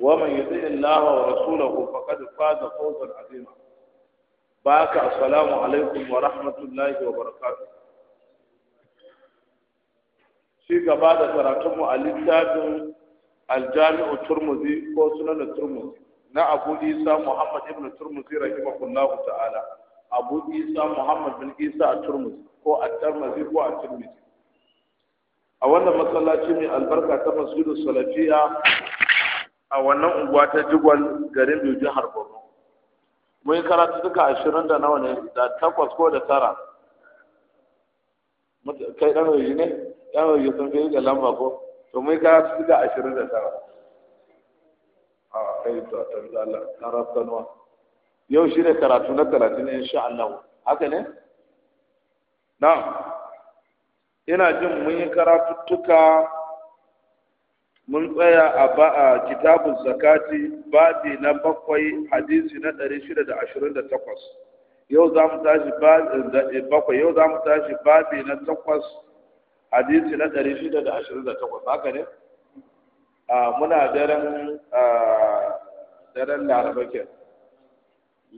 ومن يطع الله ورسوله فقد فاز فوزا عظيما باك السلام عليكم ورحمه الله وبركاته شيء بعد تراكم الكتاب الجامع الترمذي وسنن الترمذي نا ابو عيسى محمد ابن الترمذي رحمه الله تعالى ابو عيسى محمد بن عيسى الترمذي هو الترمذي هو الترمذي a wannan masallaci mai albarka ta masjidu salafiya a wannan unguwa ta jigwal garin biyu jihar borno mun karatu duka ashirin da nawa ne da takwas ko da tara kai ɗan waje ne ɗan waje sun fi da lamba ko to mun karatu duka ashirin da tara a kai to ta da Allah karatu nawa yau shi ne karatu na talatin insha Allah haka ne na ina jin mun yi karatu tuka mun tsaya a ba'a kitabun zakati babi na bakwai hadisi na 628 yau za mu tashi eh, bakwai yau za mu tashi babi na takwas hadisi na 628 haka ne muna daren daren laraba ke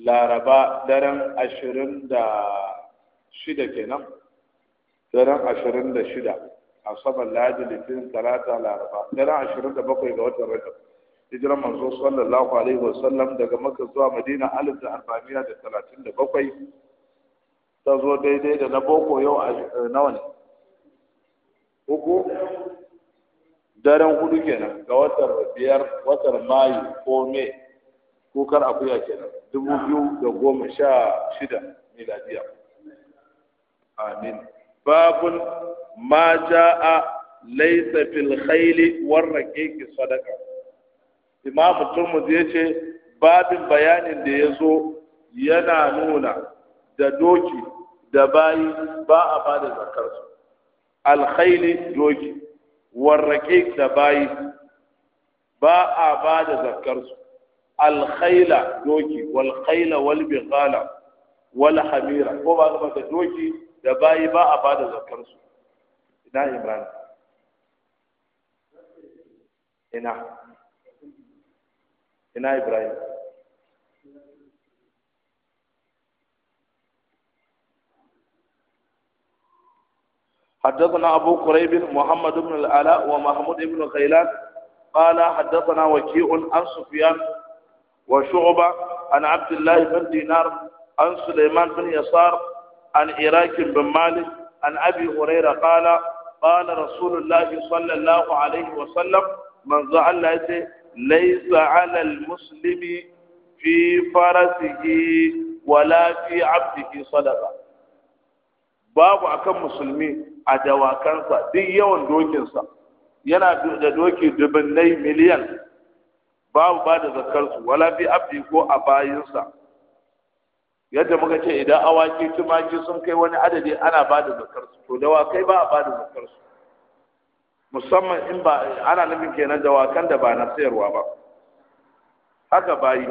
laraba daren ashirin da shida kenan daren ashirin da shida asabar ladi litinin talata laraba daren ashirin da bakwai ga watan rajab hijiran manzo sallallahu alaihi wasallam daga maka zuwa madina alif da arba'amiya da talatin da bakwai ta zo daidai da na boko yau eh, nawa ne uku daren hudu kenan ga watan biyar watan mayu ko me kukar akuya kenan dubu biyu da goma sha shida miladiya amin babun ma jaa laysa fil khayli war raqiqi sadaqa imamu turmudi yace babin bayanin da yazo yana nuna da doki da bayi ba a bada zakar su alkhaili doki war raqiq da bayi ba a bada zakar su alkhaila doki wal khaila wal bighala wal hamira ko ba ga doki da bayi ba a bada zakar su ina imran ina ina ibrahim حدثنا أبو قريب محمد بن العلاء ومحمود بن خيلان قال حدثنا وكيع عن سفيان وشعبة عن عبد الله بن دينار عن سليمان بن يسار عن إراك بن مالك عن أبي هريرة قال قال رسول الله صلى الله عليه وسلم من زعل ليس على المسلم في فرسه ولا في عبده صدقة babu akan musulmi a dawakansa duk yawan dokinsa yana da doki dubinnai miliyan babu ba da zakarsu wala fi ko a bayinsa yadda muka ce idan awaki tumaki sun kai wani adadi ana ba da zakar su to wakai ba a ba da zakar su musamman in ba ana nufin kenan wakan da ba na sayarwa ba haka bayi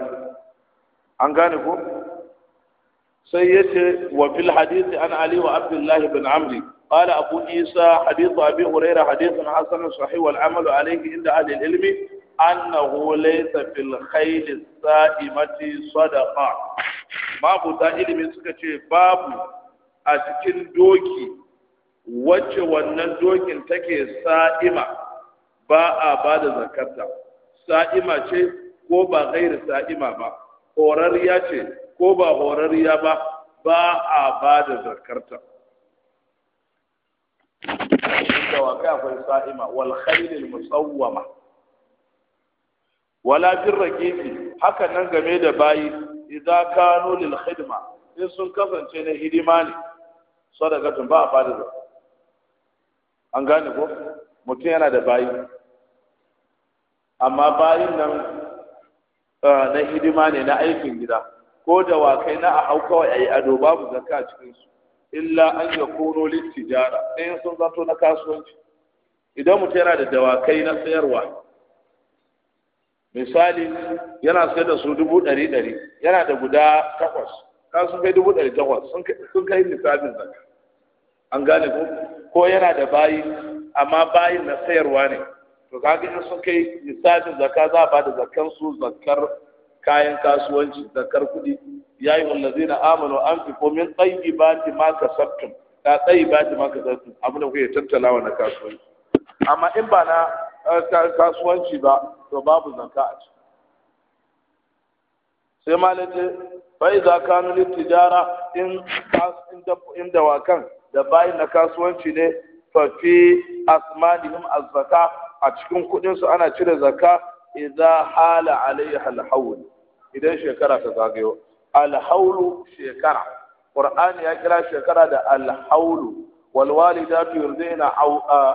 an gane ko sai ya ce wa fil hadisi an ali wa abdullah ibn amri قال أبو عيسى حديث أبي هريرة حديث حسن صحيح والعمل عليه عند أهل العلم أنه ليس في الخيل السائمة صدقة ta ilimi suka ce babu a cikin doki wacce wannan dokin take sa'ima ba a ba da zakarta sa'ima ce ko ba gairu sa'ima ba horarriya ce ko ba horarriya ba ba a ba da zakarta akwai sa'ima wala hakan nan game da bayi idza kanu lil khidma in sun kasance na hidima ne sadakatun ba a fada da an gane ko mutum yana da bayi amma bayin nan na hidima ne na aikin gida ko da kai na a hau kawai a yi ado babu zakka cikin cikinsu illa an ya kono littijara ɗayan sun zato na kasuwanci idan mutum yana da dawakai na sayarwa misali yana sai da su dubu ɗari ɗari yana da guda takwas ka sun kai dubu ɗari takwas sun kai lissafin zaka an gane ko ko yana da bayi amma bayin na sayarwa ne to ka in sun kai lissafin zaka za ba da zakkan su zakkar kayan kasuwanci zakkar kuɗi ya yi wallazina amanu an fi komin tsayi ba ma sabtun ta tsayi ba ma kasabtum abin da kuke tattalawa na kasuwanci amma in ba na Eh, kasuwanci ba to babu zanka a ciki sai malace fa idza kanu litijara in in dawakan da bayin na kasuwanci ne fa fi asmanihim azzaka a cikin kudin su ana cire zakka idza hala alaiha alhawl idan shekara ta zagayo alhawlu shekara qur'ani ya kira shekara da alhawlu wal walidatu yurdina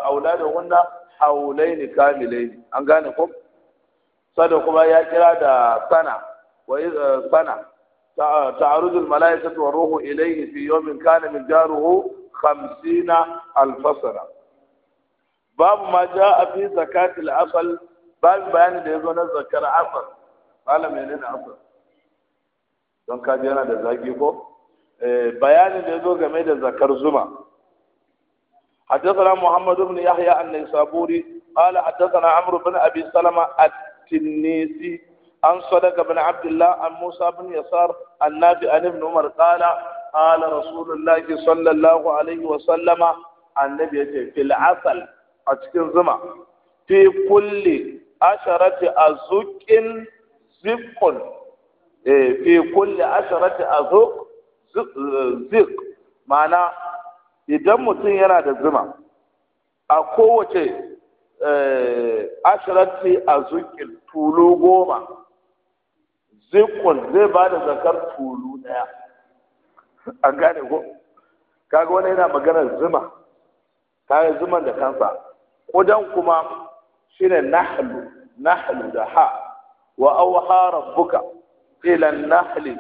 awladahunna haulai ni kamilai ne an gane ko sada kuma ya kira da sana wa eh, sana ta'arudu malaikatu wa ruhu ilayhi fi yawmin kana min daruhu 50 al-fasra bab ma ja'a fi zakati al-asl bab bayani da yazo na zakar asl bala menene asl don kaji yana da zaki ko eh, bayani da yazo game da zakar zuma حدثنا محمد بن يحيى النيسابوري قال حدثنا عمرو بن ابي سلمه التنيسي عن صدق بن عبد الله عن موسى بن يسار النافع عن ابن عمر قال قال رسول الله صلى الله عليه وسلم النبي في العسل أتكن زما في كل عشرة أزوك زق في كل عشرة أزوك زق معنى idan mutum yana da zuma a kowace eh, ashirarci a zukin tulu goma zikun zai ba da zakar tulu daya. an gane ko kaga wani yana maganar zuma yi zuman da kansa Kudan kuma shine nahlu nahalu da ha wa auha rabbuka ilan nahli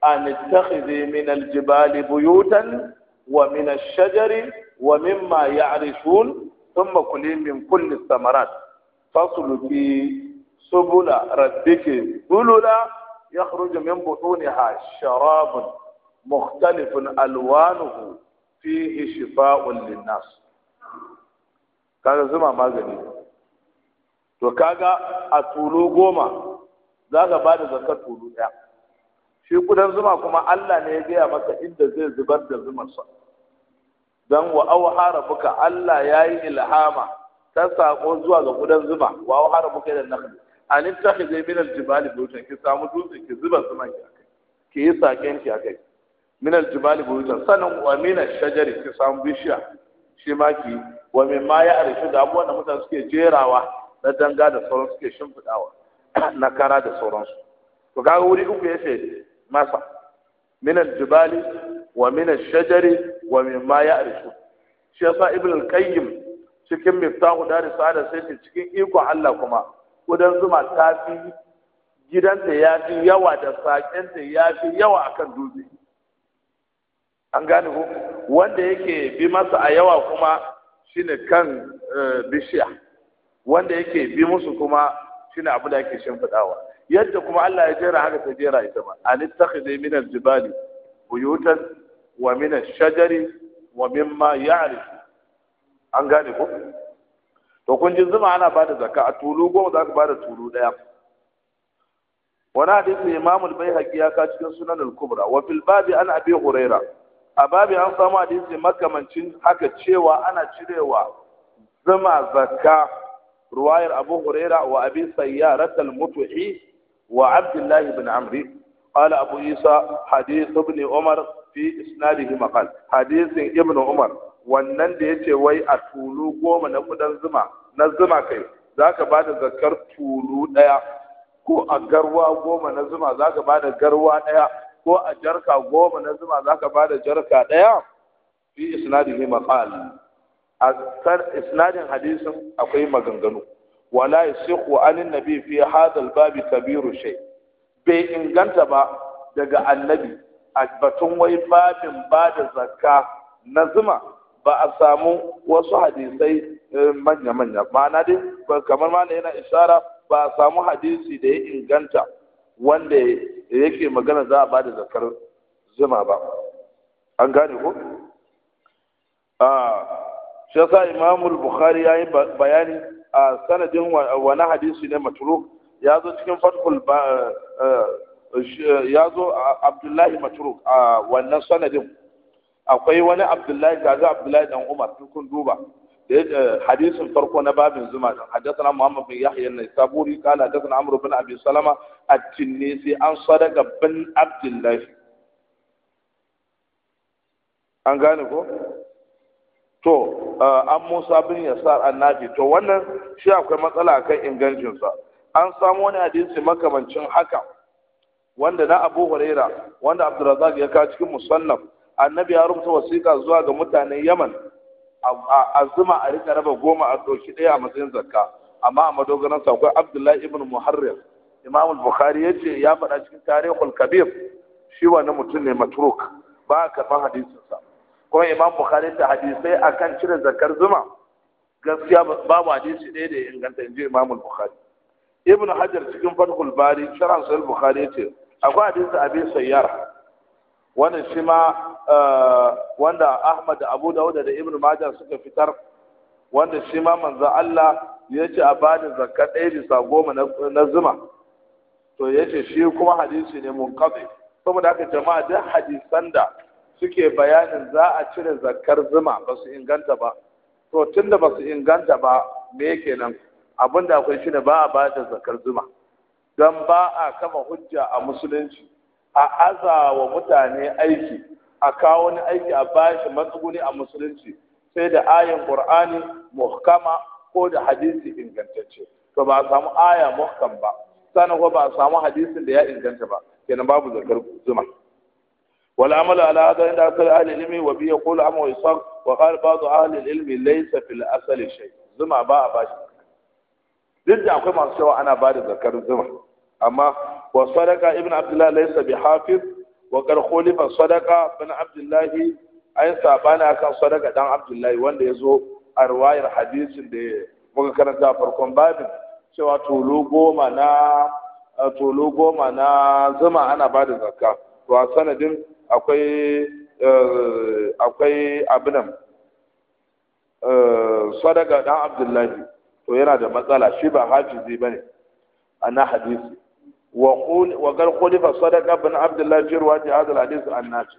an takhidhi min aljibali buyutan wa min ash-shajari wa mimma ya'rishun thumma kuli min kulli thamarat fasluki subula rabbiki zulula yakhruju min butuniha sharabun mukhtalifun alwanuhu fihi shifa'un lin-nas kaga zuma magani to kaga a tulu goma za ka ba da zakar tulu ɗaya shi kudan zuma kuma Allah ne ya gaya maka inda zai zubar da sa. dan wa auha rabbuka Allah yayi ilhama ta sako zuwa ga kudan zuba wa auha rabbuka da nakhli an ittakhidha min al-jibali buyutan ki samu dutse ki zuba zuman ki akai ki yi saƙen ki akai min al-jibali buyutan sanan wa min ash-shajari ki samu bishiya shi ma ki wa min ma ya arifu da abubuwan da mutane suke jerawa na danga da sauran suke shimfidawa na kara da sauransu to kaga wuri uku yace masa min al-jibali wa min ash-shajari wa mimma ya'rishu shi yasa ibn al-qayyim cikin miftahu dar sa'ada sai ce cikin iko Allah kuma kudan zuma ta fi gidanta ya fi yawa da sakenta ya fi yawa akan dutse an gane ko wanda yake bi masa a yawa kuma shine kan eh, bishiya wanda yake bi musu kuma shine abu da yake fadawa yadda kuma Allah ya jera haka ta jera ita ma an min al-jibali buyutan wa min ash-shajari wa mimma ya'rif an gane ko to kun ji zuma ana bada zakka a tulu goma za ka bada tulu daya wani hadisi imam al-baihaqi ya ka cikin sunan al-kubra wa fil babi an abi huraira a babi an samu hadisi makamancin haka cewa ana cirewa zuma zakka ruwayar abu huraira wa abi sayyarat al-mutuhi wa abdullahi ibn amri قال أبو عيسى حديث ابن عمر fi isnadihi maqal hadisin ibn umar wannan da yace wai a tulu goma na kudan zuma na zuma kai zaka bada zakar tulu daya ko a garwa goma na zuma zaka bada garwa daya ko a jarka goma na zuma zaka bada jarka daya fi isnadihi maqal a isnadin hadisin akwai maganganu wala yasihu anin nabi fi hadal babi kabiru shay bai inganta ba daga annabi a batun wai babin ba da zakka na zuma ba a samu wasu hadisai eh, manya-manya ma'ana dai kamar ma yana isara ba a samu hadisi da ya inganta wanda yake magana za a ba da zakar zuma ba an gane ko ah, shi yasa imamul bukhari ya yi bayani a sanadin wani hadisi ne Matuluk ya zo cikin ba. Eh, eh, ya zo abdullahi matruk a wannan sanadin akwai wani abdullahi kaza abdullahi dan umar kun duba hadisin farko na babin zuma da. haddathana muhammad bin yahya an saburi da haddathana amr bin abi salama a tinisi an sadaka bin abdullahi an gane ko to an musa bin yasar annabi to wannan shi akwai matsala akan ingancinsa an samu wani hadisi makamancin haka wanda na Abu Huraira wanda Abdurrazzaq ya kawo cikin musannaf annabi ya rubuta wasiƙa zuwa ga mutanen Yaman A zuma a rika raba goma a ɗauki ɗaya a matsayin zakka amma a madogaran sa akwai Abdullahi ibn Muharrir Imam al-Bukhari yace ya faɗa cikin Tarihul Kabir shi wani mutum ne matruk ba a karɓar hadisinsa kuma Imam Bukhari ta hadisai akan cire zakkar zuma gaskiya babu hadisi ɗaya da ya inganta inji Imam al-Bukhari Ibn Hajar cikin Fathul Bari sharh Sahih Bukhari yace akwai hadisin abi sayyar wannan shi ma eh, wanda Ahmad da Abu Dawud da ibnu Majah suka fitar wanda shi ma manzo Allah ya ce a bada zakka ɗaya bisa goma na zuma to ya ce shi kuma hadisi ne munqati saboda haka jama'a duk hadisan da suke bayanin za a cire zakkar zuma ba su inganta ba to tunda ba su inganta ba me kenan abinda akwai shi ne ba a bada zakkar zuma don ba a kama hujja a musulunci a aza wa mutane aiki a kawo wani aiki a bashi matsuguni a musulunci sai da ayin qur'ani muhkama ko da hadisi ingantacce to ba a samu aya muhkam ba sannan ko ba a samu hadisin da ya inganta ba kenan babu zakar zuma wal amal ala hada inda akal ahli ilmi wa bi yaqul amma wa isaq wa qala ba'd ahli ilmi laysa fil asal shay zuma ba a bashi duk da akwai masu cewa ana ba da zakar zuma amma wa sadaka ibn abdullah laysa bi hafiz wa kar khulifa sadaka ibn abdullah ay sabana akan sadaka dan abdullah wanda yazo a riwayar hadisin da muka karanta farkon babin cewa tolo goma na tolo goma na zuma ana bada zakka to a sanadin akwai eh, akwai abinan eh, sadaka dan abdullahi to yana da matsala shi ba hafizi bane a na hadisi وقال خلف صدق ابن عبد الله في رواية هذا الحديث عن نافع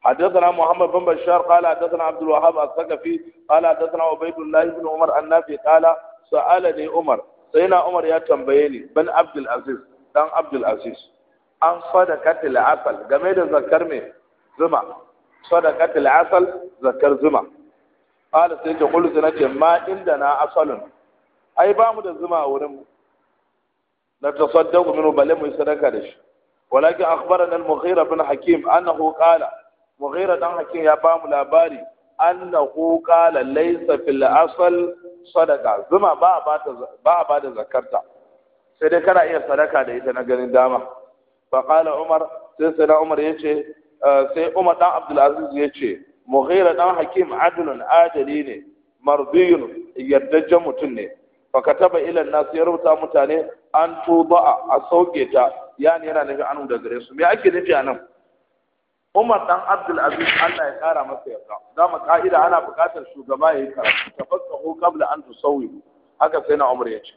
حدثنا محمد بن بشار قال حدثنا عبد الوهاب الثقفي قال حدثنا عبيد الله بن عمر النافي قال سألني عمر سيدنا عمر يا تنبيني بن عبد العزيز دان عبد العزيز عن صدقة العسل جميل ذكر مي زما صدقة العسل ذكر زما قال سيدي قلت لك ما عندنا عسل أي بامد الزما ورمو نتصدق منه بل مو صدقه دشي ولكن اخبرنا المغيرة بن حكيم انه قال مغيرة بن حكيم يا بام لاباري انه قال ليس في الاصل صدقه زما با با با با da zakarta sai dai kana iya sadaka da ita na ganin dama fa qala umar sai sai umar yace sai umar dan abdul aziz yace mughira dan hakim adlun adali ne yarda jan mutum ne fa kataba ila nas ya rubuta mutane an tuba a sauke ta ne yana nufin anu da gare su me ake nufi anan nan Umar dan Abdul Aziz Allah ya kara masa yarda da mu ka'ida ana buƙatar shugaba ya yi karatu tafassahu qabla an tusawwidu haka sai na Umar ya ce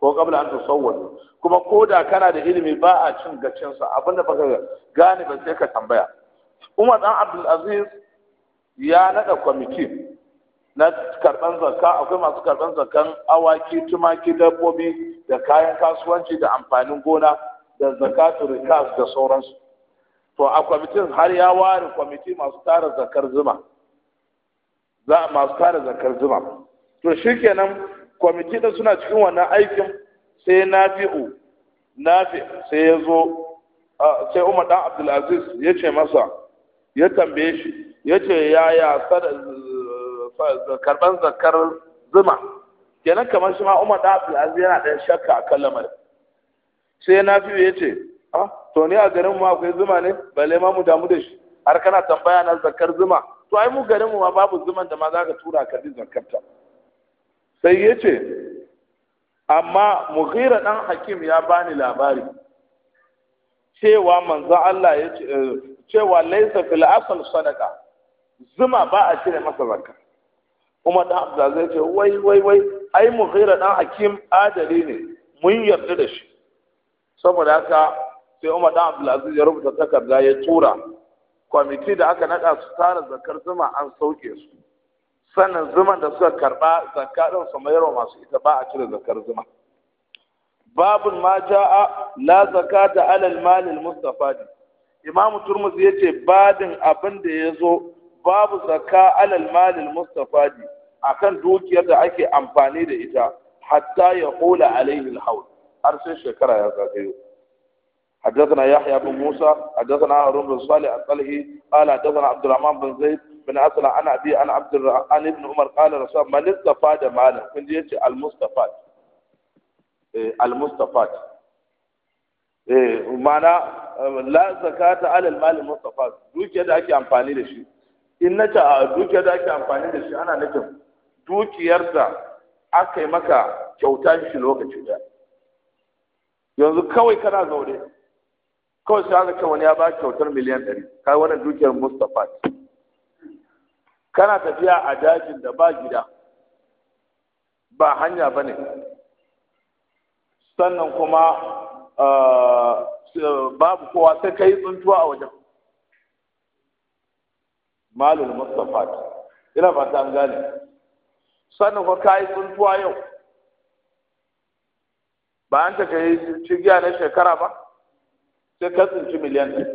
ko qabla an tusawwidu kuma ko da kana da ilimi ba a cin gacin sa abinda baka gane ba sai ka tambaya Umar dan Abdul Aziz ya nada kwamiti na karɓar zakka akwai masu karɓar zakkan awaki tumaki dabbobi da kayan kasuwanci da amfanin gona da zakatu rikas da sauransu to a kwamitin har ya ware kwamiti masu tara zakar zuma za masu tara zakar zuma to shikenan kwamiti da suna cikin wannan aikin sai nafi'u nafi sai ya zo sai umar dan abdulaziz ya ce masa ya tambaye shi ya ce yaya karban zakar zuma kenan kamar shi ma Umar da Abdul Aziz yana da shakka a kan lamarin sai na biyu ya ce ah to ni a garin mu akwai zuma ne balle ma mu damu da shi har kana tambaya na zakar zuma to ai mu garin mu ma babu zuman da ma za ka tura ka bi zakarta sai ya ce amma mughira dan hakim ya bani labari cewa manzo Allah ya ce eh, cewa laisa fil asl sadaqa zuma ba a cire masa zakka umar dan zai ce wai wai wai ai mu mughira dan hakim adali ne mun yarda da shi saboda haka sai umar dan abdulaziz ya rubuta takarda ya tura kwamiti da aka nada su tara zakar zuma an sauke su sannan zuma da suka karba zakka din su mayar wa masu ita ba a cire zakar zuma babun ma ja'a la zakata alal malil mustafadi imam turmuzi yace badin abin da yazo babu zakka alal malil mustafadi akan dukiyar da ake amfani da ita hatta ya hula alaihi alhaul har sai shekara ya zagayo حدثنا يحيى بن موسى حدثنا هارون بن صالح الطلحي قال حدثنا عبد الرحمن بن زيد بن اسلم عن ابي عن عبد عن ابن عمر قال رسول من استفاد مالا يجي معنى لا زكاة على المال da ake amfani da shi in nace a da ake amfani dukiyarsa aka yi maka kyauta shi lokaci da yanzu kawai kana zaune kawai sai aka ce wani ya ba kyautar miliyan ɗari kai wannan dukiyar mustapha kana tafiya a dajin da ba gida ba hanya ba ne sannan kuma eh, babu kowa sai ka tsuntuwa a wajen malul mustapha ina ba ta gane sanin ko kayi tsuntuwa yau ba an taka yi cigiya na shekara ba sai ka tsinci miliyan ɗaya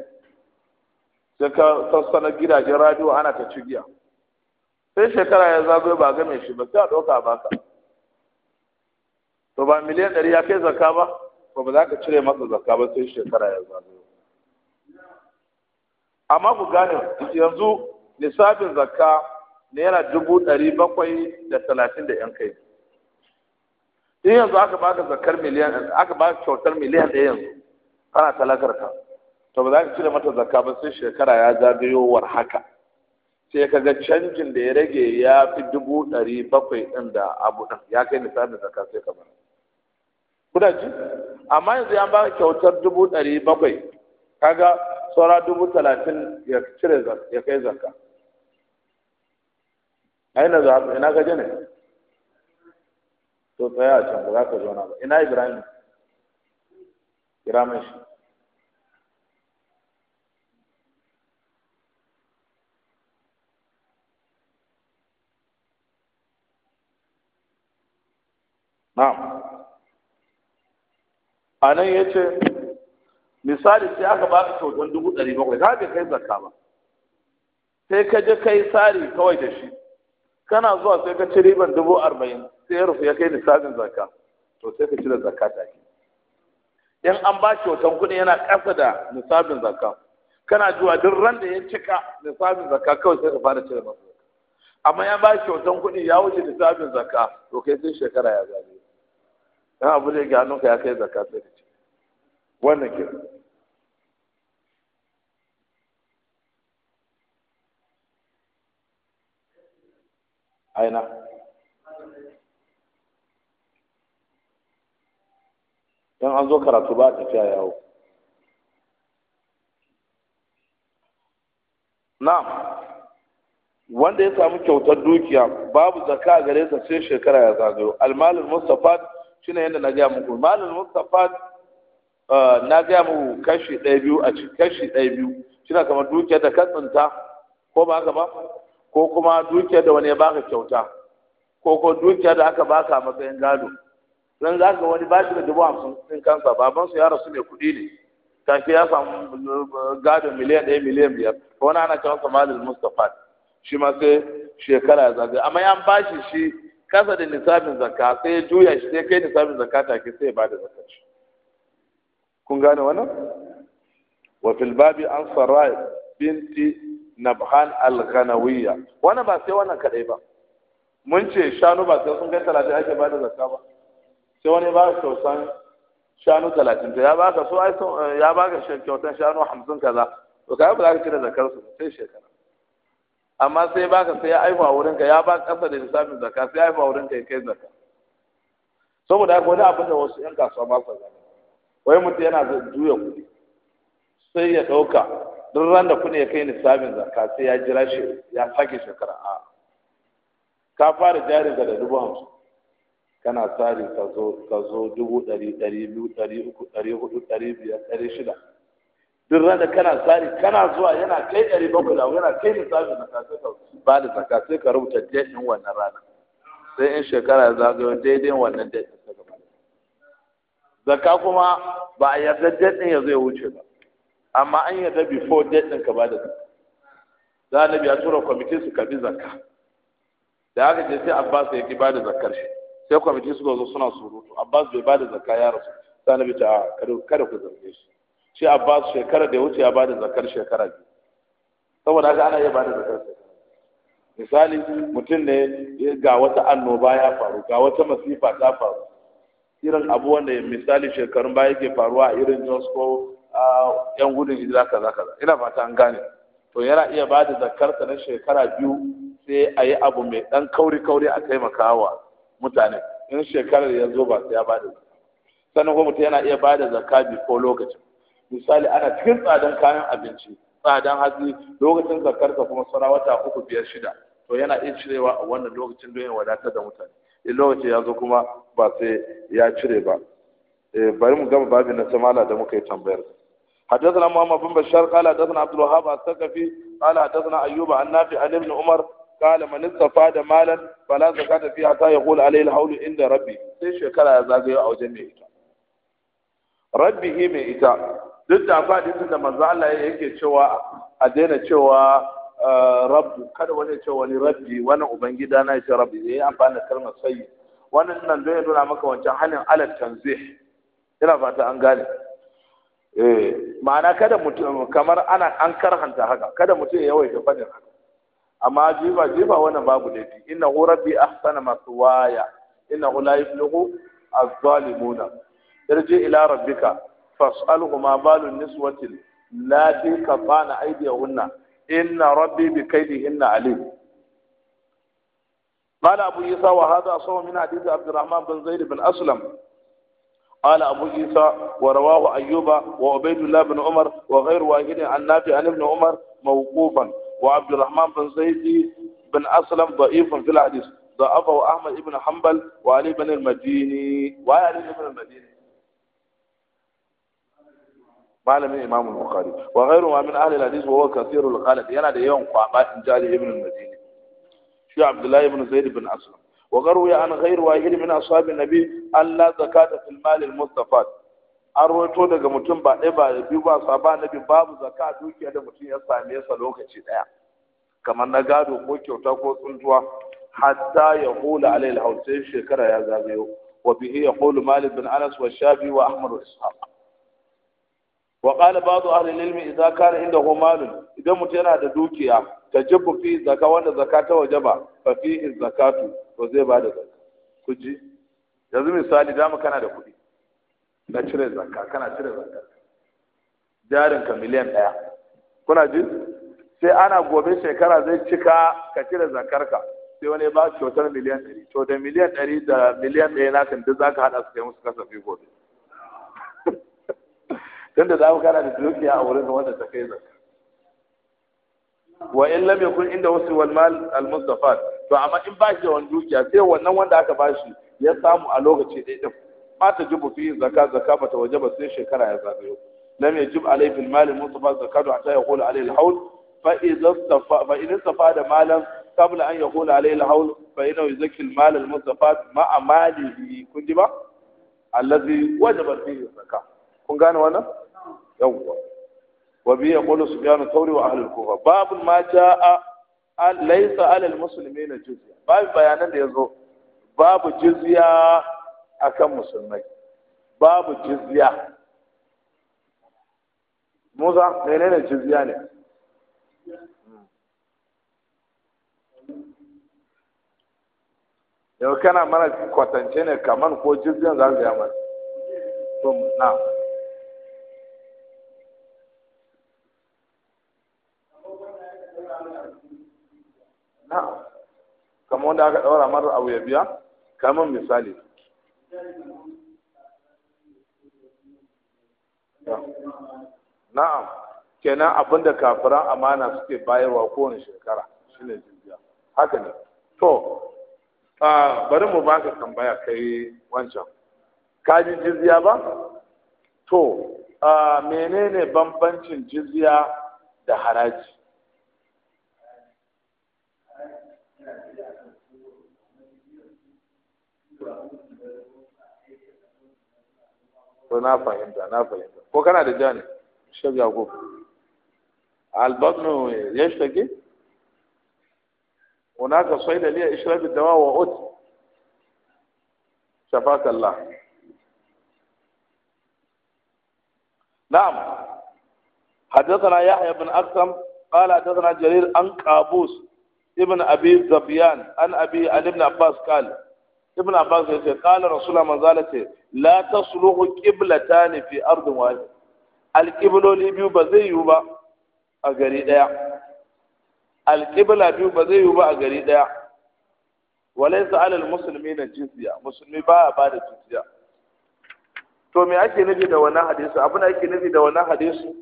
sai ka sassana gidajen radiyo ana ta cigiya sai shekara ya zagaye ba game shi ba sai a ɗauka ka. to ba miliyan ɗari ya kai zaka ba ba ba za ka cire masa zaka ba sai shekara ya zagaye amma ku gane yanzu lissafin zakka naira dubu ɗari bakwai da talatin da yan kai in yanzu aka baka zakar miliyan aka baka kyautar miliyan ɗaya yanzu kana talakar ka to ba za ka cire mata zakka ba sai shekara ya zagayowar haka sai ka ga canjin da ya rage ya fi dubu ɗari bakwai ɗin da abu ɗin ya kai da zakka sai ka bar kuna ji amma yanzu ya baka kyautar dubu ɗari bakwai kaga saura dubu talatin ya cire ya kai zakka aina za ka ina ka ne to tsaya a can ba za ka zauna ba ina ibrahim kira shi na'am anan ce misali sai aka ka kyautar dubu ɗari bakwai ka kai zakka ba sai ka je kai sari kawai da shi kana zuwa sai ka ci riban dubu arba'in sai ya rufu ya kai nisabin zakka to sai ka cire zakka ke. in an ba shi kyautan kuɗi yana ƙasa da nisabin zakka kana zuwa duk ran da ya cika nisabin zakka kawai sai ka fara cire masa amma ya ba shi kyautan kuɗi ya wuce nisabin zakka to kai sai shekara ya zagaye dan abu da ya ga hannunka ya kai zakka sai ka ci wannan kenan aina in an zo karatu ba a tafiya yawo na wanda ya samu kyautar dukiya babu zaka gare sa sai shekara ya zagayo almalul shi ne yadda na gaya muku malul Mustapha eh, na gaya muku kashi ɗaya biyu a cikin kashi ɗaya biyu shine kamar dukiya da ka tsinta ko ba haka ba ko kuma dukiyar da wani ya baka kyauta ko ko dukiyar da aka baka a matsayin gado don za ka wani bashi da dubu hamsin ɗin kansa baban su ya rasu mai kuɗi ne take ya samu eh, gado miliyan ɗaya miliyan biyar wani ana cewa samalil mustapha shi ma sai shekara ya zagaye amma yan bashi shi kasa da nisabin zakka sai ya juya shi sai kai nisabin zakka take sai ya bada zakka shi kun gane wannan wa fil babi an sarai binti nabhan al-ghanawiyya wannan ba sai wannan kadai ba mun ce shanu ba sai sun kai talatin ake ba da zakka ba sai wani ba san shanu talatin ya ba ka so ai ya ba ka kyautan shanu eh, hamsin kaza to kai ba za ka kira zakkar su sai shekara amma sai ba ka sai ya aifa wurin ka ya ba kasa da lissafin zakka sai ya aifa wurin ka ya kai zakka saboda haka wani abin da wasu yan kasuwa ba su zama wai mutum yana juya kuɗi sai ya ɗauka duk ran da kuna ya kai nisabin zakka sai ya jira shi ya sake shekara a ka fara jari ka da dubu hamsin kana tsari ka zo ka zo dubu ɗari ɗari biyu ɗari uku ɗari hudu ɗari biyar ɗari shida duk ran da kana tsari kana zuwa yana kai ɗari bakwai da yana kai nisabin zakka sai ka ba da zakka sai ka rubuta daɗin wannan rana sai in shekara ya zagayo daidai wannan daɗin ta ka ba zakka kuma ba a yarda daɗin ya zai wuce ba amma an yi da before date din ka bada zakka da annabi ya tura kwamitin su karbi zakka da aka ce sai Abbas ya ki bada zakkar shi sai kwamitin su zo suna surutu Abbas bai bada zakka ya rasu sai annabi ta kada ku zarge shi shi Abbas shekara da ya wuce ya bada zakkar shekara biyu saboda haka ana iya bada zakkar misali mutum ne ga wata annoba ya faru ga wata masifa ta faru irin abu wanda misali shekarun baya ke faruwa a irin jos ko yan gudun hijira kaza kaza ina fata an gane to yana iya ba da zakarta na shekara biyu sai a yi abu mai dan kauri kauri a taimaka wa mutane in shekarar ya zo ba sai ya ba da sannan kuma mutum yana iya ba da bi ko lokaci. misali ana cikin tsadan kayan abinci tsadan hatsi lokacin zakarta kuma suna wata uku biyar shida to yana iya cirewa a wannan lokacin don ya wadatar da mutane in lokaci ya zo kuma ba sai ya cire ba eh, bari mu gama babin na samala da muka yi tambayar حدثنا محمد بن بشار قال حدثنا عبد الوهاب الثقفي قال حدثنا ايوب عن نافع عن ابن عمر قال من استفاد مالا فلا زكاة فيه حتى يقول عليه الحول عند ربي sai shekara ya zagayo a wajen mai ita rabbihi mai ita duk da fadin da manzo Allah yake cewa a daina cewa rabbu kada wani ce wani rabbi wani ubangida na ce rabbi yayi amfani da kalmar sayyi wannan nan don ya nuna maka wancan halin alal tanzih ina fata an gane Eh, ma'ana kada mutum kamar ana an karhanta haka kada mutum ya yawaita fadin haka amma jiba jiba wannan babu laifi inna hu rabbi ahsana maswaya inna hu la yuflihu az-zalimuna irji ila rabbika fas'alhu ma balu niswati lati qatana aydiyahunna inna rabbi bi kaydihinna alim قال أبو يسا وهذا أصوب من حديث عبد الرحمن بن زيد بن أسلم قال أبو عيسى ورواه أيوب وعبيد الله بن عمر وغير واحد عن نافع عن ابن عمر موقوفا وعبد الرحمن بن زيد بن أسلم ضعيف في الحديث ضعفه أحمد بن حنبل وعلي بن المديني وعلي بن المديني ما imam إمام البخاري وغيره من أهل الحديث وهو كثير الخالد ينادي يوم kathirul ghalat ابن المديني شو عبد الله بن زيد بن أسلم وغروي عن غير واحد من أصحاب النبي أن لا زكاة في المال المستفاد an rawaito daga mutum ba ɗaya ba biyu ba ba na biyu babu zaka dukiya da mutum ya same sa lokaci ɗaya kamar na gado ko kyauta ko tsuntuwa hatta ya hula alayhi hausa shekara ya zagayo wa bihi ya hulu malik bin anas wa shafi wa ahmad wa ishaq wa qala ba'du ahli al-ilm idza kana indahu malun idan mutum yana da dukiya tajibu fi zaka wanda zaka ta wajaba fa fi zakatu to zai bada zakka ku ji yanzu misali dama kana da kuɗi na cire zakka kana cire zakka jarin ka miliyan ɗaya kuna ji sai ana gobe shekara zai cika ka cire ka sai wani ba kyautar miliyan ɗari to da miliyan ɗari da miliyan ɗaya na kan duk za ka haɗa su kai musu kasafi gobe tunda za mu kana da dukiya a wurin wanda ta kai zakka wa in lam yakun inda wasu wal mal al mustafad to amma in ba shi da wani dukiya sai wannan wanda aka ba shi ya samu a lokaci ɗaya ba ta jibu fi zaka zaka ta waje ba sai shekara ya zagayo lam yajib alayhi fil mal mustafa zakatu hatta yaqul alayhi al hawl fa idza safa fa in safa da malan قبل أن يقول عليه الحول فإنه يزكي المال المستفاد مع kun كنت ba? الذي wajaba فيه الزكاة kun gane wannan yawwa wa bi yaqulu sufyan thawri wa ahli al-kufa bab ma jaa laysa ala al-muslimina jizya bab bayanan da yazo babu jizya akan musulmai babu jizya musa menene jizya ne yau kana mana kwatance ne kaman ko jizyan za ka yi mana na kamar wanda aka ɗaura mara abu ya biya kamar misali na'am kenan abinda kafiran amana suke bayarwa kowane shekara shine jirgiya haka ne to bari mu baka tambaya kai wancan ka ji jizya ba to menene bambancin jizya da haraji ko na fahimta na fahimta ko kana da jani shek yakub albabnu yashtaki hunaka sayda da ishrab dawa wa ut shafaka Allah حدثنا يحيى بن أقسم قال حدثنا جرير عن قابوس ابن أبي زفيان عن أبي عن ابن عباس قال ibn abbas ya ce qala rasulullah man ce. la tasluhu qiblatan fi ardin wahid alqibloli biyu ba zai yiwu ba a gari daya alqibla biyu ba zai yiwu ba a gari daya walaysa alal muslimina jizya musulmi ba ba da jizya to me ake nufi da wannan hadisi abin ake nufi da wannan hadisi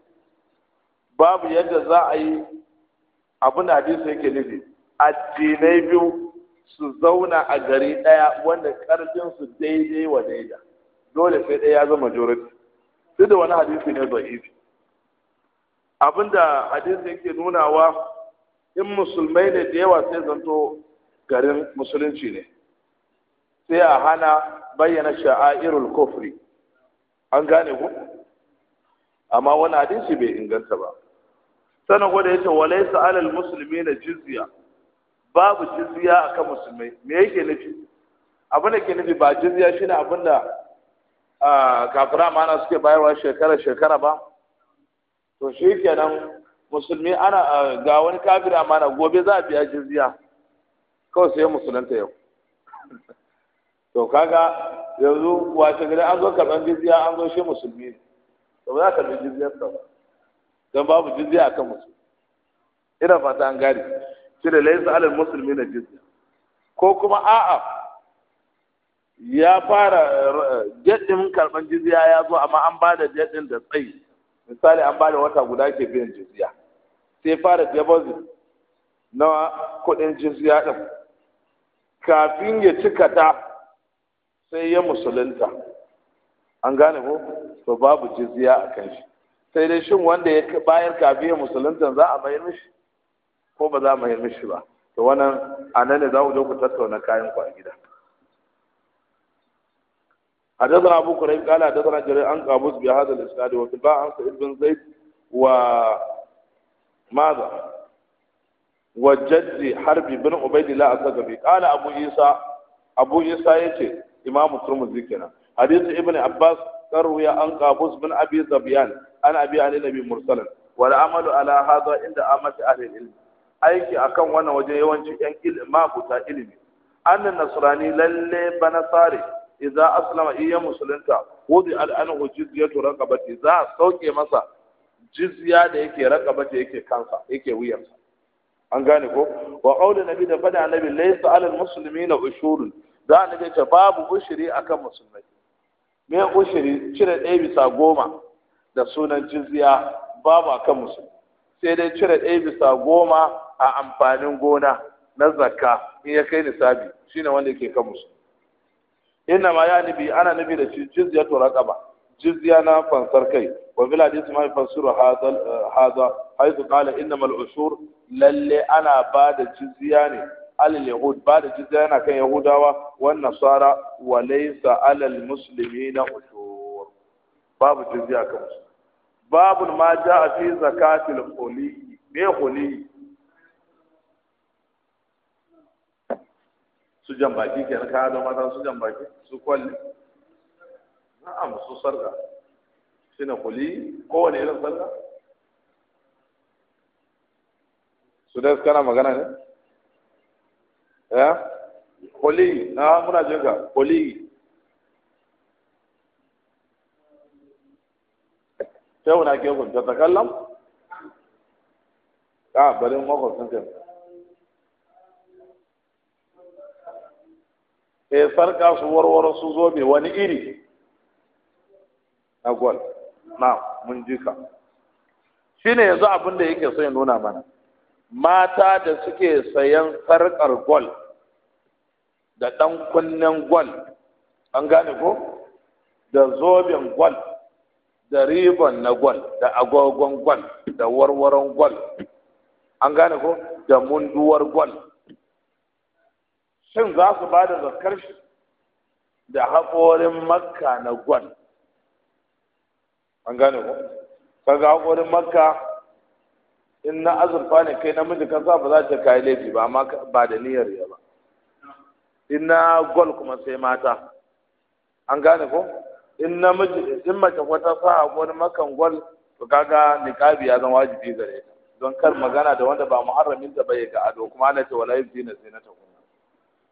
babu yadda za a yi abin hadisi yake nufi addinai biyu su zauna a gari ɗaya wanda ƙarfinsu daidai wa daida dole sai ɗaya ya zama majority duk da wani hadisi ne da'ifi abinda hadisi yake nunawa in musulmai ne da yawa sai zanto garin musulunci ne sai a hana bayyana sha'airul kofri. an gane ku amma wani hadisi bai inganta ba sanin gwada yace walaysa alal na jizya babu jizya akan musulmai me yake nufi abin da ke nufi ba jizya ne abin da kafira mana suke bayarwa shekara shekara ba to shi kenan musulmi ana ga wani kafira mana gobe za a biya jizya kawai sai musulunta yau to kaga yanzu wace gari an zo karɓar jizya an zo shi musulmi ne to ba za ka karɓi jizya ba don babu jizya akan musulmi ina fata an gari. shi da laisa alal musulmi na jizya ko kuma a'a ya fara jaddin eh, karban jizya ya zo amma an bada jaddin da tsayi misali an bada wata guda ke biyan jizya sai fara deposit na kuɗin jizya din kafin ya cika ta sai ya musulunta an gane ko to babu jizya a kan shi sai dai shin wanda ya bayar kafin ya musulunta za a bayar mishi ko ba za mu yi mishi ba to wannan anan ne za ku je ku tattauna kayan ku a gida حدثنا أبو كريم قال حدثنا جرير عن قابوس بهذا الإسناد وفي الباء عن سعيد بن زيد و ماذا وجد حرب بن عبيد الله الثقفي قال أبو عيسى أبو عيسى يتي إمام الترمذي كنا حديث ابن عباس روي عن قابوس بن أبي ظبيان عن أبي عن النبي مرسلا والعمل على هذا عند أمة أهل العلم aiki akan wannan waje yawanci yan mabuta ilimi annan nasrani lalle banasare idza aslama iya musulunta wudi al'anhu jizyatu raqabati za a sauke masa jizya da yake raqabati yake kansa yake wuyarsa an gane ko wa qawli nabi da fada nabi laysa alal muslimina ushurun da annabi ce babu ushuri akan musulmai me ushuri cire ɗaya bisa goma da sunan jizya babu akan musulmai sai dai cire ɗaya bisa goma a amfanin gona na zakka in ya kai nisabi shine wanda yake kan musu inna ma ya nabi ana nabi da shi ya tura raqaba jizya na fansar kai wa bil hadith ma yafsiru hadha hadha haythu qala innama al ushur lalle ana bada jizya ne alal yahud da jizya yana kan yahudawa wan nasara wa laysa alal muslimina ushur babu jizya kan musu babu ma ja fi zakatil khuli me khuli su jan baki kenan ka da mata su jan baki su kwalli na'am su sarka shine ko wani irin sarka su da kana magana ne ya eh? khuli na muna jinka khuli sai wani ake kun ta takallam ka bari makwabcin ka eh sarka su warware su zo mai wani iri na gwal na mun ji ka ne yanzu abin da yake so nuna mana mata da suke sayan sarkar gwal da ɗan kunnen gwal an gane ko da zoben gwal da ribon na gwal da agogon gwal da warwaron gwal an gane ko da munduwar gwal shin za su ba da zakar shi da haƙorin makka na gwal an gane ko kaga haƙorin makka in na azurfa ne kai namiji ka sa ba za ta kayi laifi ba amma ba da niyyar ya ba in na gwal kuma sai mata an gane ko in namiji in mace wata sa'a wani makan gwal to kaga niqabi ya zama wajibi gare ta don kar magana da wanda ba muharramin ta bai ga ado kuma ana ce wala yuzina zinata kunna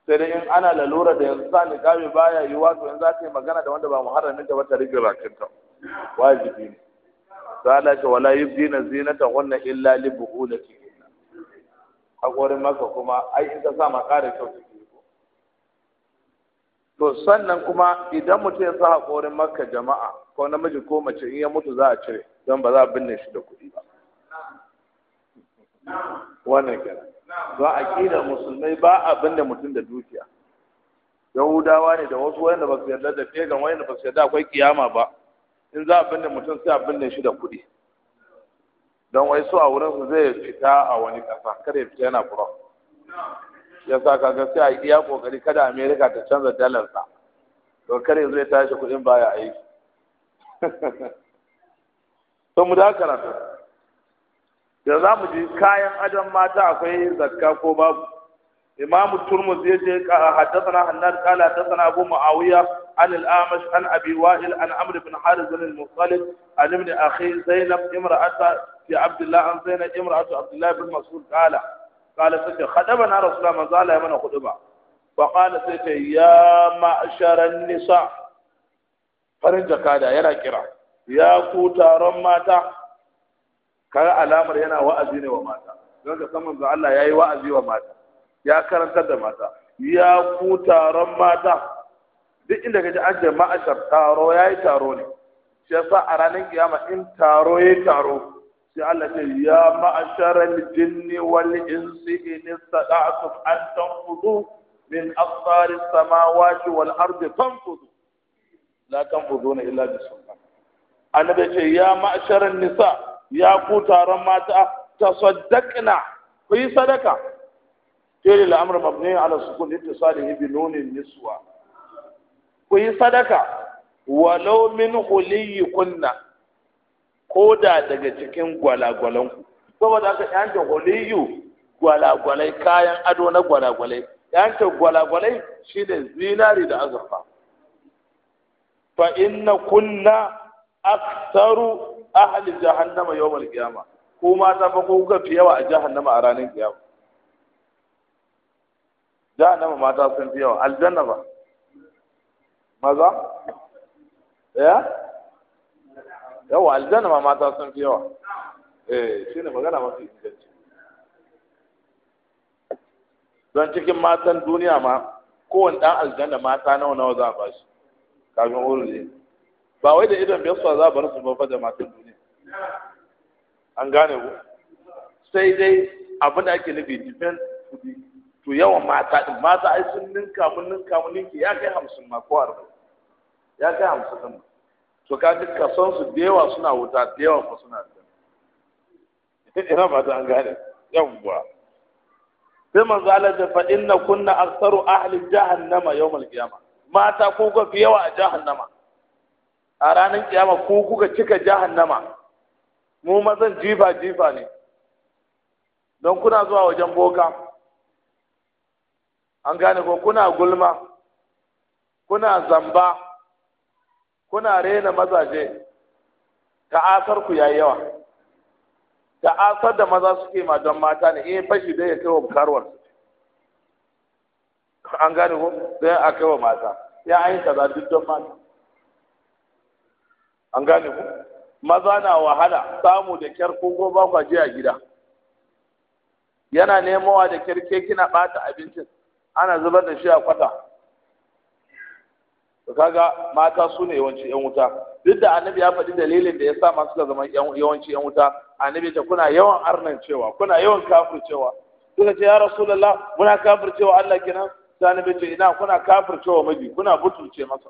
sai dai in ana lalura da yanzu sa niqabi baya yiwa to in za ta yi magana da wanda ba muharramin ta ba ta rige bakin ta wajibi ne sai ana ce wala yuzina zinata wannan illa li buulatihinna hakorin maka kuma ai in ka sa ma kare kyau to sannan kuma idan mutum ya sa haƙorin maka jama'a ko namiji ko mace in ya mutu za a cire don ba za a binne shi da kuɗi ba wannan kenan a aƙidar musulmai ba a binne mutum da dukiya yahudawa ne da wasu wayanda ba su yarda da fegan wayanda ba su yarda akwai kiyama ba in za a binne mutum sai a binne shi da kuɗi don wai su a wurinsu zai fita a wani ƙasa kada ya fita yana kura ya sa kaga sai a iya kokari kada america ta canza dalar sa to kare zai tashi kudin baya aiki to mu da karatu da za mu ji kayan adon mata akwai zakka ko babu imam turmus ya je haddathana a kala ta sana abu muawiya عن الأعمش عن أبي وائل عن عمرو بن حارث بن المطلب عن ابن أخي زينب امرأة في عبد الله عن زينب امرأة عبد الله قال سيدي خدبنا na الله manzo Allah ya mana khudba ba. qala sai ta ya ma'sharan nisa farin jakada yana kira ya ku taron mata kar alamar yana wa'azi ne wa mata don ka san ماتا Allah كوتا wa'azi da mata ya ku duk inda ka an jama'ashar taro yayi taro ne shi yasa a ranar kiyama in taro yayi taro sai Allah ce ya ma'asharal jinni wal insi in istata'tum an tanfudu min aqtar as-samawati wal ardi fanfudu la tanfuduna illa bi sultan annabi ce ya ma'asharan nisa ya ku taron mata ta tasaddaqna ku yi sadaka tare da amr mabni ala sukun ittisalihi bi nunin niswa ku yi sadaka walau min huliyyi kunna koda daga cikin gwalagwalanku saboda aka yanta holiyu gwalagwalai kayan ado na gwalagwalai yanta gwalagwalai shine zinari da azurfa fa inna kunna aktsaru ahli jahannama yawmal qiyama ko mata fa ko kuka fiyawa a jahannama a ranar kiyama jahannama mata sun Fiyawa. yawa aljanna ba maza ya yawa aljanna ma mata sun fi yawa eh ne magana mafi inganci don cikin matan duniya ma kowane dan aljanna mata nawa nawa za a ba shi kafin urule ba wai da idan biyarsa za a bar su ba da matan duniya an gane ku sai dai abin da ake nufi depend to yawan mata din mata ai sun ninka mun ninka mun ninki ya kai hamsin ma ko arba ya kai hamsin ma. su ji kason su da yawa suna wuta da yawa ba suna aljanna ina ba ta an gane yawa sai manzo Allah da fa inna kunna aktharu ahli jahannama yawmal qiyamah mata ko kuka fi yawa a jahannama a ranar kiyama ko kuka cika jahannama mu mazan jifa jifa ne don kuna zuwa wajen boka an gane ko kuna gulma kuna zamba kuna rena mazaje ta'asar ku yayi yawa ta'asar da maza suke ma don mata ne in eh, fashi dai ya kai karwar an gane ko dai a kai wa mata ya ayi kaza duk don mata an gane ku maza na wahala samu da kyar ko go ba kwaje a gida yana nemowa da kyar ke kina bata abincin ana zubar da shi a kwata to kaga mata su ne yawanci yan wuta duk da annabi ya faɗi dalilin da ya sa masu ka zama yawanci yan wuta annabi ta kuna yawan arnan cewa kuna yawan kafir cewa suka ce ya rasulullah muna kafir cewa Allah kenan sai annabi ce ina kuna kafir cewa mabi kuna butulce masa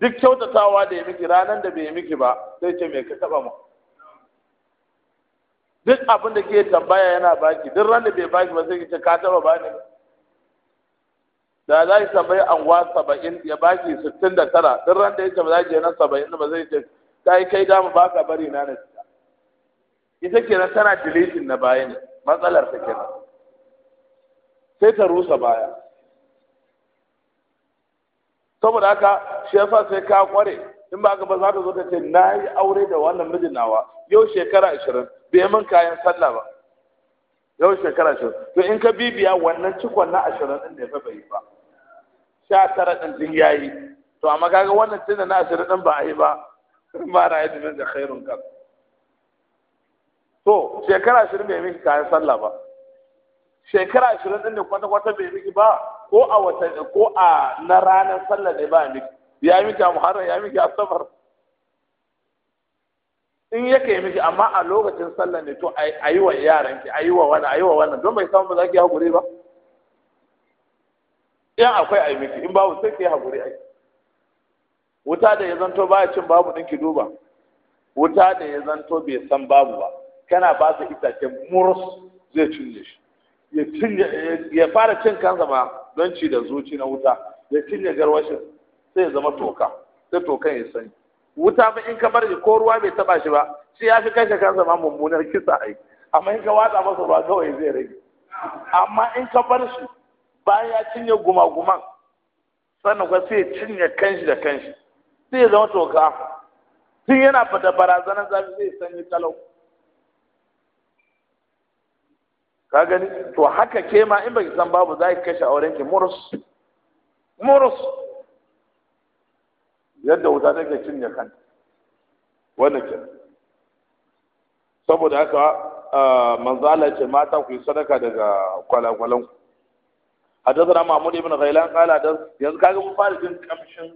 duk kyautatawa da ya miki ranar da bai miki ba sai ce me ka taba mu duk abin da ke tambaya yana baki duk ran da bai baki ba sai ki ce ka taba bani ba da za ki sabai wa saba'in ya baki sittin da tara duk ran da ya ce ba za ki na saba'in ba zai ce yi kai damu ba ka bari na na fita ita kenan tana deletin na baya ne matsalar ta kenan sai ta rusa baya saboda haka shi yasa sai ka kware in ba ka ba za ka zo ta ce na yi aure da wannan mijin nawa yau shekara ashirin bai min kayan sallah ba yau shekara ashirin to in ka bibiya wannan cikon na ashirin ɗin ne fa bai yi ba sha tara ɗin tun ya yi to amma kaga wannan tunda na ashirin ɗin ba a yi ba ma rayu da nan da khairun kan to shekara ashirin bai miki kayan sallah ba shekara ashirin ɗin ne kwata-kwata bai miki ba ko a wata ko a na ranar sallah ne ba miki ya miki a muharram ya miki a safar in yake yi miki amma a lokacin sallah ne to a yi wa yaranki a yi wa wani a yi wa wannan don bai samu ba za ki haƙuri ba in akwai ai miki in babu sai yi hakuri aiki. wuta da ya zanto ba ya cin babu din ki duba wuta da ya zanto bai san babu ba kana ba su itace murus zai cinye shi ya ya fara cin kansa ba don ci da zuci na wuta ya cinye garwashin sai ya zama toka sai tokan ya sani wuta ba in ka bar shi ko ruwa bai taba shi ba shi ya fi kashe kansa ma mummunar kisa ai amma in ka watsa masa ruwa kawai zai rage amma in ka bar shi bayan ya cinye gumaguman sannan kuma sai cinye kanshi da kanshi sai ya zama toka tun yana fata barazanar zafi zai sanyi talau ka gani to haka ke ma in baki san babu za ki kashe auren ki murus murus yadda wuta take cinye kanta wannan ke saboda haka ah, manzala ce mata ku yi sadaka daga kwalakwalan ku حدثنا محمود بن غيلان قال حدث yanzu kaga mun fara jin kamshin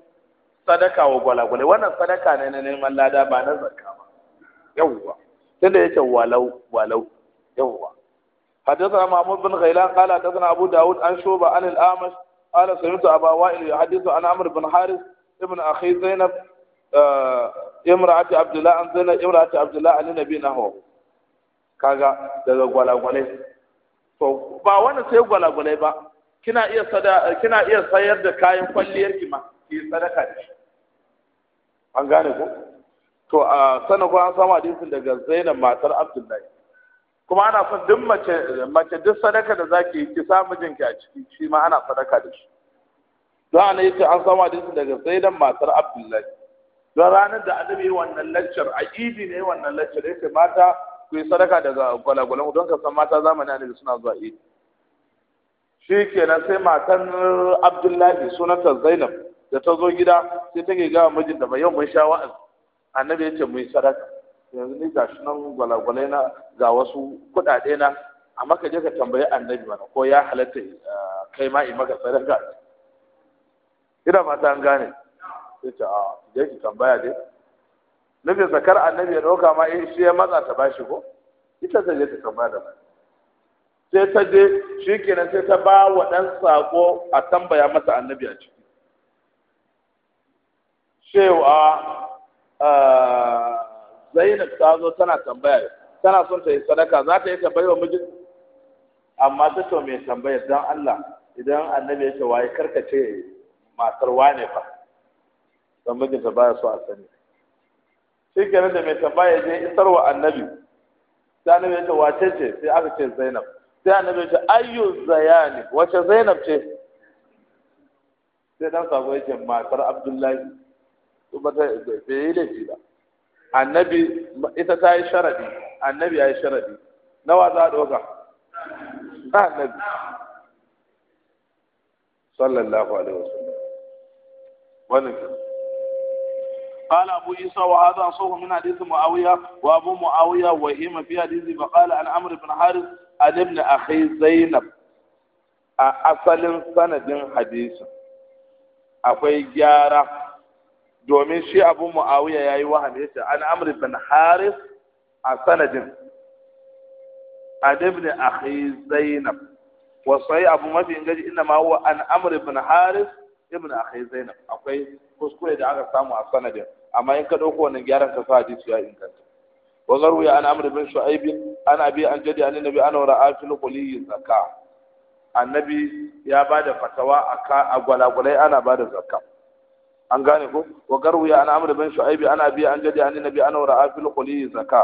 sadaka wa gwalagwale wannan sadaka ne ne neman lada ba na zakka ba yawwa tunda yake walau walau yawwa حدثنا محمود بن غيلان قال حدثنا ابو داود عن شوبه عن الاعمش قال سمعت ابا وائل يحدث عن عمرو بن حارث ابن اخي زينب امراه عبد الله عن زينب امراه عبد الله عن النبي kaga daga gwalagwale ba wani sai gwalagwale ba kina iya sada kina iya sayar da kayan kwalliyar ki ma ki sadaka da shi an gane ko to a sanin ko an samu hadisin daga Zainab matar Abdullahi kuma ana son duk mace mace duk sadaka da zaki yi ki sa mijinki a ciki shi ma ana sadaka da shi don ana yace an samu hadisin daga Zainab matar Abdullahi don ranar da annabi yi wannan lecture a idi ne wannan lecture yace mata ku yi sadaka daga gwalagwalan don ka san mata zamanin annabi suna zuwa idi shi kenan sai matan eh, abdullahi sunanta zainab da ta zo gida sai ta gawa mijinta ba yau mun sha wa'azi annabi ya ce mu yi sadaka yanzu ni ga shi nan gwalagwalai na ga wasu kuɗaɗe na amma ka je ka tambayi annabi mana ko ya halatta eh, kai ma in maka sadaka ina mata an gane sai ta a ah, je ki tambaya dai nufin zakar annabi ya ɗauka ma eh, shi ya matsa ta bashi ko ita zai je ta tambaya da mai sai ta je shi kenan sai ta ba wa ɗan saƙo a tambaya masa annabi a ciki cewa ah, zainab ta zo tana tambaya tana son ta yi sadaka za ta yi tambaya wa mijin amma ta to mai tambaya don Allah idan annabi ya ce waye karkace matar wane fa don ta baya so a sani shi kenan da mai tambaya je isarwa annabi sai annabi ya ce wace ce sai aka ce zainab sai annabi ce ayyu zayani wace zainab ce sai dan sabo yake matar abdullahi to ba ta bai yi laifi ba annabi ita ta yi sharadi annabi ya yi sharadi nawa za a doka na annabi sallallahu alaihi wasallam wannan قال أبو عيسى وهذا صوه من حديث معاوية وأبو معاوية وهم في حديث فقال عن عمرو بن حارث an ibn akhi zainab a asalin sanadin hadisin akwai gyara domin shi abu muawiya yayi wahami yace an amri bin haris a sanadin an ibn akhi zainab wasai abu mafi ingaji inna ma huwa an amri bin haris ibn akhi zainab akwai kuskure da aka samu a sanadin amma in ka dauko wannan gyaran ka sa hadisi ya inganta وغروي عن عمرو بن شعيب عن ابي عن جدي عن النبي انا راى في القلي زكاه annabi ya ba da fatawa a gwalagwalai ana ba da an gane ko wa garwiya ana amr bin shu'aibi ana biya an jadi an nabi ana ra'a fil quli zakka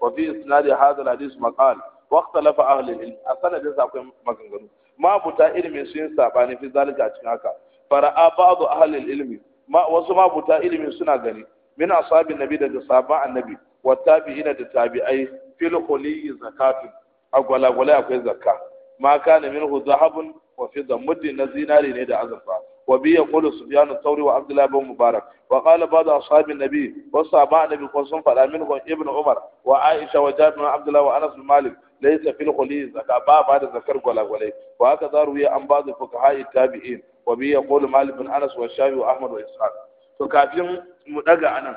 wa fi isnad hadha al hadith maqal wa ikhtalafa ahli al ilm a sanadin sa akwai maganganu ma buta ilmi sun sabani fi zalika a cikin haka fara'a ba'd ahli al ilmi ma wasu ma buta ilmi suna gani min ashabin nabi daga sahabban annabi wa tabi'ina da tabi'ai fil khuli zakatun a gwalagwalai akwai zakka ma kana minhu zahabun wa fidda muddin na zinari ne da azurfa wa bi yaqulu sufyan al-thawri wa abdullah ibn mubarak wa qala ba'd ashabi an-nabi wa sahaba nabi ko sun fada minhu ibn umar wa aisha wa jabir ibn abdullah wa anas bin malik laysa fil khuli ba ba da zakar gwalagwalai wa haka an ba'd fuqaha tabi'in wa anas wa wa ishaq kafin mu daga anan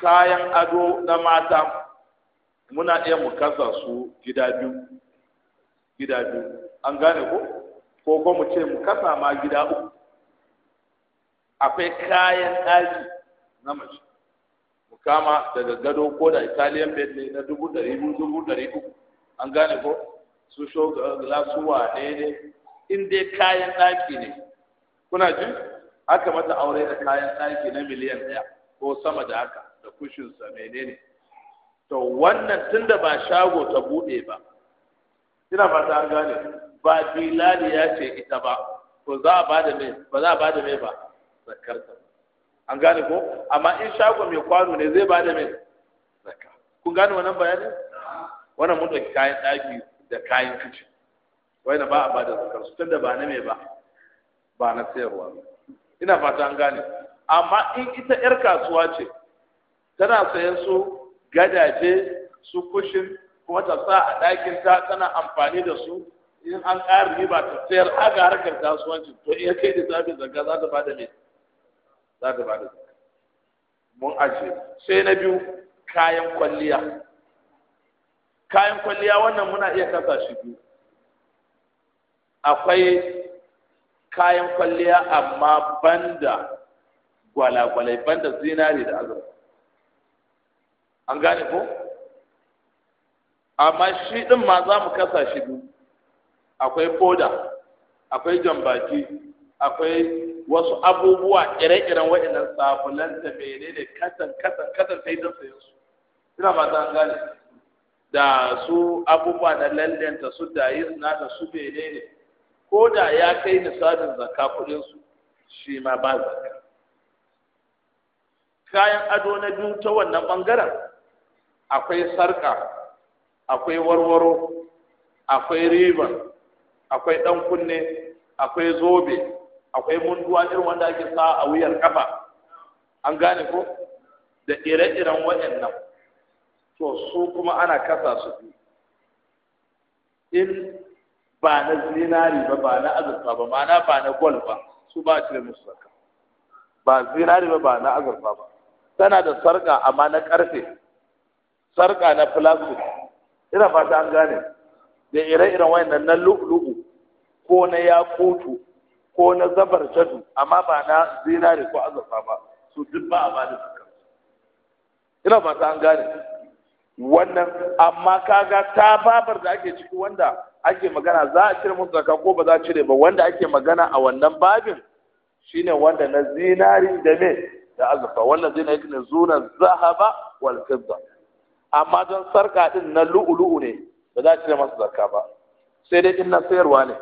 kayan ado na mata muna iya mu kasa su gida biyu gida biyu an gane ko ko ko mu ce mu kasa ma gida uku akwai kayan ɗaki na mace mu kama daga gado ko da italian bed ne na dubu ɗari biyu dubu ɗari uku an gane ko su sho glass ɗaya ne in dai kayan ɗaki ne kuna ji aka mata aure da kayan ɗaki na miliyan ɗaya ko sama da haka da kushinsa menene to wannan tunda ba shago ta bude ba ina ba ta gane ba bilali ya ce ita ba to za a bada mai ba za a bada mai ba ta an gane ko amma in shago mai kwano ne zai bada mai zakka kun gane wannan bayani wannan mun dauki kayan daki da kayan kicin wayna ba a bada zakar su tunda ba na mai ba ba na sayarwa ina fata an gane amma in ita yar kasuwa ce tana sayan su gadaje su kushin kuma ta sa a ɗakin ta tana amfani da su in an ƙara riba ta sayar aga harkar kasuwanci to iya kai da zaɓin zanga za ta ba da me za ta ba da mun ajiye sai na biyu kayan kwalliya kayan kwalliya wannan muna iya kasa shi biyu akwai kayan kwalliya amma banda gwalagwalai banda zinari da azurfa an gane ko amma shi din ma za mu kasa shi biyu akwai foda akwai jambaki akwai wasu abubuwa ire-iren waɗannan safulan da mene ne katan katan katan sai don sayan su ina ba an gane da su abubuwa na lallenta su da yi da su mene ne ko da ya kai nisabin zaka kuɗin su shi ma ba zaka kayan ado na biyu ta wannan bangaren akwai sarka akwai warwaro akwai riba akwai ɗan kunne akwai zobe akwai munduwa irin wanda ake sa a wuyar kafa an gane ko da ire-iren waɗannan to su kuma ana kasa su in ba na zinari ba ba na azurfa ba ma'ana ba na gwal ba su ba cire musu sarka ba zinari ba ba na azurfa ba tana da sarka amma na karfe sarka na plastic ina fata an gane da ire-iren wayannan na lu'lu'u ko na yakutu ko na zabar jadu amma ba na zinari ko azurfa ba su duk ba a ba da suka ina fata an gane wannan amma kaga ta babar da ake ciki wanda ake magana za a cire musu zakka ko ba za a cire ba wanda ake magana a wannan babin shine wanda na zinari da me da azurfa wannan zinari ne zuna zahaba wal fidda amma don sarka din na lu'ulu'u ne ba za a cire masa zakka ba sai dai in na sayarwa ne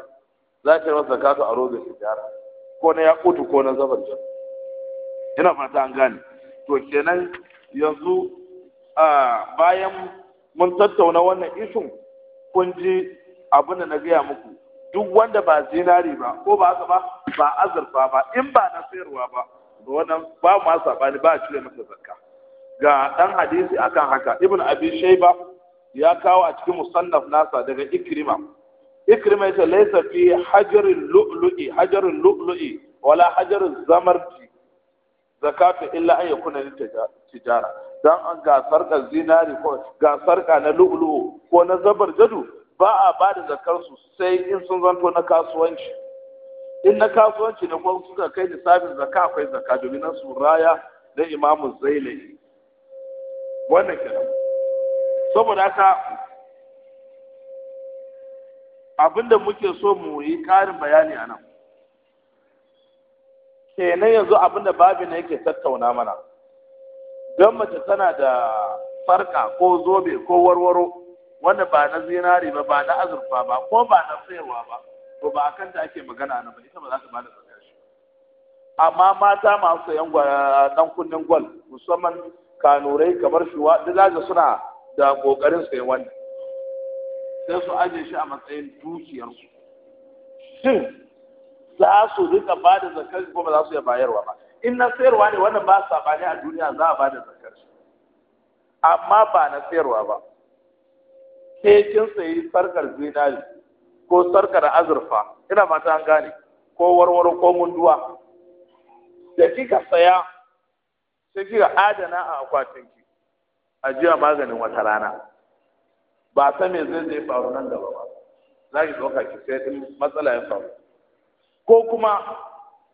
za a cire masa zakka to a robe tijara ko na yakutu ko na zabar jan ina fata an gane to kenan yanzu bayan mun tattauna wannan isun kun ji abin da na gaya muku duk wanda ba zinari ba ko ba haka ba ba azurfa ba in ba na sayarwa ba ba wannan ba mu sabani ba a cire masa zakka ga ɗan hadisi akan haka ibn abi shayba ya kawo a cikin musannaf nasa daga ikrima ikrima yace laisa fi hajarul lu'lu'i hajarul lu'lu'i wala hajarin zamarji zakatu illa an yakuna tijara dan an ga sarkar zinari ko ga sarka na lu'lu'u ko na zabar jadu ba a ba da zakar su sai in sun zanto na kasuwanci in na kasuwanci ne ko suka kai lissafin zakka akwai zakka domin na suraya da imamu zailai wannan kenan saboda haka abinda muke so mu yi karin bayani a nan kenan yanzu abinda babi ne yake tattauna mana don mace tana da farka ko zobe ko warwaro wanda ba na zinari ba ba na azurfa ba ko ba na sayarwa ba to ba a kanta ake magana na ba ita ba za ta ba da amma mata masu sayan dan kunnen gwal musamman kanurai kamar shuwa duk suna da kokarin sai wannan sai su aje shi a matsayin dukiyar su shin za su rika ba da zakar ko ba za su ya bayarwa ba in na sayarwa ne wannan ba sabani a duniya za a ba da zakar shi amma ba na sayarwa ba ke kin sayi sarkar zinari ko sarkar azurfa ina mata an gane ko warwaro ko munduwa da kika saya sai kika adana a akwatin ki ajiya maganin wata rana ba san me zai zai faru nan gaba ba za ki ɗauka ki sai din matsala ya faru ko kuma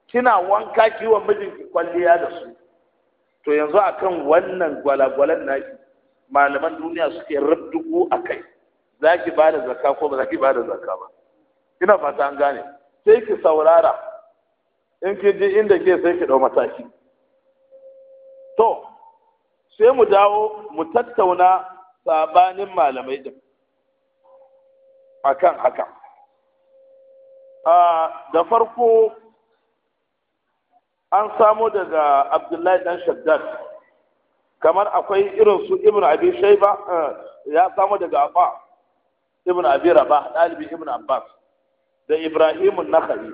kina wanka ki wa mijinki kwalliya da su to yanzu akan wannan gwalagwalan naki malaman duniya suke rubdugu a kai za ki ba da zakka ko ba za ki ba da zakka ba ina fata an gane sai ki saurara in ki je inda ke sai ki ɗau mataki to sai mu dawo mu tattauna sabanin malamai din akan haka da farko an samo daga abdullahi dan shaddad kamar akwai irin su ibn abi shaiba eh, ya samo daga afa ibn abi rabah dalibi ibn abbas da ibrahim nakhai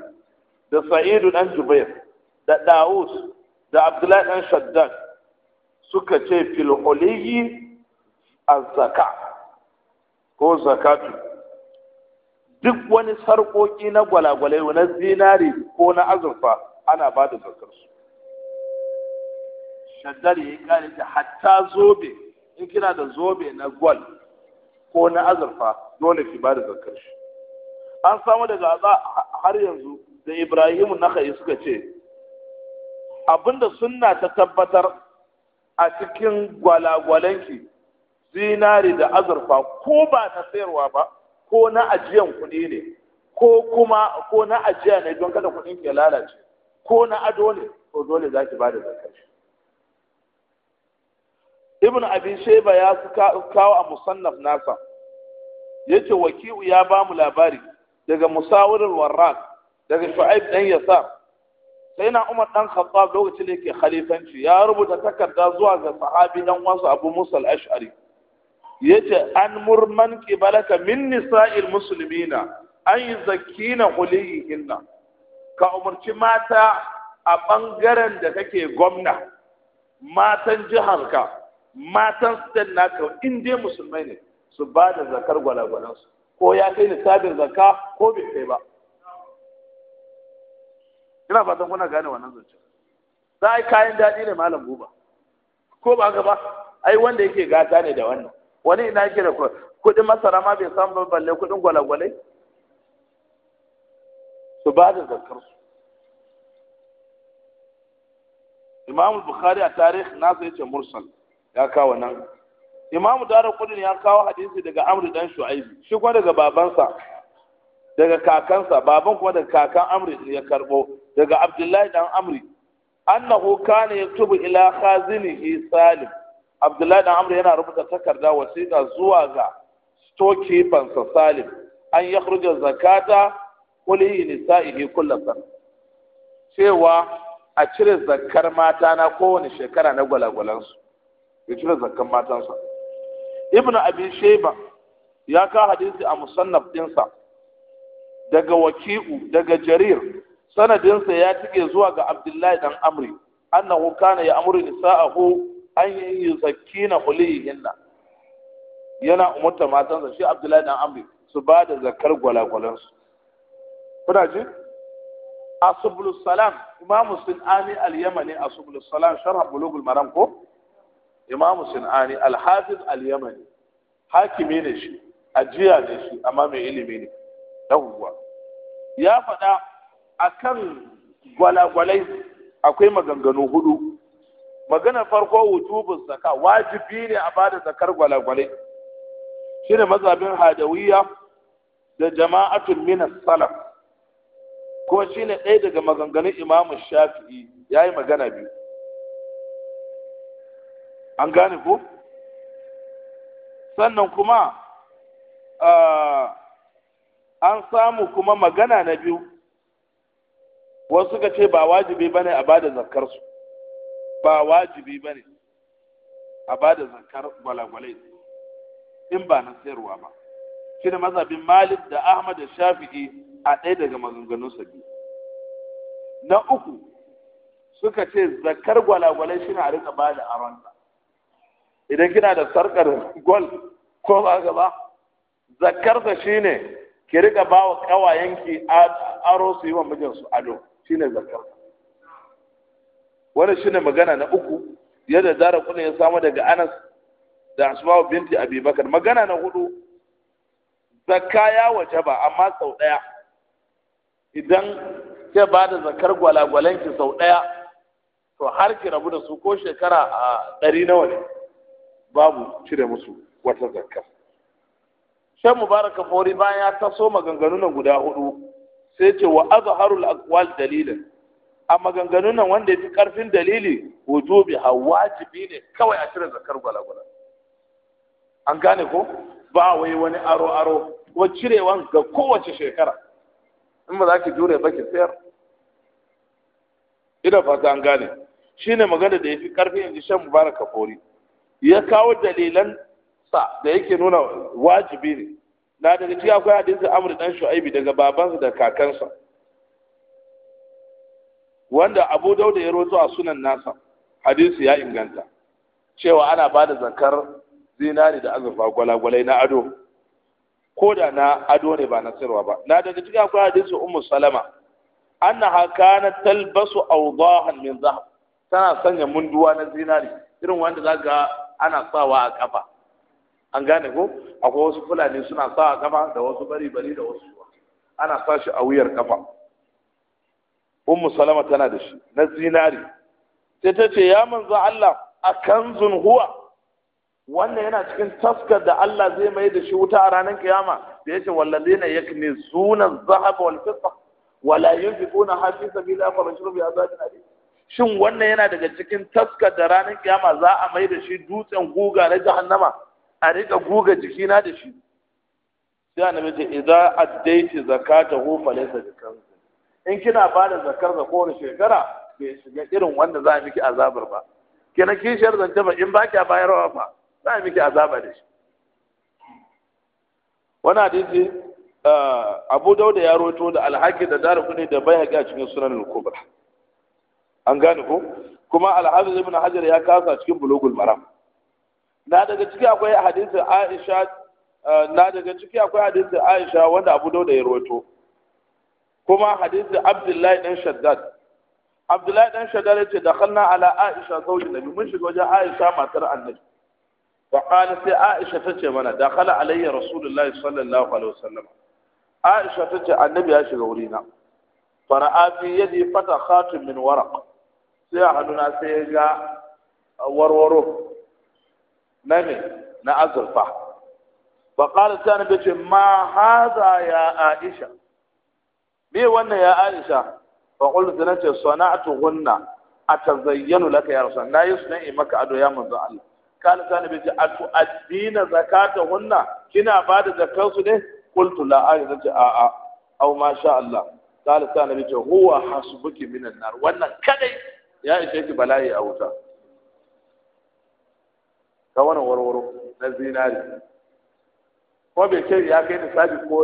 da sa'idu dan jubair da dawus da abdullahi dan shaddad suka ce fil a zaka ko zakatu duk wani sarƙoƙi na gwalagwalai na zinari ko na azurfa ana ba da zakarsu shaddar ya yi ƙari ta hatta zobe in kina da zobe na gwal ko na azurfa dole ki ba da zakar shi an samu daga har yanzu da na kai suka ce abinda sunna ta tabbatar a cikin gwalagwalanki zinari da azurfa ko ba ta sayarwa ba ko na ajiyan kuɗi ne ko kuma ko na ajiya ne don kada kuɗin ke lalace ko na ado ne to dole za ki ba da zakar ibn abi shayba ya kawo a musannaf nasa yace waki'u ya ba mu labari daga musawirin warraq daga shu'aib dan yasar sai na umar dan khattab lokacin da yake khalifanci ya rubuta takarda zuwa ga sahabi dan wasu abu musa al-ash'ari yace an murman qibalaka min nisa'il muslimina an yuzakkina hulihinna ka umarci mata a ɓangaren da kake gwamna matan ka, matan state naka in dai musulmai ne su ba da zakar gwalagwalansu ko ya kai nisabin zakka ko bai kai ba ina fatan kuna gane wannan zance za a yi kayan daɗi ne malam buba ko ba haka ba ai wanda yake gata ne da wannan wani ina yake da kuɗin masara ma bai samu balle kuɗin gwalagwale su ba da su. imamu bukhari a tarihi nasa ce mursal ya kawo nan imamu darar kudin ya kawo hadisi daga amri dan shu'aibi shi kuma daga babansa daga kakansa baban kuma daga kakan amri ya karbo daga abdullahi dan amri annahu kana yaktubu ila khazinihi salim abdullahi dan amri yana rubuta takarda wasiƙa zuwa ga storekeeper sa salim an yakhruja zakata kulli nisa'ihi kullatan cewa a cire zakkar mata na kowane shekara na gwalagwalansu ya cire zakkar matansa ibnu abi shayba ya ka hadisi a musannaf dinsa daga waki'u daga jarir sanadinsa ya tike zuwa ga abdullahi dan amri annahu kana ya amuri nisa'ahu an zakina hulihinna yana umurta matansa shi abdullahi dan amri su ba da zakar gwalagwalansu kuna ji asubulus salam imamu sinani al-yamani asubulus salam sharh bulugul maram ko imamu sinani al-hafiz al-yamani hakimi ne shi ajiya ne shi amma mai ilimi ne yawwa ya faɗa akan gwalagwalai akwai maganganu hudu magana farko wujubin zaka wajibi ne a bada zakar gwalagwalai Shi ne mazabin hadawiyya da jama'atul min salaf kuma ne ɗaya daga maganganun imamu shafi'i Ya yi magana biyu an gane ku. sannan kuma ah, an samu kuma magana na biyu wasu suka ce ba wajibi ba ne a bada zakkar su ba wajibi ne a da zakar gwalagwalai in ba na sayarwa ba ne mazabin Malik da Ahmad da Shafi'i a ɗaya daga maganganun sabi na uku suka ce zakar gwalagwalai shi a rika bada aronta idan kina da sarkar gwal ko ba gaba da shi shine ki rika ba wa kawayenki aro su yi wa mijinsu ado shine wannan shine magana na uku yadda zara kuna ya samu daga Anas da Asma'u binti Abi magana na hudu zakka ya ba, amma sau daya idan ke ba da zakar gwalagwalanki sau ɗaya, to har ki rabu da su ko shekara a ɗari nawa ne babu cire musu wata zakka shan mubaraka fori bayan ya taso maganganu na guda hudu sai ce wa azharul aqwal dalilin a maganganun nan wanda yafi karfin dalili wujubi ha wajibi ne kawai a cire zakar gwalagwala an gane ko ba wai wani aro aro ko cirewan ga kowace shekara in ba za ki jure ba ki sayar ina fata an gane shine magana da yafi karfin yanzu shan mubaraka fori ya kawo dalilan sa da yake nuna wajibi ne na daga ciki akwai hadisi amr dan shu'aibi daga babansa da kakansa wanda abu dauda ya rozo a sunan nasa hadisi ya inganta cewa ana ba da zakar zinari da azurfa gwalagwalai na ado ko da na ado ne ba na sirwa ba na daga cikin akwai hadisi ummu salama annaha kanat talbasu awdahan min zahab tana sanya munduwa na zinari irin wanda zaka ana sawa a kafa an gane ko akwai wasu fulani suna sa a kafa da wasu bari bari da wasu ana sa shi a wuyar kafa ummu salama tana da shi na zinari sai ta ce ya manzo Allah a kanzun huwa wannan yana cikin taskar da Allah zai mai da shi wuta a ranar kiyama da yace wallazina yakni sunan zahab wal fitta wala yunfiquna hafi sabila fa bi azabin alim shin wannan yana daga cikin taskar da ranar kiyama za a mai da shi dutsen guga na jahannama a rika guga jikina da shi sai annabi ce idza addaiti zakatahu falaysa bikan in kina ba da zakar da kowace shekara bai shiga irin wanda za a miki azabar ba kina kishiyar zance ba in ba ki bayarwa ba za a miki azaba da shi wani hadisi ah, abu dauda ya roto da alhaki da dara ne da bai haƙi a cikin sunan al-kubra an gane ko kuma al-hafiz ibn hajar ya kasa cikin bulugul maram na daga ciki akwai hadisin Aisha eh, na daga ciki akwai hadisin Aisha wanda Abu Dawud ya rawaito kuma hadisin Abdullahi dan Shaddad Abdullahi dan Shaddad yace dakhalna ala Aisha zawjin Nabi mun shiga wajen Aisha matar Annabi wa qala sai Aisha tace mana dakhala alayya Rasulullahi sallallahu alaihi wasallam Aisha tace Annabi ya shiga wurina fara'a fi yadi fata khatim min waraq sai a hannuna sai ya ga warwaro na me na azurfa Ba qala ta nabi ce ma hadha ya aisha me wannan ya aisha Ba fa qultu ce sana'tu gunna atazayyanu laka ya rasul na yusna'i maka ado ya manzo Allah kana ta nabi ce atu adina zakata gunna kina bada zakar su ne qultu la aisha ce a a au ma sha Allah kana ta nabi ce huwa hasbuki minan nar wannan kadai ya ishe ki bala'i a wuta ta wani warwaro na zinari kuma bai ce ya kai nisabi ko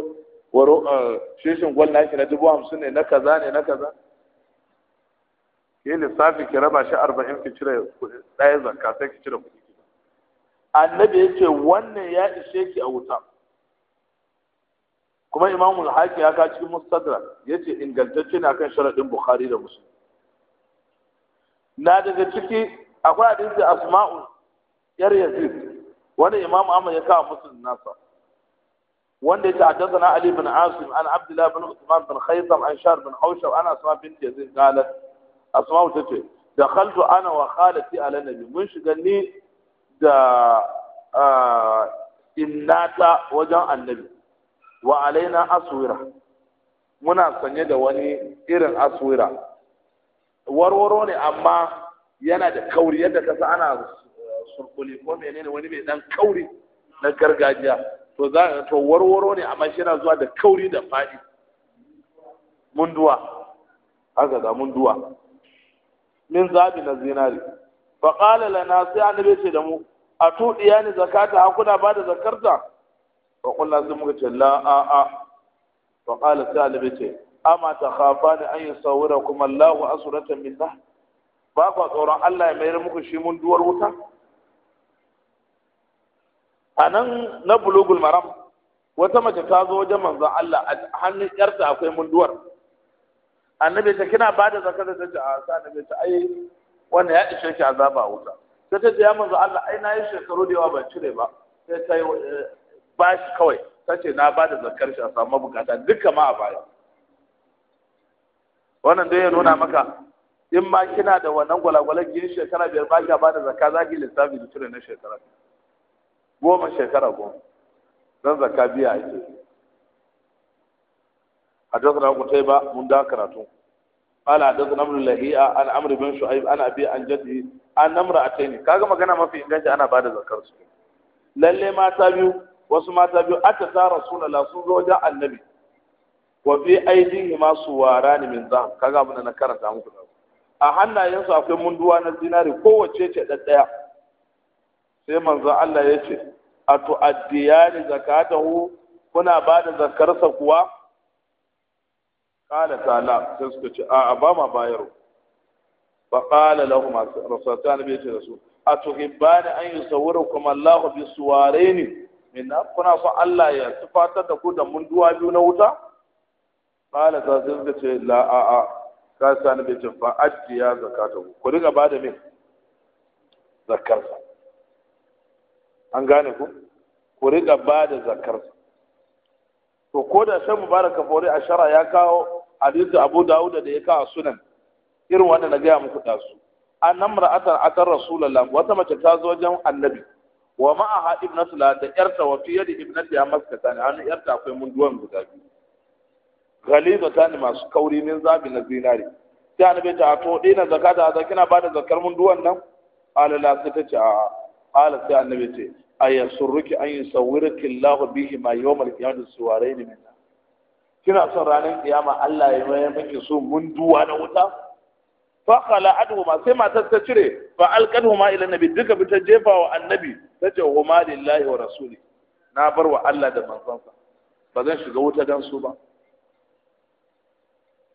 waro eh, sheshin gwal na shi na dubu hamsin ne na kaza ne na kaza ke lissafi ki raba shi arba'in ki cire ɗaya zakka sai ki cire kuɗi annabi ya ce wannan ya ishe ki a wuta kuma imamu haƙi ya ka cikin mustadrak ya ce ingantacce ne akan sharaɗin bukhari da musulmi na daga ciki akwai hadisi asma'u yar yazid wani imam amma ya kawo musulun nasa wanda yake haddathana ali bin asim an abdullahi bin usman bin khaytham an shar bin haushab ana asma bint yazid qalat asma tace dakhaltu ana wa khalati ala nabi mun shiga ni da innata wajen annabi wa alaina aswira muna sanye da wani irin aswira warwaro ne amma yana da kauri yadda kasa ana surkuli ko menene wani mai dan kauri na gargajiya to za to warwaro ne amma shi yana zuwa da kauri da fadi munduwa haka da munduwa min zabi na zinari fa qala lana sai annabi ce da mu a tudiya ni zakata ha kuna ba da zakarta wa qulna sai muka ce la a a fa qala sai annabi ce amma ta khafa ne an yusawwira kuma Allahu asuratan min ba ku tsoron Allah ya mayar muku shi mun duwar wuta a nan na bulugul maram wata mace ta zo wajen manzon Allah a hannun yarta akwai munduwar annabi ta kina ba da zakar da ta a sa annabi ta ai wannan ya ishe shi azaba a wuta sai ta ce ya manzon Allah ai na yi shekaru da yawa ban cire ba sai ta yi eh, ba shi kawai ta ce na ba da zakar shi a samu mabukata duka ma a baya wannan dai ya nuna maka in ma kina da wannan gwalagwalan yin shekara biyar ba ki ba da zakka za ki lissafi da cire na shekara biyar goma shekara goma dan zakka biya a ku mun ake حدثنا da من ذاكرته قال حدثنا ابن لهيئة عن عمرو بن شعيب عن أبي عن جده عن امرأتين كاغا magana mafi inganci ana bada zakar su lalle mata biyu wasu mata biyu atata rasulullah sun zo wajen annabi wa fi aidihi ma suwarani min zahab kaga abin da na karanta muku da a hannayensu akwai munduwa na zinari kowace ce ɗaɗɗaya sai manzo Allah ya ce a tu'addiyani zakatahu kuna ba da zakarsa kuwa qala ta'ala sai suka ce a ba ma bayar fa qala lahum rasulullah nabi ta rasul atuhibbani an yusawwirukum Allah bi suwaraini min kuna so Allah ya tufata da ku da mun duwa biyu na wuta qala ta sai suka ce la a a ka sa nabi ce fa addiya zakatahu ku riga ba da min zakarsa an gane ku ku riƙa ba da zakar to ko da shan mubaraka fori a shara ya kawo hadisu abu dawud da ya kawo sunan irin wanda na gaya muku dasu an namra'atan atar rasulullah wata mace ta zo wajen annabi wa ma'aha ibnatu la da yarta wa fiye yadi ibnati ya maska, ne an yarta akwai munduwan guda biyu ghalibatan masu kauri min zabi na zinari sai annabi ta to dina zakata da kina ba da zakar munduwan nan alala sai ta ce a'a qala sai annabi ce aya surruki an yusawwiraki Allah bihi ma yawmal qiyamati suwaraini minna kina son ranar kiyama Allah ya mai miki so mun duwa na wuta fa khala'atuhuma sai matar ta cire fa alqaduhuma ila nabi duka bi ta jefa wa annabi ta ce huma lillahi wa rasuli na bar wa Allah da manzansa ba zan shiga wuta dan su ba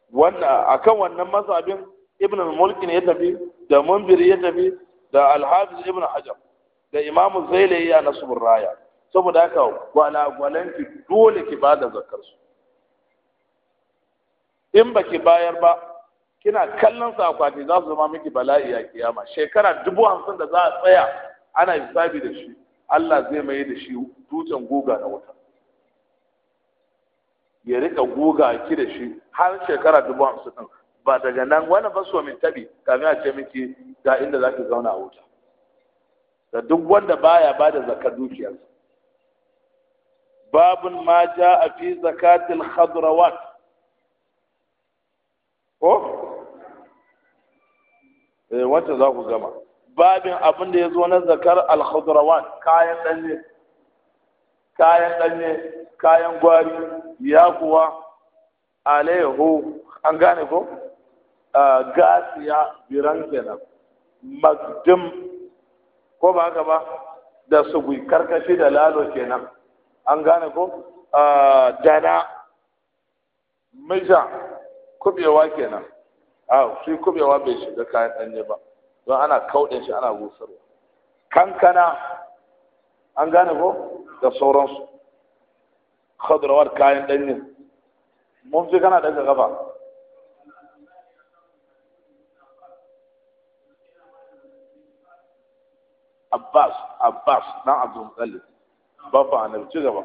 wannan akan wannan mazhabin ibn al-mulk ne ya tafi da munbir ya tafi da al-hafiz ibn hajar da imamu zailai na nasbur raya saboda haka ki dole ki bada zakar su in baki bayar ba kina kallon sa akwati za su zama miki bala'i a kiyama shekara dubu hamsin da za a tsaya ana hisabi da shi Allah zai mai da shi dutsen guga na wuta ya rika guga ki da shi har shekara dubu hamsin ba daga nan wani ba su min tabi kafin a ce miki da inda za ki zauna a wuta da duk wanda baya ba da zakar dukiyarsa babun ma ja a fi zakatin khadrawat ko eh wacce za ku gama babin abin da ya zo na zakar al khadrawat kayan danne kayan danne kayan gwari ya kuwa alaihu an gane ko ah, gasiya biran kenan magdum ko ba haka ba da su gui karkashi da lalo kenan an gane ko ah, dana meja kubewa kenan a ah, shi kubewa bai shiga kayan danye ba don ana kauɗin shi ana busarwa kankana an gane ko da sauransu khadrawar kayan danyen mun fi kana daga gaba abbas abbas ɗan abdul muttalib babba annabi ci gaba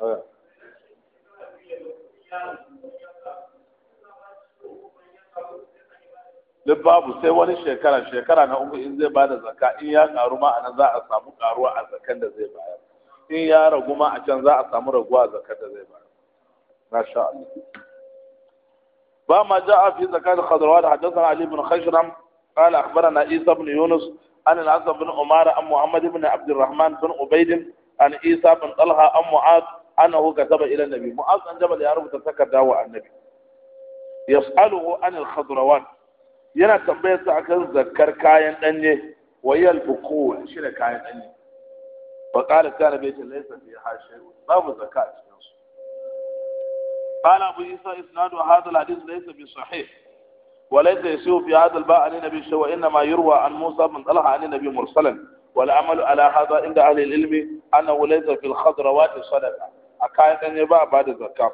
oh, duk babu sai wani shekara shekara na uku in zai bada zaka in ya karu ma ana za a samu karuwa a zakan da zai bayar in ya ragu ma a can za a samu raguwa a zakan da zai bayar masha Allah باب ما جاء في زكاة الخضروات حدثنا علي بن خشرم قال أخبرنا عيسى بن يونس عن العاص بن أمارة عن محمد بن عبد الرحمن بن عبيد عن عيسى بن طلحة عن معاذ أنه كتب إلى النبي معاذ أن جبل يعرف تسكر دعوة النبي يسأله عن الخضروات ينا tambayar sa ذكر كاين أني وهي البقول شنو كاين أني danye كان بيت ليس bayta laysa fi hashay قال أبو عيسى إسناد هذا الحديث ليس بصحيح وليس يسيء في هذا الباء عن النبي شيء وإنما يروى عن موسى بن طلحة عن النبي مرسلا والعمل على هذا عند أهل العلم أنه ليس في الخضروات صدقة أكاية أن يباع بعد زكاة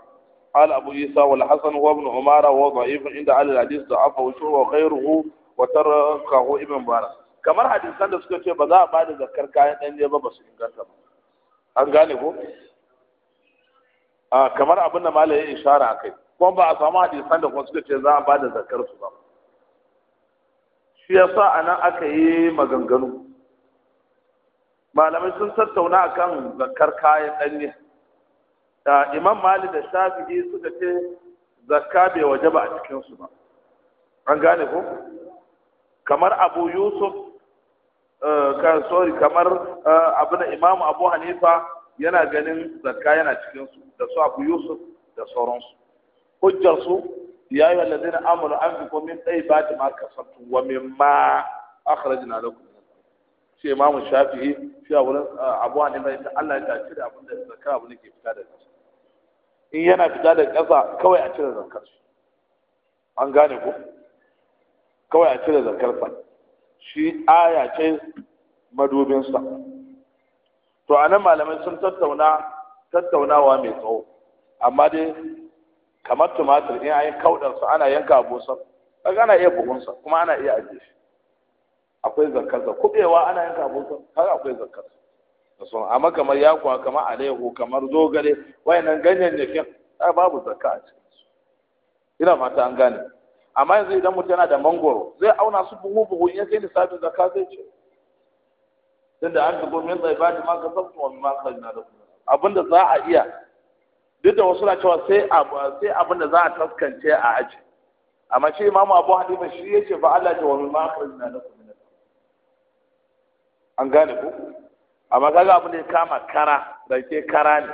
قال أبو عيسى والحسن هو ابن عمارة وهو ضعيف عند أهل الحديث ضعفه وشعر وغيره وتركه ابن مبارك kamar hadisan da suka ce ba za a bada zakar kayan ɗanye ba ba su inganta ba an gane ko kamar abin da malai ya ishara kai. kuma ba a samu hadisan da kuma suka ce za a ba da zakar su ba shi a nan aka yi maganganu malamai sun tattauna akan zakar kayan ɗanye imam mali da shafi'i suka ce zakka bai waje ba a cikinsu ba an gane ko kamar abu yusuf eh, sorry kamar eh, abin imamu abu hanifa yana ganin zakka yana cikin su da su abu yusuf da sauransu hujjar su ya yi wallazi na amuru an fi ko min ɗai ba ta ma kasantu wa min ma akhrajna lakum sai imamu shafi shi a wurin abu an ibn Allah ya cire abin da zakka abu ne ke fita da ƙasa in yana fita da ƙasa kawai a cire zakkar su. an gane ko kawai a cire zakkar sa shi aya ce madubinsa to a nan malamai sun tattauna tattaunawa mai tsawo amma dai kamar tumatir in an kaudar su ana yanka abusar kaga ana iya buhunsa kuma ana iya ajiye shi akwai zakkarsa kubewa ana yanka abusar kaga akwai zakkarsa da sun amma kamar yakuwa kamar alaihu kamar dogare wayannan ganyayyakin ai babu zakka a cikin su ina fata an gane amma yanzu idan mutum yana da mangoro zai auna su buhu buhu in ya kai lissafin zakka zai ce tunda an tuko min tsaibati ma ka sabtu wa ma ka na abinda za a iya duk da wasu na cewa sai sai abinda za a taskance a aji amma shi imamu abu hadiba shi yace ba Allah ta wa ma ka na da an gane ku amma kaga abin da ya kama kara da ke kara ne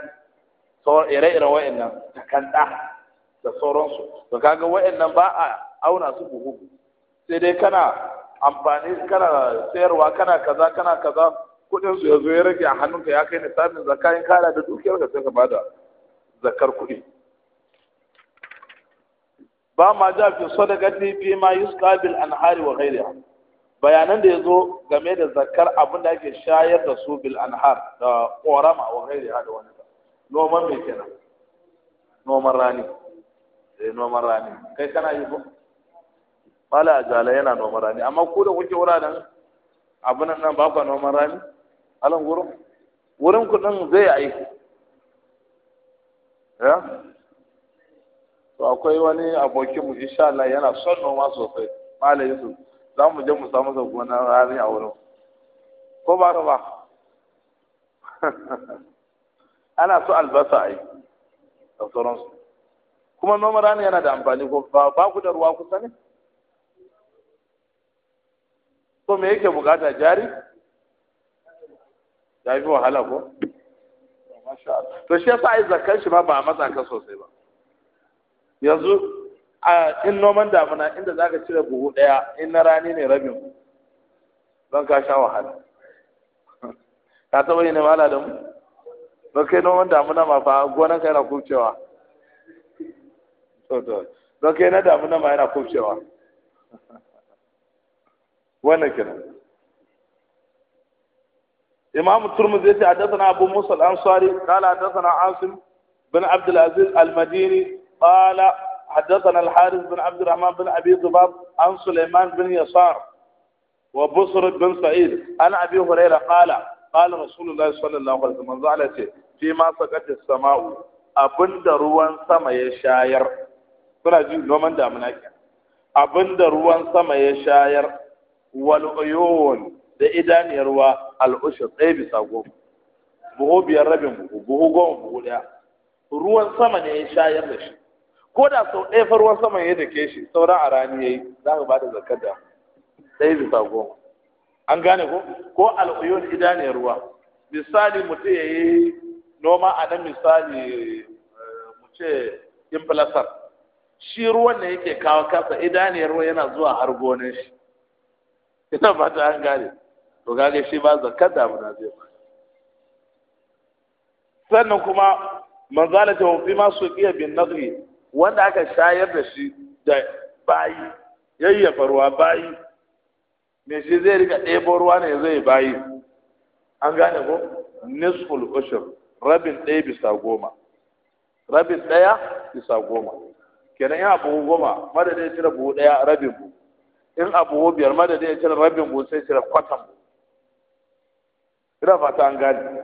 sauran ire-iren wa'annan takanda da sauransu to kaga wa'annan ba a auna su buhu sai dai kana amfani kana sayarwa kana kaza kana kaza kudin su ya zo ya rage a hannunka ya kai nisabin zakka in kara da dukiyar da suka bada zakar kuɗi ba ma ja fi sadaqati fi ma yusqa bil anhari wa ghayriha bayanan da yazo game da zakar abin da ake shayar da su bil anhar da qorama wa ghayriha da wani noman me kenan noman rani eh noman rani kai kana yi ko bala ajala yana noman rani amma ku da kuke wuraren abin nan ba ku noman rani alan gurin wurin kuɗin zai aiki ya to akwai wani abokin mu insha Allah yana son noma sosai mala yusu za mu je mu samu sa gona rani a wurin ko ba ba ana so albasa ai da sauransu kuma noman rani yana da amfani ko ba ku da ruwa kusa ne ko me yake bukata jari ya fi wahala ko to shi yasa ai zakkan shi ma ba a matsa ka sosai ba yanzu a in noman damuna inda zaka cire buhu daya in na rani ne rabin don ka sha wahala ka taba yin wahala da mu don kai noman damuna ma fa gonan ka yana kubcewa to to don kai na damuna ma yana kubcewa wannan kenan إمام الترمذي يأتي حدثنا أبو موسى الأنصاري قال حدثنا عاصم بن عبد العزيز المديني قال حدثنا الحارث بن عبد الرحمن بن أبي ضباب عن سليمان بن يسار وبصر بن سعيد عن أبي هريرة قال قال رسول الله صلى الله عليه وسلم زعلت فيما سقت السماء أبند روان سما يشاير كنا جي لومن دامنا أبند روان سما يشاير wal da idaniyar ruwa al ɗaya bisa goma buhu biyar rabin buhu buhu goma buhu ɗaya ruwan sama ne ya shayar da shi ko da sau ɗaya fa ruwan sama ya dake shi sauran a rani ya yi, za ka bada zakar da ɗaya bisa goma an gane ko ko al'uyun idaniyar ruwa misali mutum ya yi noma a nan misali eh, mu ce in shi ruwan da yake kawo kasa idaniyar ruwa yana zuwa har gonar shi ina fata an gane to gane shi ba zakar da muna zai ba sannan kuma manzala ta wafi ma su iya bin nazari wanda aka shayar da shi da bayi yayyafa ruwa bayi me shi zai rika ɗebo ruwa ne zai bayi an gane ko nisful ushur rabin ɗaya bisa goma rabin ɗaya bisa goma kenan ya buhu goma madadin cire buhu ɗaya rabin buhu in abu biyar madadin ya cire rabin buhu sai cire kwatan ina fata an gane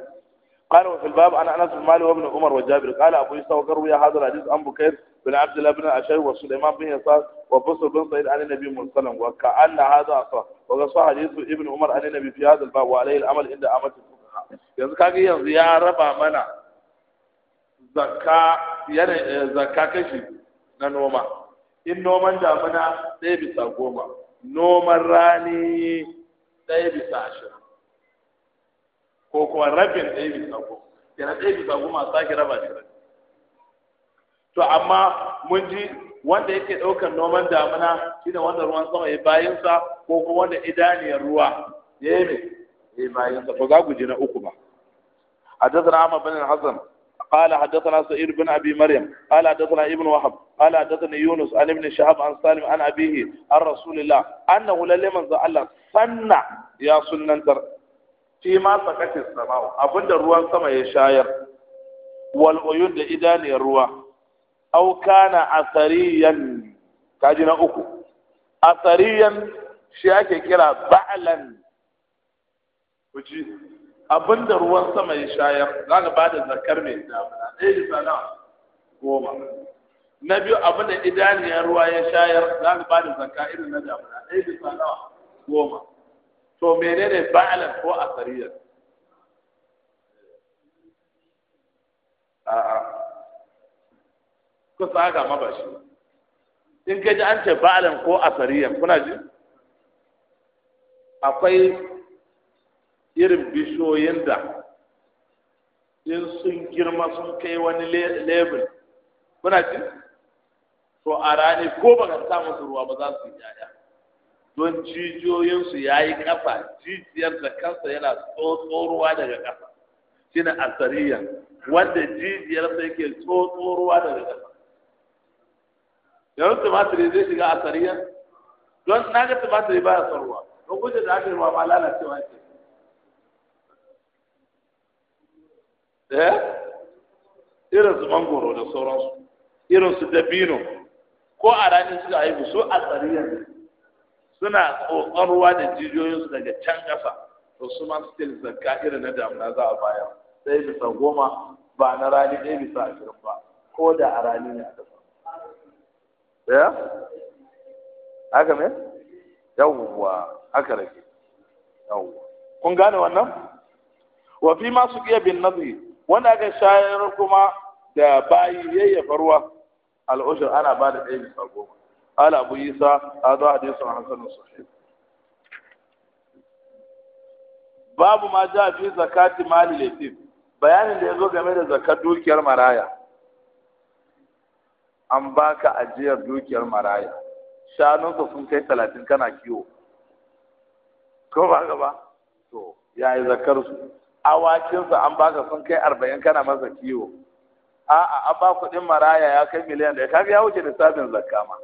قال وفي الباب عن انس بن مالك وابن عمر وجابر قال ابو يوسف وروي هذا الحديث عن بكير بن عبد الله بن اشعري وسليمان بن يسار وبصر بن سعيد عن النبي Wa وكان هذا اصح وقد Umar, حديث ابن عمر عن النبي في هذا الباب وعليه العمل عند امه الفقهاء yanzu yanzu ya raba mana zakka yana zakka kashi na noma in noman damuna bisa goma noman rani ɗaya bisa ashirin ko kuma rabin ɗaya bisa goma yana ɗaya bisa goma sake raba ashirin to amma mun ji wanda yake ɗaukar noman damina shi ne wanda ruwan sama ya bayansa ko kuma wanda idaniyar ruwa ya yi mai ya yi bayansa Ba za ku ji na uku ba حدثنا amma bane Hassan. قال حدثنا سعيد بن ابي مريم قال حدثنا ابن وهب قال حدثنا يونس عن ابن شهاب عن سالم عن ابيه عن رسول الله انه لمن الله سنة يا سننتر فيما سكت السماء abinda ruwan sama ya shayar wal uyun da idaniyar ruwa aw kana asariyan kaji na uku asariyan shi ake kira ba'lan kuci abin da ruwan sama ya shayar za ka ba da zakar mai damuna ɗaya da sana goma na biyu abin da idaniyar ruwa ya shayar za ka ba da zakka irin na damuna ɗaya da sana goma to menene ba'alar ko asariyar a'a kusa haka mabashi in ka ji an ce ba'alan ko asariyar kuna ji akwai irin bishiyoyin da in sun girma sun kai wani lebel muna ce to a rani ko ba ka sa musu ruwa ba za su yi yaya don jijiyoyinsu ya yi ƙafa jijiyar da kansa yana tsotsoruwa daga ƙafa shi ne asariya wanda jijiyar jijiyarsa yake tsotsoruwa daga ƙafa yawon tumatiri zai shiga asariya don na ga tumatiri ba ya son ruwa don guje da ake ruwa ma lalacewa ce eh irin su mangoro da sauransu irin su dabino ko a ranar suka haihu su a tsari yanzu suna tsotson ruwa da jijiyoyinsu daga can ƙasa to su ma still zakka irin na damuna za a baya. sai bisa goma ba na rani ɗaya bisa ashirin ba ko da a rani ne a ƙasa ya eh? haka ne yawwa haka rage yawwa kun gane wannan wa fi ma su iya bin nazari wanda aka shayar kuma da bayi yayyafa ruwa al'ushur ana ba da ɗaya bisa goma قال a يسا هذا حديث su. صحيح babu ma ja fi zakati mali laifin. bayanin da ya zo game da zakar dukiyar maraya an baka ajiyar dukiyar maraya shanunsa sun kai talatin kana kiwo ko ba ka ba to ya yi zakar su awakinsa an baka sun kai arba'in kana masa kiwo a'a an ba kuɗin maraya ya kai miliyan ɗaya kaga ya wuce lissafin zakka ma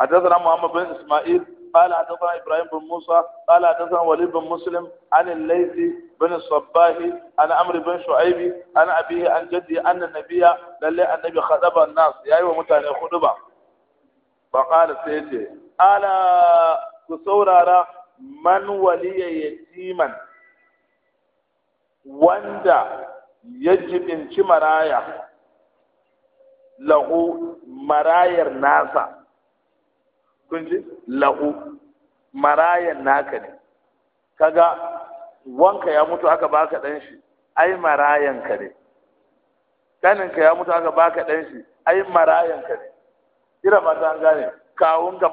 حدثنا محمد بن اسماعيل قال حدثنا ابراهيم بن موسى قال حدثنا وليد بن مسلم عن الليث بن الصباح عن عمرو بن شعيب عن ابيه عن جدي ان النبي لله النبي خطب الناس يا ايها متاني خطبا فقال سيدي الا ku من ولي يتيما wanda ya jibinci maraya lahu marayar nasa kun ji lahu marayar naka ne kaga wanka ya mutu aka baka dan shi ai marayan ka ne kaninka ya mutu aka baka dan shi ai marayan ka ne ira ba ta gane kawun ka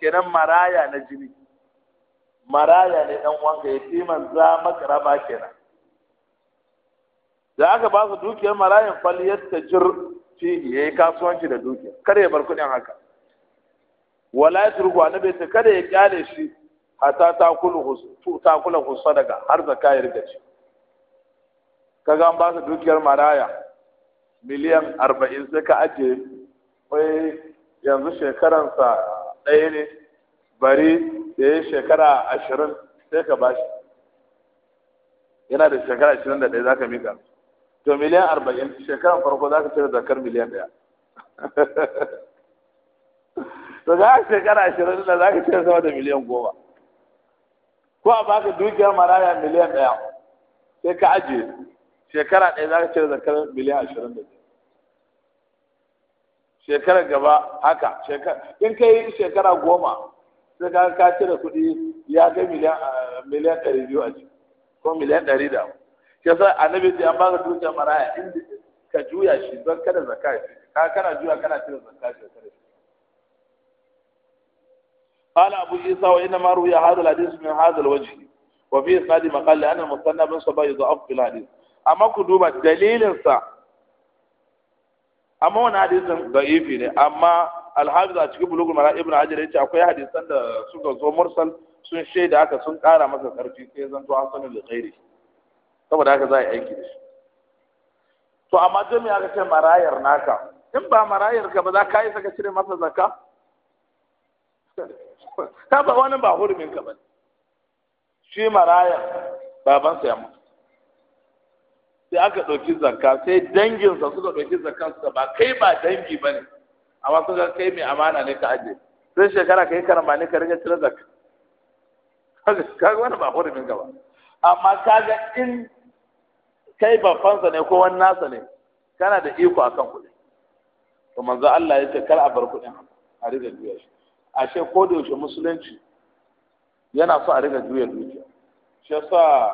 kenan maraya na jini maraya ne dan wanka ya fi man za maka raba kenan da aka ba su dukiyar marayin faliyar ta jir fihi yi kasuwanci da dukiyar kada ya bar kuɗin haka wala ya turku nabe ta, kada ya kyale shi hatta ta kula husa daga har zakka ya riga Ka ga an ba su dukiyar maraya miliyan arba'in sai ka ajiye wai yanzu shekaransa ɗaya ne bari da ya shekara ashirin sai ka bashi yana da shekara ashirin da ɗaya za ka miƙa to miliyan arba'in shekaran farko za ka cire zakar miliyan ɗaya to za ka shekara ashirin da za ka cire sama da miliyan goma ko a baka dukiyar maraya miliyan ɗaya sai ka ajiye shekara ɗaya za ka cire zakar miliyan ashirin da biyu shekarar gaba haka in ka yi shekara goma sai ka ka cire kuɗi ya kai miliyan ɗari biyu a ciki ko miliyan ɗari da Kasa annabi ce an baka dukiya maraya inda ka juya shi don kada zakka shi, ka kana juya kana cire zakka ya kada قال أبو عيسى وإنما روي هذا الحديث من هذا الوجه وفي إسناد مقال لأن المثنى بن صبا يضعف في الحديث أما كدوبة دليل سا أما وانا حديث ضعيف أما الحافظ أتكي بلوغ المرأة ابن عجل يتي أكوي حديثا سنة زو مرسل سن شيء kara masa قارة sai zan كيزان asalin da لغيره saboda haka za a yi aiki da shi to amma jami ya aka ce marayar naka in ba marayar ka ba za ka yi saka cire masa zakka ka ba wani ba hurumin ka ba shi marayar babansa ya mutu sai aka ɗauki zakka sai danginsa suka ɗauki zakkan suka ba kai ba dangi ba ne amma suka kai mai amana ne ka aje sai shekara ka yi karama ne ka riga cire zakka kaga wani ba hurumin ka ba amma kaga in kai babbansa ne ko wani nasa ne kana da iko akan kuɗi to manzo Allah ya ce kar a bar kuɗin a riga juya shi ashe ko da yaushe musulunci yana so a riga juya dukiya shi sa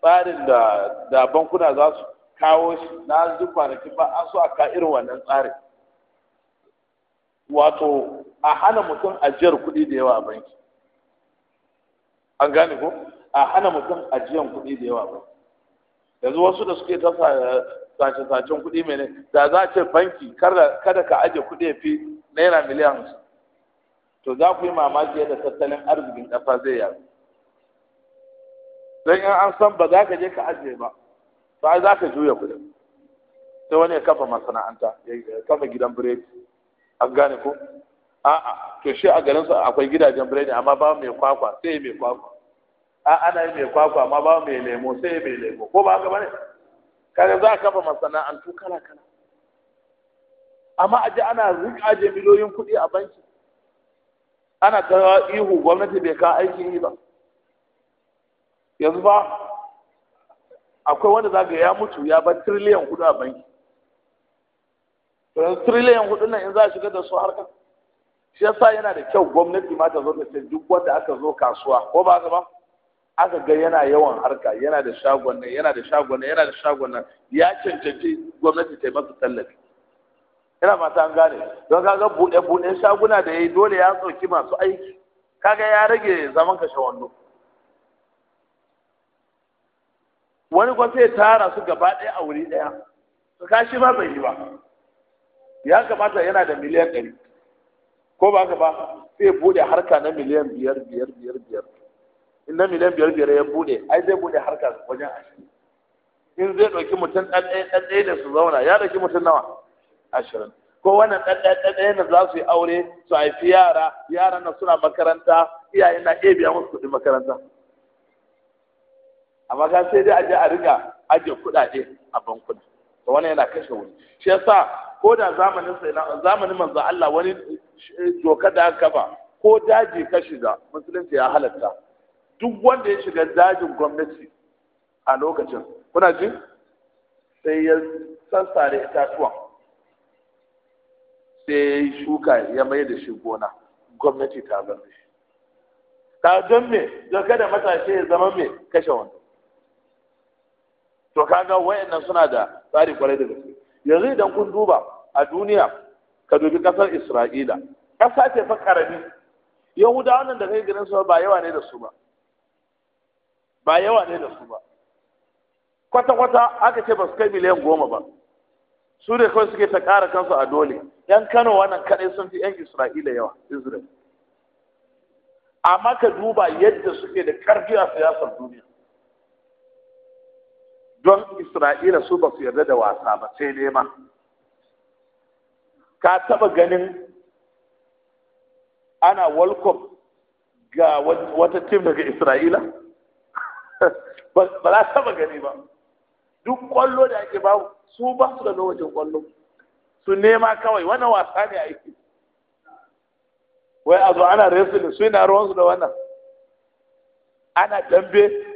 tsarin da da bankuna za su kawo shi na zu kwanaki ba an so a ka irin wannan tsarin wato a hana mutum ajiyar kuɗi da yawa a banki an gane ko a hana mutum ajiyar kuɗi da yawa a banki yanzu wasu da suke ta sace-sacen kuɗi mai ne da za a ce banki kada ka aje kuɗi ya fi naira miliyan to za ku yi mamaki yadda tattalin arzikin ƙasa zai yaru don in an san ba za ka je ka ajiye ba ba za ka juya kuɗi sai wani ya kafa masana'anta ya kafa gidan biredi an gane ko a'a to shi a garin su akwai gidajen biredi amma ba mai kwakwa sai mai kwakwa a ana yi mai kwakwa amma ba mai lemo sai mai lemo ko ba ka bane kaga za a kafa masana'antu kala kala amma a ji ana rika aje miliyoyin kuɗi a banki ana ta ihu gwamnati bai ka aikin yi ba yanzu ba akwai wanda ga ya mutu ya bar tiriliyan kuɗi a banki yanzu tiriliyan kuɗin nan in za a shiga da su harkar shi yasa yana da kyau gwamnati ma ta zo ta ce duk wanda aka zo kasuwa ko ba haka ba aka ga yana yawan harka yana da shagon nan yana da shagon nan yana da shagon nan ya cancanci gwamnati ta yi masa tallafi ina mata an gane don kaga buɗe buɗe shaguna da yayi dole ya sauki masu aiki kaga ya rage zaman kashe wando wani kuma sai tara su gaba ɗaya a wuri ɗaya to kashi ma bai yi ba ya kamata yana da miliyan ɗari ko ba ka ba sai buɗe harka na miliyan biyar biyar biyar biyar in na miliyan biyar biyar ya bude ai zai bude harka wajen ashirin in zai ɗauki mutum ɗaɗɗaya da su zauna ya ɗauki mutum nawa ashirin ko wannan ɗaɗɗaya ne za su yi aure su haifi yara yaran na suna makaranta iyaye na iya biya musu kuɗin makaranta amma ka sai dai aje a riga aje kuɗaɗe a bankuna to wannan yana kashe wuri shi yasa ko da zamanin sai zamanin manzo Allah wani eh, doka da aka ba ko daji ka shiga musulunci ya halatta duk wanda ya shiga dajin gwamnati a lokacin kuna ji sai ya sassare itatuwan sai ya yi shuka ya mai da shi gona gwamnati ta zama shi ta don me don kada matashe ya zama me kashe wanda to kaga wayannan suna da tsari kwarai da gaske yanzu idan kun duba a duniya ka dubi kasar isra'ila ƙasa ce fa karami yahudawan da kai ganin su ba yawa ne da su ba ba yawa ne da su ba kwata-kwata aka ce ba su kai miliyan goma ba su da kawai suke ta ƙara kansu a dole yan kano wannan kaɗai sun fi yan isra'ila yawa israel amma ka duba yadda suke da ƙarfi a siyasar duniya don isra'ila su ba su yarda da wasa ba sai nema ka taɓa ganin ana world ga wata tim daga isra'ila ba za taba gani ba duk kwallo da ake ba su ba su da lokacin kwallo su nema kawai wannan wasa ne aiki wai a zo ana wrestling su yana ruwansu da wannan ana dambe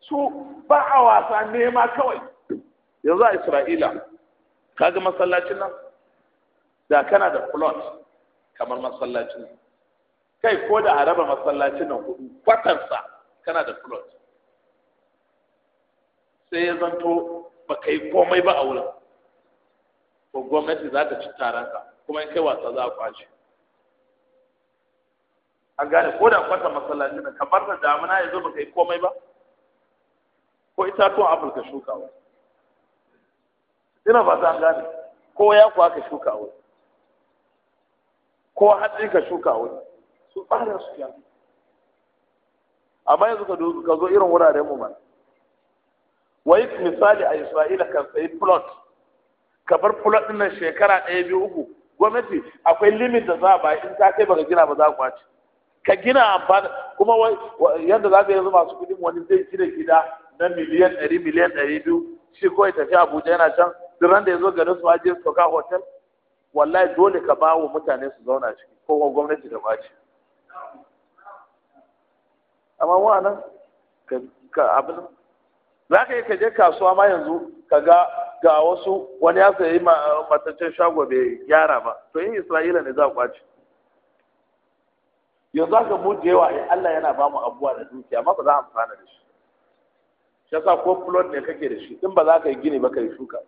su ba a wasa nema kawai yanzu a isra'ila kaga masallacin nan da kana da plot kamar masallacin kai ko da a raba masallacin nan hudu kwatansa kana da plot sai ya zanto ba ka yi komai ba a wurin ko gwamnati za ta ci taronka kuma in kai wasa za a kwashe an gane ko da kwata masallaci na kamar da damuna ya zo ba ka yi komai ba ko ita apple ka shuka wa ina ba an gane ko ya kuwa ka shuka wa ko hatsi ka shuka wa su ɓara su yanzu amma yanzu ka zo irin wuraren mu ba wai misali a isra'ila kan sayi plot ka bar plot din nan shekara ɗaya biyu uku gwamnati akwai limit da za a in ta kai baka gina ba za ku kwace ka gina amfani kuma yanda za ka yanzu masu kudin wani zai gina gida na miliyan ɗari miliyan ɗari biyu shi kawai tafi abuja yana can duran da ya zo garin su ajiye su ka hotel wallahi dole ka ba wa mutane su zauna ciki ko gwamnati da ba amma wa nan ka abin za ka yi ka je kasuwa ma yanzu ka ga ga wasu wani ya sayi mataccen shago bai gyara ba to yin isra'ila ne za a kwace yanzu aka mu da yawa eh, Allah yana ba mu abubuwa da dukiya amma ba za a amfana da shi shi yasa ko plot ne kake da shi in ba za ka yi gini ba ka yi shuka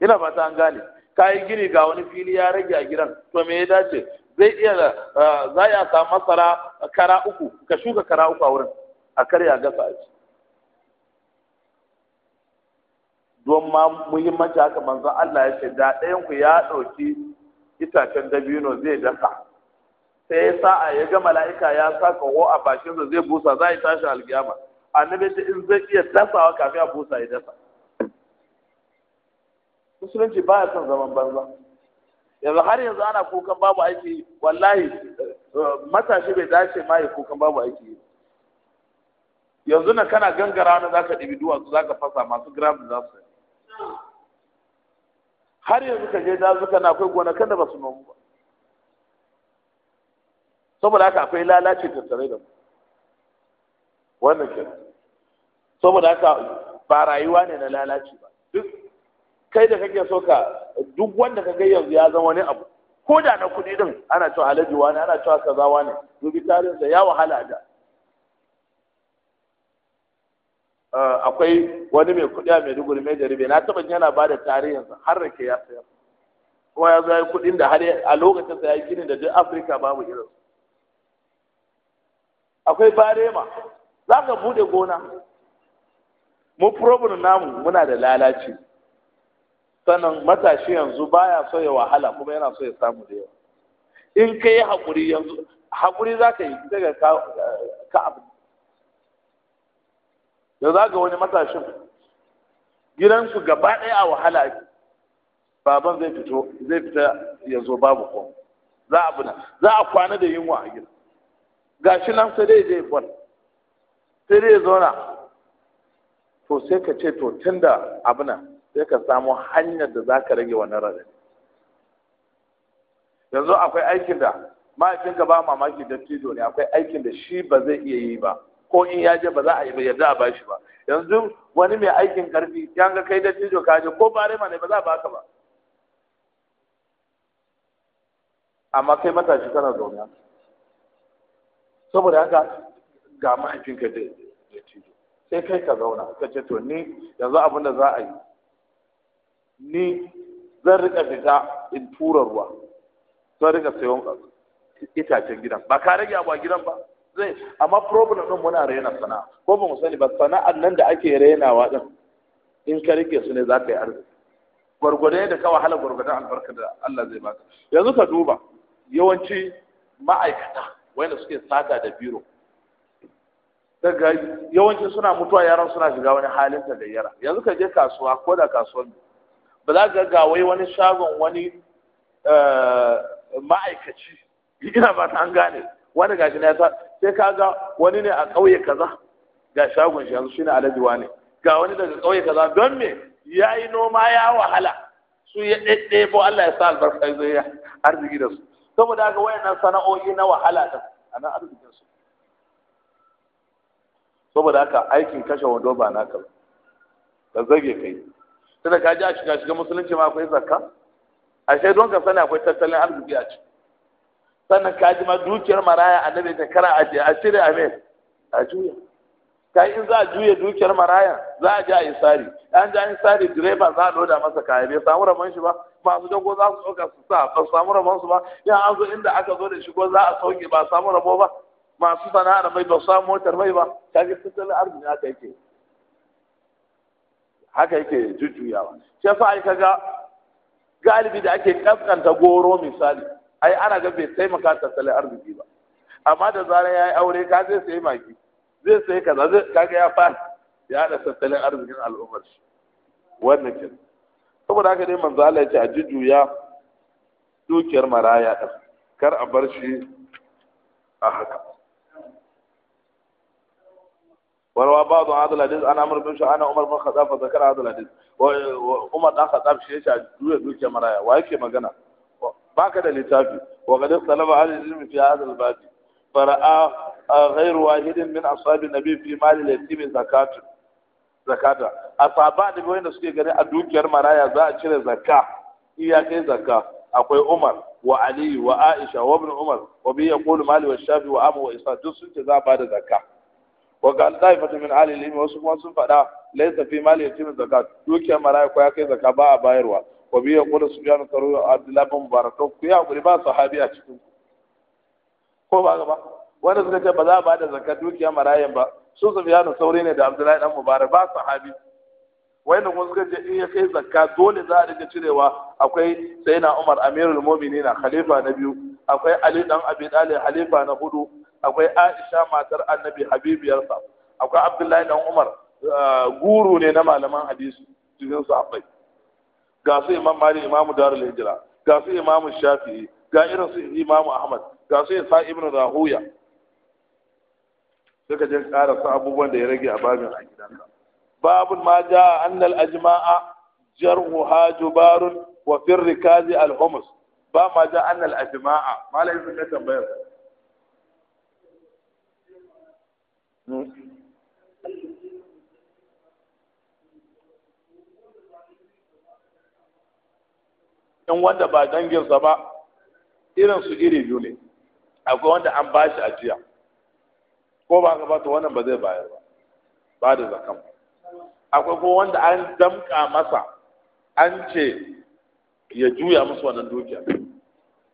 ina fata an gane ka yi gini ga wani fili ya rage a gidan to me ya dace zai iya eh, za a samu masara kara uku ka shuka kara uku a wurin a karya gasa a ci don ma muhimmanci haka manzon Allah ya ce da ɗayan ku ya ɗauki itacen dabino zai dasa sai ya sa'a ya ga mala'ika ya sa kawo a bakin bakinsa zai busa za a yi tashi alkiyama annabi ta in zai iya dasawa kafin a busa ya dasa musulunci baya son zaman banza yanzu har yanzu ana kukan babu aiki wallahi eh, matashi bai dace ma ya kukan babu aiki yanzu na kana gangara wani zaka ɗibi duwatsu zaka fasa masu gram za su har yanzu ka je dazuka na akwai gonakan da ba su nomu ba saboda haka akwai lalace tattare da mu wannan kenan saboda haka ba rayuwa ne na lalaci ba kai da kake so ka duk wanda ka ga yanzu ya zama wani abu ko da na kuɗi din ana cewa alhaji wani ana cewa kaza wani dubi sa ya wahala da eh, akwai wani mai kuɗi a Maiduguri mai jaribe na taɓa yana ba da tarihinsa har rake ya sayar kuma ya zo ya kuɗin da har a lokacin sa ya yi ginin da duk Afirka babu irin akwai barema za ka buɗe gona mu problem namu muna da lalaci sannan matashi yanzu baya so ya wahala kuma yana so ya samu da yawa in ka yi haƙuri yanzu haƙuri za ka yi daga ka abu da za ga wani matashin gidansu gaba ɗaya a wahala baban zai fito zai fita ya zo babu ko za a buna za a kwana da yunwa a gida shi nan sai dai zai kwan sai dai zauna to sai ka ce to tunda na. sai ka samu hanyar da za ka rage wannan radadi yanzu akwai aikin da ka ba mamaki da tido ne akwai aikin da shi ba zai iya yi ba ko in ya je ba za a yi ba yadda a bashi ba yanzu wani mai aikin karfi ya ga kai da tido ka je ko ma ne ba za a ba ka ba amma kai matashi kana zaune saboda haka ga ka da tido sai kai ka zauna ka ce to ni yanzu abin da za a yi ni zan rika fita in tura ruwa zan rika sayon itacen gidan ba ka rage abu a gidan ba zai amma problem din muna raina sana'a ko ba mu sani ba sana'ar nan da ake rainawa din in ka rike su ne za ka yi arziki gwargwade da ka wahala gwargwadon albarka da Allah zai baka yanzu ka duba yawanci ma'aikata wanda suke sata da biro daga yawanci suna mutuwa yaran suna shiga wani halin ta gayyara yanzu ka je kasuwa ko da kasuwar ba za ka ga wai wani shagon wani eh, ma'aikaci ina ba an gane wani gashi na ta sai ka ga wani ne a ƙauye kaza ga shagon shi yanzu shine alhaji wani ga wani daga ƙauye kaza don me ya yi noma ya wahala su ya ɗaiɗaibo Allah ya sa albarka ya zai arziki da su saboda haka wayannan sana'o'i na wahala da a nan arzikin su saboda haka aikin kashe wando ba naka ba ka zage kai tunda ka ji a shiga shiga musulunci ma akwai zakka ashe don ka sani akwai tattalin arziki a ciki sannan ka ji ma dukiyar maraya annabi ta kara a a cire a a juya ka in za a juya dukiyar maraya za a ji a isari an ji a isari direba za a loda masa kaya bai samu rabon shi ba masu jago za su ɗauka su sa ba samu rabon su ba ya an zo inda aka zo da shi ko za a sauke ba samu rabo ba masu sana'ar mai ba samu motar mai ba ka ji tattalin arziki aka ke. haka yake jujjuyawa sai fa ai kaga galibi da ake kaskanta goro misali ai ana ga bai taimaka tattalin arziki ba amma da zarar yayi yi aure ka zai sai maki zai sai kaza zai kaga ya fa ya da tattalin arzikin al'ummar shi wannan kin saboda haka dai manzo Allah ya a jujjuya dukiyar maraya kar a bar shi a haka وروى بعض هذا الحديث انا عمر بن انا عمر بن الخطاب فذكر هذا الحديث وعمر بن الخطاب shi دوي دوي dukiyar maraya wa باك magana baka da littafi wa qad ikhtalafa ahli al-ilm fi hadha al-bab fara'a ghayr wahid min ashab an-nabi fi mal al zakata asaba da wanda suke gani a dukiyar maraya za a cire zakka iyakai zakka akwai Umar wa Ali wa Aisha wa Ibn Umar wa bi yaqulu mali wa Shafi wa Abu wa Isa duk sun ce za a bada zakka wa qala ta'ifatu min ahli al-ilm wasu kuma sun faɗa laysa fi mali yatim zakat dukiyar maraya ya kai zakka ba a bayarwa wa bi yaqulu subhanahu wa ta'ala abdullah bin mubarak ku ya guri ba su sahabi a cikin ko ba ba wanda suka ce ba za a ba da zakat dukiyar marayan ba su subhanahu sauri ne da abdullahi dan mubarak ba su sahabi wanda kuma suka ce in ya kai zakka dole za a rika cirewa akwai sayyidina umar amirul mu'minin khalifa na biyu akwai ali dan abi talib khalifa na hudu akwai Aisha matar Annabi habibiyarsa akwai Abdullahi dan Umar ah, guru ne na malaman hadisi cikin sahabbai ga su Imam Malik Imam Darul Hijra ga su Imam Shafi'i ga irin su Imam Ahmad ga su Isa ibn Rahuya suka je ƙara su abubuwan da ya rage a babin a gidanka babun ma ja annal ajma'a jarhu jubarun wa firrikazi al-humus ba ma ja annal ajma'a malai sun tambayar in wanda ba danginsa ba irin su iri biyu ne akwai wanda an ba shi ajiya ko ba ka wannan ba zai bayar ba ba da zakam akwai ko wanda an damka masa an ce ya juya musu wannan dukiya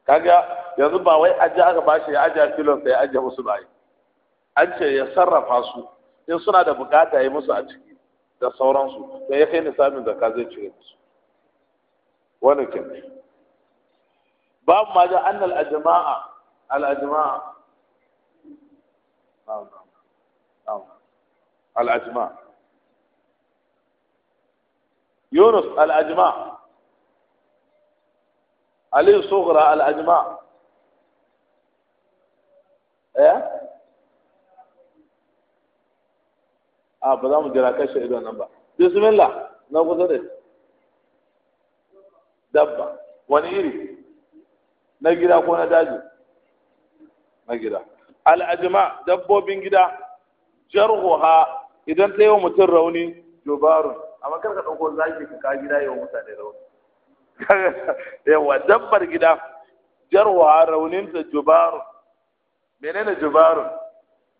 kaga yanzu ba wai ajiya aka ba shi ya ajiya filon ya ajiya musu bayi. an ce ya sarrafa su in suna da bukata yi musu a ciki da sauransu da ya kai da ka zai cire su. wani kenan babu ma da annal ajma'a al ajma'a na'am na'am al ajma'a يونس a ba za mu jira kashe idon nan ba bismillah na kusa da dabba wani iri na gida ko na daji na gida al'ajima dabbobin gida jarhuha idan ta yi wa mutum rauni jubarun amma kar ka ɗauko zaki ka ka gida yi wa mutane rauni yawa dabbar gida jarhuha rauninta jubarun menene jubarun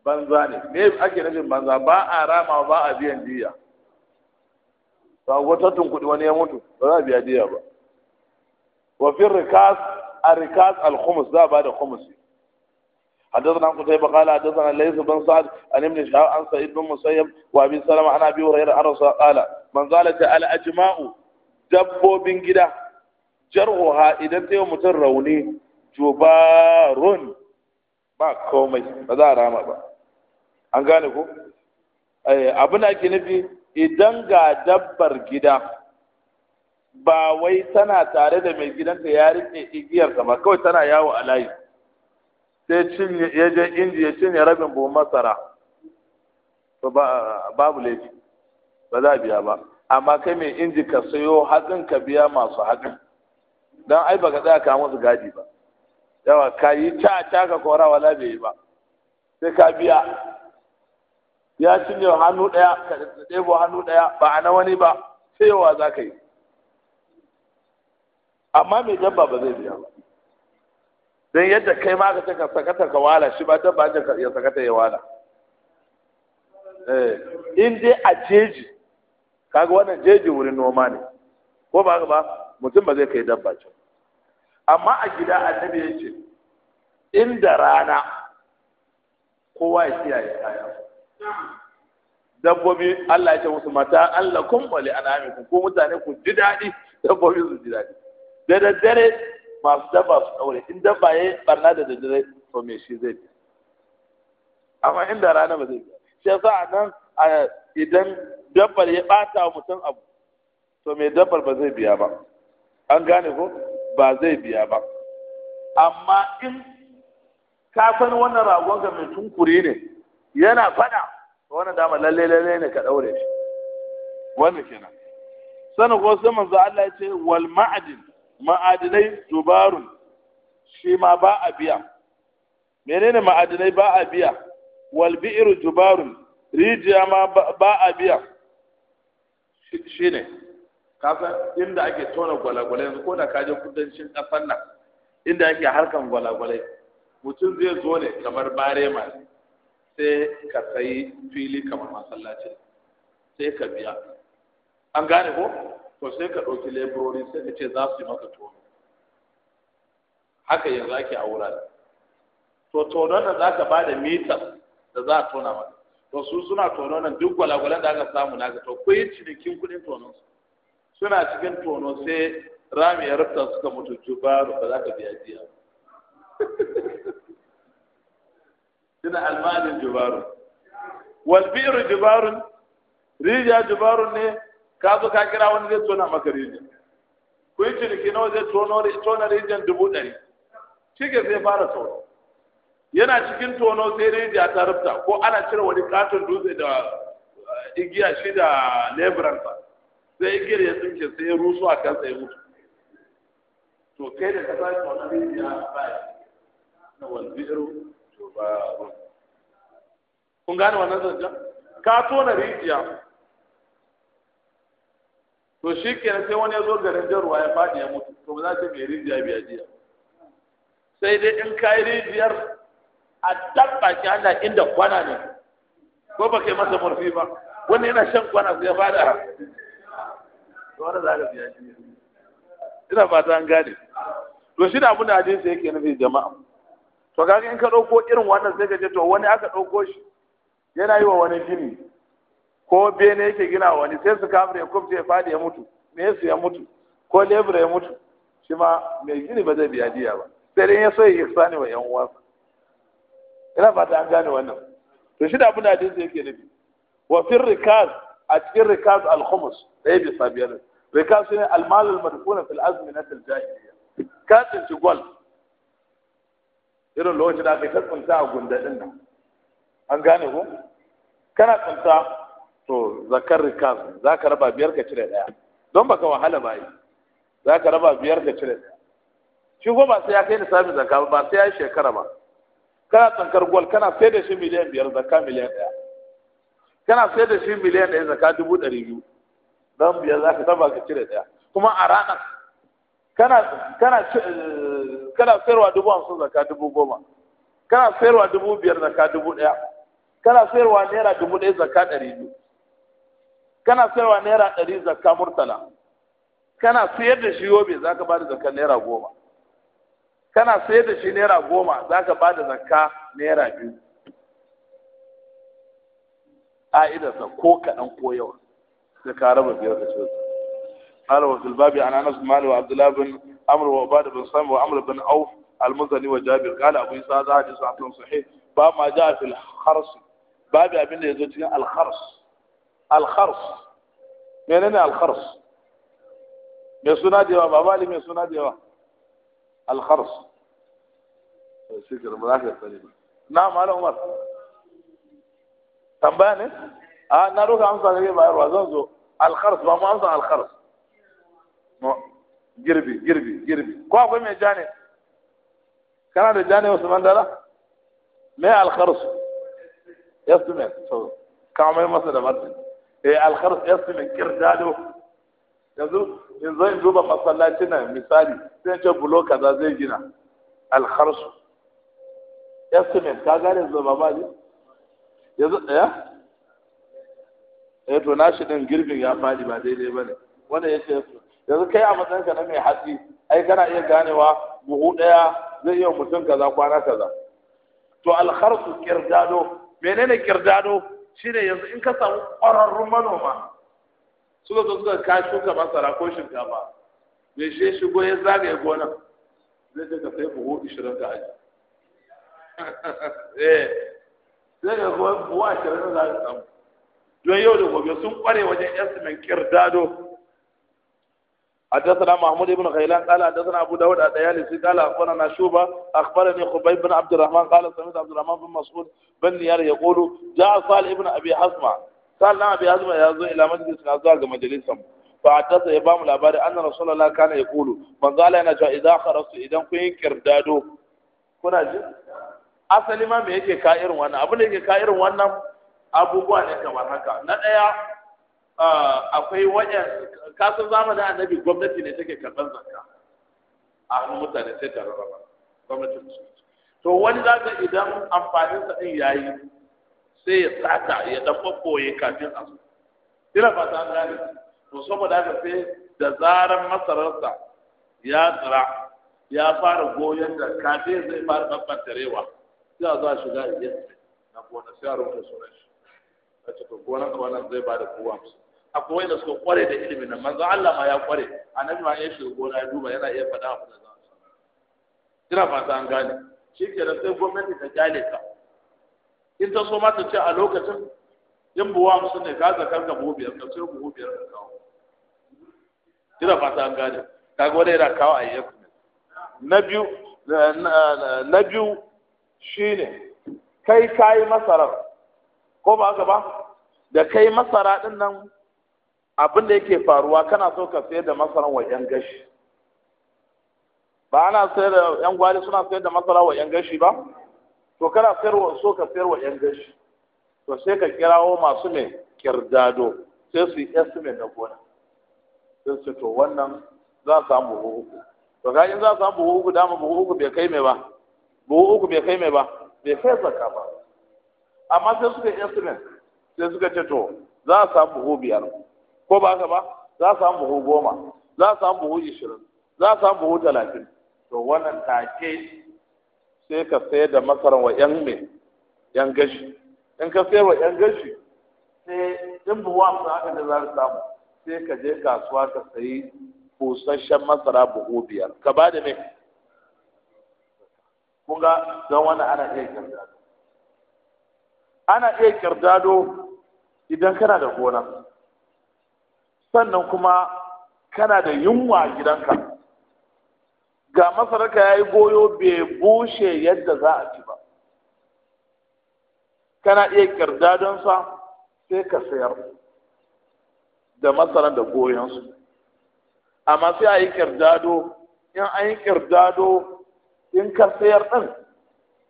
banza ne me ake nufin banza ba a rama ba a biyan diya to ko tattun kudi wani ya mutu ba za a biya diya ba wa fi rikas arikas alkhumus za ba da khumus حدثنا عن قتيبة قال حدثنا ليس بن سعد عن ابن شهاب عن سعيد بن مسيب وابي سلمة عن ابي هريرة عن رسول قال من قال تعالى اجماء دبو بن جدا جرها اذا انت يوم جبار ما كومي ماذا رامى بقى an gane ko eh, abin da ake nufi idan ga dabbar gida ba wai tana tare da mai gidanta ya rike igiyar ba kawai tana yawo a layi sai cinye ya je inji ya cinye rabin buhun masara to babu laifi ba za a biya ba amma kai mai inji ka sayo hatsin ka biya masu hatsin don ai baka tsaya ka musu gadi ba yawa ka yi ca ca ka kora wala bai yi ba sai ka biya ya cinye hannu ɗaya ka ɗebo hannu ɗaya ba a na wani ba sai yawa za ka yi amma mai dabba ba zai biya ba don yadda kai ma ka ce ka sakata ka wala shi ba dabba ya sakata ya wala eh, in dai a jeji kaga wannan jeji wurin noma ne ko ba ba mutum ba zai kai dabba ce amma a gida annabi ya ce inda rana kowa ya kiyaye kaya dabbobi Allah ya ce musu mata Allah kun bali ku, ko mutane ku ji daɗi dabbobi su ji daɗi da dare masu dabba su daure in dabba ya yi barna da dare, to me shi zai bi amma inda rana ba zai bi shi yasa a nan idan dabbar ya ɓata mutum abu to me dabbar ba zai biya ba an gane ko ba zai biya ba amma in ka san wannan ragon ga mai tunkuri ne yana fada wannan dama lalle lalle ne ka daure shi wannan kenan sanin ko sai manzo Allah ya ce wal ma'adin ma'adinai dubarun shi ma ba a biya menene ma'adinai ba a biya wal bi'ru dubarun rijiya ma ba a biya shi ne kasan inda ake tona gwalagwale yanzu ko da ka je kudancin ƙasar nan inda ake harkan gwalagwale mutum zai zo ne kamar barema sai ka sayi fili kamar masallaci sai ka biya an gane ko to sai ka ɗauki laborori sai ka ce za su yi maka tono haka yanzu ake a wurare to tonon da za ka ba da mitar da za a tona maka to su suna tono nan duk gwalagwalan da aka samu naka to ko yin cinikin kuɗin tonon suna cikin tono sai rami ya rufta suka mutu jubaru ba za ka biya jiya shine المال jubarun والبير جبار rijiya جبار ne ka zo ka kira wani zai tona maka rijiya ku yi zai tona rijiyar dubu ɗari shi zai fara yana cikin tono sai rijiya ta rufta ko ana cire wani katon dutse da eh, igiya shi da leburansa sai igiyar ya tsinke sai ya rusu a kansa ya mutu to kai da ka ba na kun gane wannan zancen ka tona rijiya to shi kenan sai wani ya zo garin jan ruwa ya faɗi ya mutu to ba za ta mai rijiya biya jiya sai dai in ka yi rijiyar a dabba ki ana inda kwana ne ko ba kai masa murfi ba wani yana shan kwana sai ya faɗa to wani za ka biya jiya ina fata an gane to shi da abin da hadisi yake nufi jama'a to kaga in ka ɗauko irin wannan sai ka je to wani aka ɗauko shi yana yi wa wani gini ko bene yake gina wani sai su kafir ya kubce ya fadi ya mutu me su ya mutu ko lebura ya mutu shi ma mai gini ba zai biya diya ba sai dai ya so ya yi sani wa yan uwansa ina fata an gane wannan to shi da abin da hadisi yake nufi wa fil rikaz a cikin rikaz al khums ɗaya bi biyar rikaz ne al mal al madfuna fil azminat al jahiliya ka tsinci irin lokacin da aka tsinta a gundadin nan an gane ko kana tsinta to zakar rikas za ka raba biyar ka cire ɗaya don baka wahala ba yi za ka raba biyar ka cire ɗaya shi ko ba sai ya kai nisabin zakka ba sai ya yi shekara ba kana tsankar gwal kana sai da shi miliyan biyar zakka miliyan ɗaya kana sai da shi miliyan ɗaya zakka dubu ɗari biyu don biyar za ka raba ka cire ɗaya kuma a ranar kana kana eh, kana sayarwa dubu hamsin zaka dubu goma kana sayarwa dubu biyar zaka dubu ɗaya kana sayarwa naira dubu ɗaya zaka ɗari biyu kana sayarwa naira ɗari zaka murtala kana sayar da shi yobe zaka ba da zaka naira goma kana sayar da shi naira goma zaka ba da zaka naira biyu idan ko kaɗan ko yawa zaka ka raba biyar da shi قال وفي الباب عن انس بن مالك وعبد الله بن عمرو وعباده بن صم وعمرو بن عوف المزني وجابر قال ابو عيسى هذا حديث صحيح باب ما جاء في الخرص باب ابن يزيد الخرص الخرص من هنا الخرص من سنة ديوا بابا لي من سنة ديوا الخرص نعم على عمر تنباني آه نروح عمسا لكي بايروا زنزو الخرص ما عمسا الخرص girbi girbi girbi ko akwai mai jane kana da jane wasu mandala al alkharsu yasme so ka me masa da martin eh alkharsu estimate kirdado yanzu yanzu in duba masallacin nan misali sai ce bulo kaza zai gina alkharsu yasme ka gane zo ba ba yanzu ɗaya eh? eh to nashi din girbin ya faɗi ba daidai ba ne wanda yake ce yanzu kai a matsayinka na mai hatsi ai kana iya ganewa buhu ɗaya zai iya mutum kaza kwana kaza to alkharsu kirdado menene kirdado shine yanzu in ka samu ƙwararrun manoma suka zo suka ka shuka masara ko shinkafa mai shi shigo ya zagaye gonan zai ce ka sai buhu ishirin ka aji eh, zai ga ka buhu ashirin za ka samu don yau da gobe sun ƙware wajen estimate kirdado حدثنا محمود بن غيلان قال حدثنا ابو داود الديالسي قال اخبرنا شوبه اخبرني خبيب بن عبد الرحمن قال سمعت عبد الرحمن بن مسعود بن نيار يقول جاء صالح ابن ابي حسمه قال نعم ابي حسمه يزو الى مجلس نزاغ مجلسهم فحدث يبام الابار ان رسول الله كان يقول من قال انا جاء اذا خرجت اذا كن كردادو كنا ji asali ma me yake ka irin wannan abin da yake ka irin wannan abubuwa Ah, akwai wajen kasan a nabi gwamnati ne take karɓar zakka a hannun mutane sai ta rarraba gwamnatin su to wani za ka idan amfanin sa din yayi sai ya tsaka ya dan babboye kafin a su. ina ba ta gane to saboda haka sai da zaran masararsa ya tsira ya fara goyon da kafin zai fara babbantarewa sai a za shiga iya na gona sai a rufe sunan shi a cikin gonar wannan zai ba da kowa musu akwai wanda suka kware da ilimin nan manzo Allah ma ya kware annabi ma ya shiga gona ya duba yana iya faɗa abu da za su fata an gane shi ke sai gwamnati ta jale ka in ta so ma ta ce a lokacin yin buwa hamsin ne ka zakar ka buhu biyar ka sai buhu biyar ka kawo kira fata an gane ka gode yana kawo ayyuka na biyu na biyu shine kai yi masarar ko ba ka ba da kai masara din nan abin da yake faruwa kana so ka sayar da masara wa yan gashi ba ana sayar da yan gwari suna sayar da masara wa yan gashi ba to kana sayar wa so ka sayar wa yan gashi to sai ka kirawo masu mai kirdado sai su yi estimate na gona sai su to wannan za a samu buhu uku to ga in za a samu buhu uku dama buhu uku bai kai mai ba buhu uku bai kai mai ba bai kai zakka ba amma sai suka yi estimate sai suka ce to za a samu buhu biyar ko ba haka ba za su samu buhu goma za su samu buhu ishirin za su samu buhu talatin to wannan take sai ka sayar da masaran wa yan me yan gashi in ka sayar wa yan gashi sai in buhu hamsin haka da za su samu sai ka je kasuwa ka sayi busasshen masara buhu biyar ka ba da me kun ga don wannan ana iya kirdado ana iya kirdado idan kana da gona sannan kuma kana da yunwa a gidanka ga masararka ya yi goyo bai bushe yadda za a ci ba kana iya kirda don sa sai ka sayar da masara da goyonsu amma sai a yi kirdado in an yi kirdado in ka sayar ɗin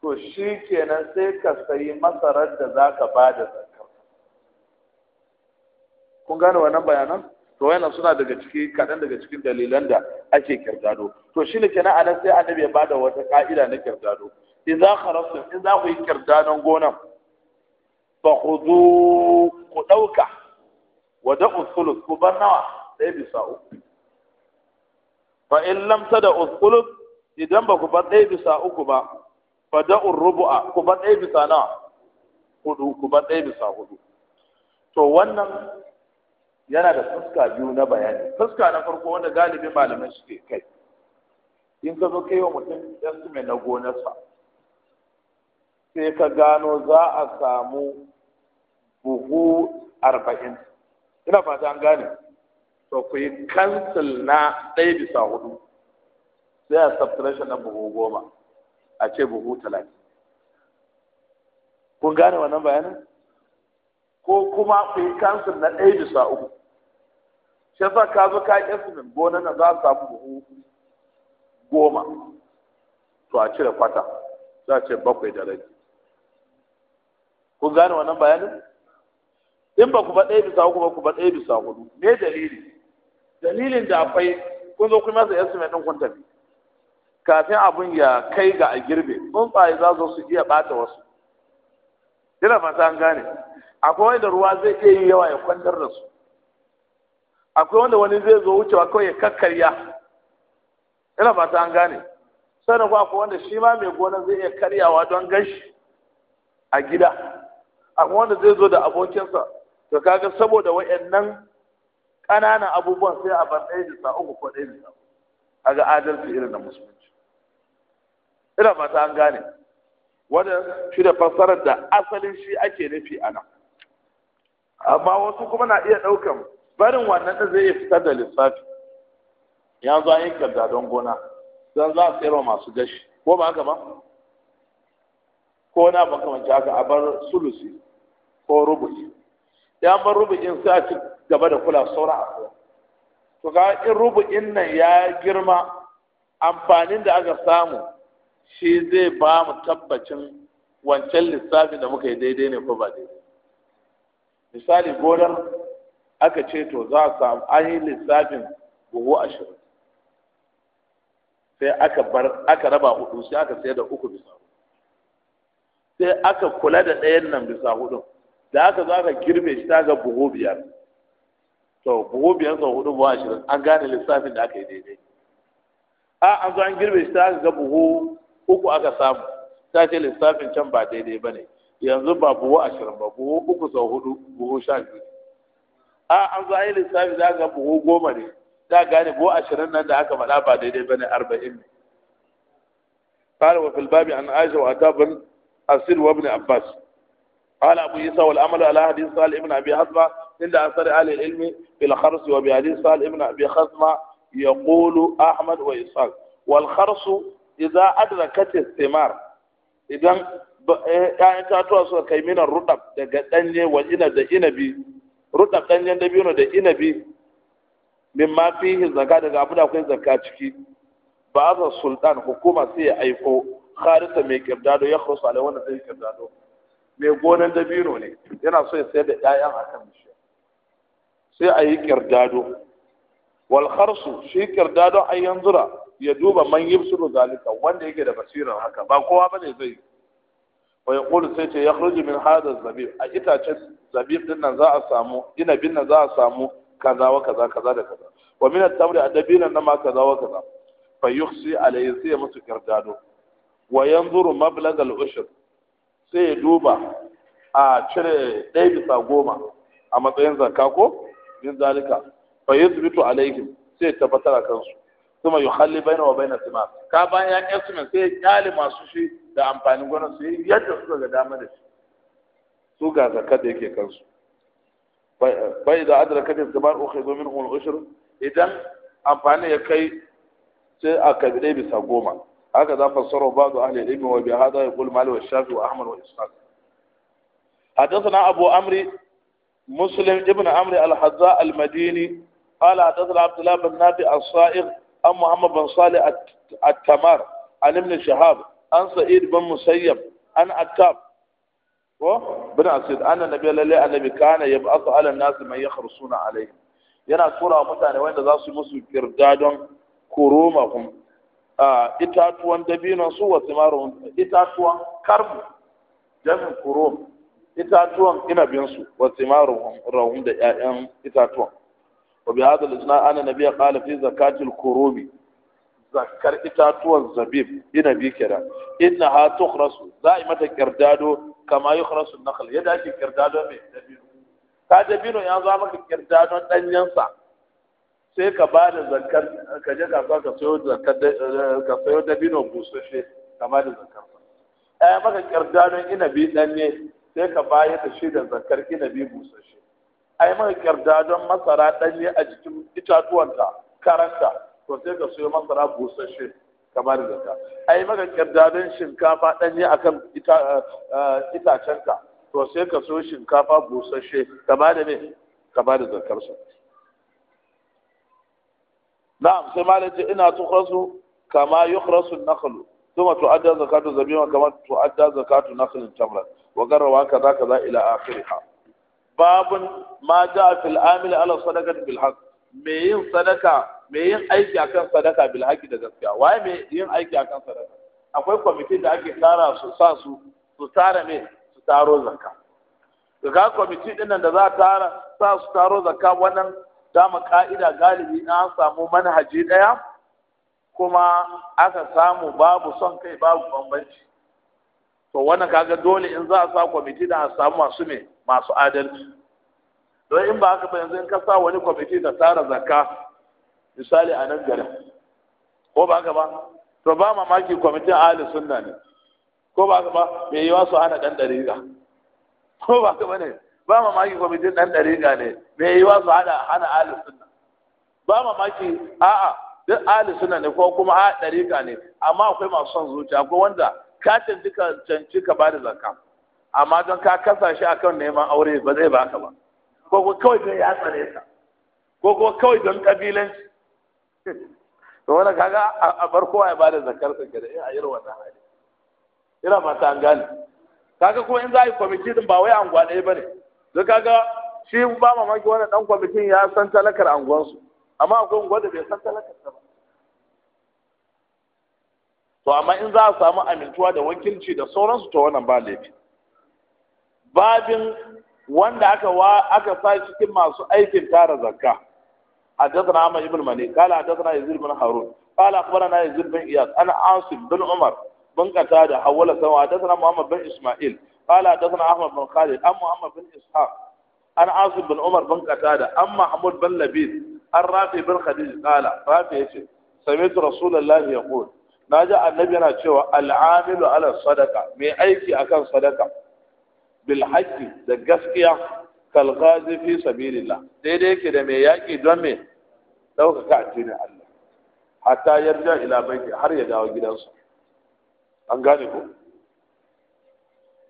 to shi kenan sai ka sayi masarar da za ka ba da kun gane wannan bayanan to wayannan suna daga ciki kaɗan daga cikin dalilan da ake kirdado to shi ne kenan anan sai annabi ya bada wata ka'ida na kirdado idza kharastum in za ku yi kirdadon gonan fa khudu ku dauka wa da'u thuluth ku bar nawa sai bisa uku fa in lam tada'u thuluth idan ba ku bar ɗaya bisa uku ba fa da'u rubu'a ku bar ɗaya bisa nawa hudu ku bar ɗaya bisa hudu to wannan yana da fuska biyu na bayani fuska na farko wanda galibin malamai suke kai in ka zo kai wa mutum estimate na gonarsa sai ka gano za a samu buhu arba'in ina fata an gane to ku yi kansil na ɗaya bisa hudu sai a subtraction na buhu goma a ce buhu talatin kun gane wannan bayanin ko kuma ku yi kansil na ɗaya bisa uku shi yasa ka zo ka yi estimate gona na za a samu buhu goma to a cire kwata za a ce bakwai da rai kun gane wannan bayanin in ba ku ba ɗaya bisa uku ba ku ba ɗaya bisa hudu me dalili dalilin da akwai kun zo kuma masa estimate ɗin kun tafi kafin abun ya kai ga a girbe tsuntsaye za su iya ɓata wasu yana fata an gane akwai wanda ruwa zai iya yi yawa ya kwantar da su akwai wanda wani zai zo wucewa kawai ya kakkarya yana fata an gane sannan kuma akwai wanda shi ma mai gona zai iya karyawa don ganshi a gida akwai wanda zai zo da abokinsa to kaga saboda wa'annan ƙananan abubuwan sai a ban ɗaya bisa uku ko ɗaya bisa a ga adalci irin na musulunci ina fata an gane wanda shi da fassarar da asalin shi ake nufi a nan amma wasu kuma na iya ɗaukan barin wannan da zai fitar da lissafi ya zo an yi kyauta don gona don za a tsere masu gashi ko ba haka ba ko na ba kamar haka a bar sulusi ko rubuci ya bar rubucin sai a ci gaba da kula saura a kuwa to ga in rubucin nan ya girma amfanin da aka samu shi zai ba mu tabbacin wancan lissafin da muka yi daidai ne ko ba daidai misali gonar aka ce to za a samu an yi lissafin buhu ashirin sai aka bar aka raba hudu sai aka sayar da uku bisa sai aka kula da ɗayan nan bisa hudun da aka za ka girbe shi ta ga buhu biyar to buhu biyar sau hudu buhu ashirin an gane lissafin da aka yi daidai a an zo an girbe shi ta ga buhu uku aka samu ta ce lissafin can ba daidai ba ne yanzu ba buhu ashirin ba buhu uku sau hudu buhu sha biyu a an zo yi lissafi za ga buhu goma ne za gane buhu ashirin nan da aka faɗa ba daidai ba ne arba'in ne قال وفي الباب عن عائشة وأتى بن أسير وابن عباس قال أبو يسا والعمل على حديث سهل ابن أبي حزمة عند أثر أهل العلم بالخرس وبحديث سهل ابن أبي حزمة يقول أحمد وإسحاق والخرس idza adrakat istimar idan ta tatuwa suka kai minan rudab daga danye wa ina da inabi rudab danyen dabino da inabi min ma fihi zakka daga abu da akwai zakka ciki ba za sultan hukuma sai ya aiko kharisa mai kirdado ya khusa alai wannan sai kirdado mai gonan dabino ne yana so ya sayar da ƴaƴan akan bishiya sai a yi kirdado wal kharsu shi kirdado an yanzura ya duba man yibsuru zalika wanda yake da basirar haka ba kowa ba ne zai wa yaqulu sai ce ya yakhruju min hada zabib a itace zabib din nan za a samu inabin nan za a samu kaza wa kaza kaza da kaza wa min at-tamri adabina nan ma kaza wa kaza fa yuhsi alayhi sai ya musu kirdado wa yanzuru mablag al-ushr sai ya duba a cire ɗaya bisa goma a matsayin zakka ko min zalika fa yuthbitu alayhim sai ya tabbatar kansu kuma yi halli bai wa bai na sima ka bayan ya ƙyar sumin sai ya ƙyale masu shi da amfanin gonar su yi yadda suka ga dama da shi su ga zakar da yake kansu bai da adara kadin gabar uku domin hulun ushir idan amfani ya kai sai a kabile bisa goma haka za fa fassara ba da ahli ilmi wa bi hada ya qul mali wa shafi wa ahmad wa ishaq hadathana abu amri muslim ibn amri al almadini al-madini قال حدثنا عبد الله بن نافع الصائغ an محمد بن صالح التمار tamar ابن ibn shahab an sa'id bin musayyab an بن ko أن النبي anna nabiy lalle كان kana على الناس من يخرصون man yana tura mutane wanda za su musu don kuruma kuma itatuwan dabinon su wa simarun itatuwan karmu jami'in kurum itatuwan inabinsu wa rahun da 'ya'yan itatuwan وبهذا الإجناء أن النبي قال في زكاة الكروم zakkar itatuwan zabib inabi kira inna ha tukhrasu za a yi mata kirdado kama yi khrasu nakhl yadda ake kirdado mai dabino ka dabino ya zo maka kirdadon danyensa sai ka ba da zakkar ka je kasuwa ka sayo zakkar ka sayo dabino busasshe ka ba da zakkar ya maka ina inabi danye sai ka bayar da shi da zakar ina inabi busasshe ai mai karda don masara ɗanye a jikin itatuwanta karanta to sai ka siyo masara busasshe kamar da ta ai maka karda don shinkafa ɗanye kan eh, itacenka to sai ka siyo shinkafa busasshe kamar da me kamar da zakarsu na'am sai ce ina tukrasu kama yukrasu nakhlu ثم تؤدى زكاة الزبيب كما تؤدى زكاة نخل التمر وقرر وهكذا كذا إلى آخرها babun ma ja fil amil ala sadaqati bil haqq me yin sadaka me yin aiki akan sadaka bil haqq da gaskiya waye me yin aiki akan sadaka akwai kwamitin da ake tara su sa su su tara me su taro zakka to ga kwamiti din nan da za a tara sa su taro zakka wannan dama ka'ida galibi na samu manhaji daya kuma aka samu babu son kai babu bambanci to wannan kaga dole in za a sa kwamiti da a samu masu ne masu adalci don in ba haka ba yanzu in ka sa wani kwamiti da tara zakka misali a nan gari. ko ba haka ba to ba mamaki kwamitin ahli sunna ne ko ba haka ba me yiwa su hana dan dariƙa ko ba haka ba ne ba mamaki kwamitin dan dariƙa ne me yiwa su hana hana ahli sunna ba mamaki a'a duk ahli sunna ne ko kuma a dariƙa ne amma akwai masu son zuciya akwai wanda ka canci ka canci ka bada zakka amma don ka kasa shi akan neman aure ba zai baka ba ko ko kawai don ya tsare ka ko ko kawai don kabilanci to wannan kaga a bar kowa ya bada zakkar sa kada eh, a yi wannan hali ina fata an gane kaga kuma in za a yi kwamiti din ba wai anguwa ɗaya ne don kaga shi ba mamaki wannan dan kwamitin ya san talakar anguwansu amma akwai unguwar da bai san talakar ta ba to amma in za a samu amintuwa da wakilci da sauransu to wannan ba laifi babin wanda aka wa aka sa cikin masu aikin tara zakka حدثنا عمر بن مني قال حدثنا يزيد بن هارون قال اخبرنا يزيد بن اياس انا عاصم بن عمر بن قتاده حول سوا حدثنا محمد بن اسماعيل قال حدثنا احمد بن خالد ام محمد بن اسحاق انا عاصم بن عمر بن قتاده ام محمود بن لبيد الرافي بن خديج قال رافي سمعت رسول الله يقول na ji annabi yana cewa al'amilu ala sadaka mai aiki akan sadaka bil haqqi da gaskiya kal ghazi fi sabilillah daidai yake da mai yaki don me a addinin Allah hatta yarja ila baiti har ya dawo gidansa an gane ko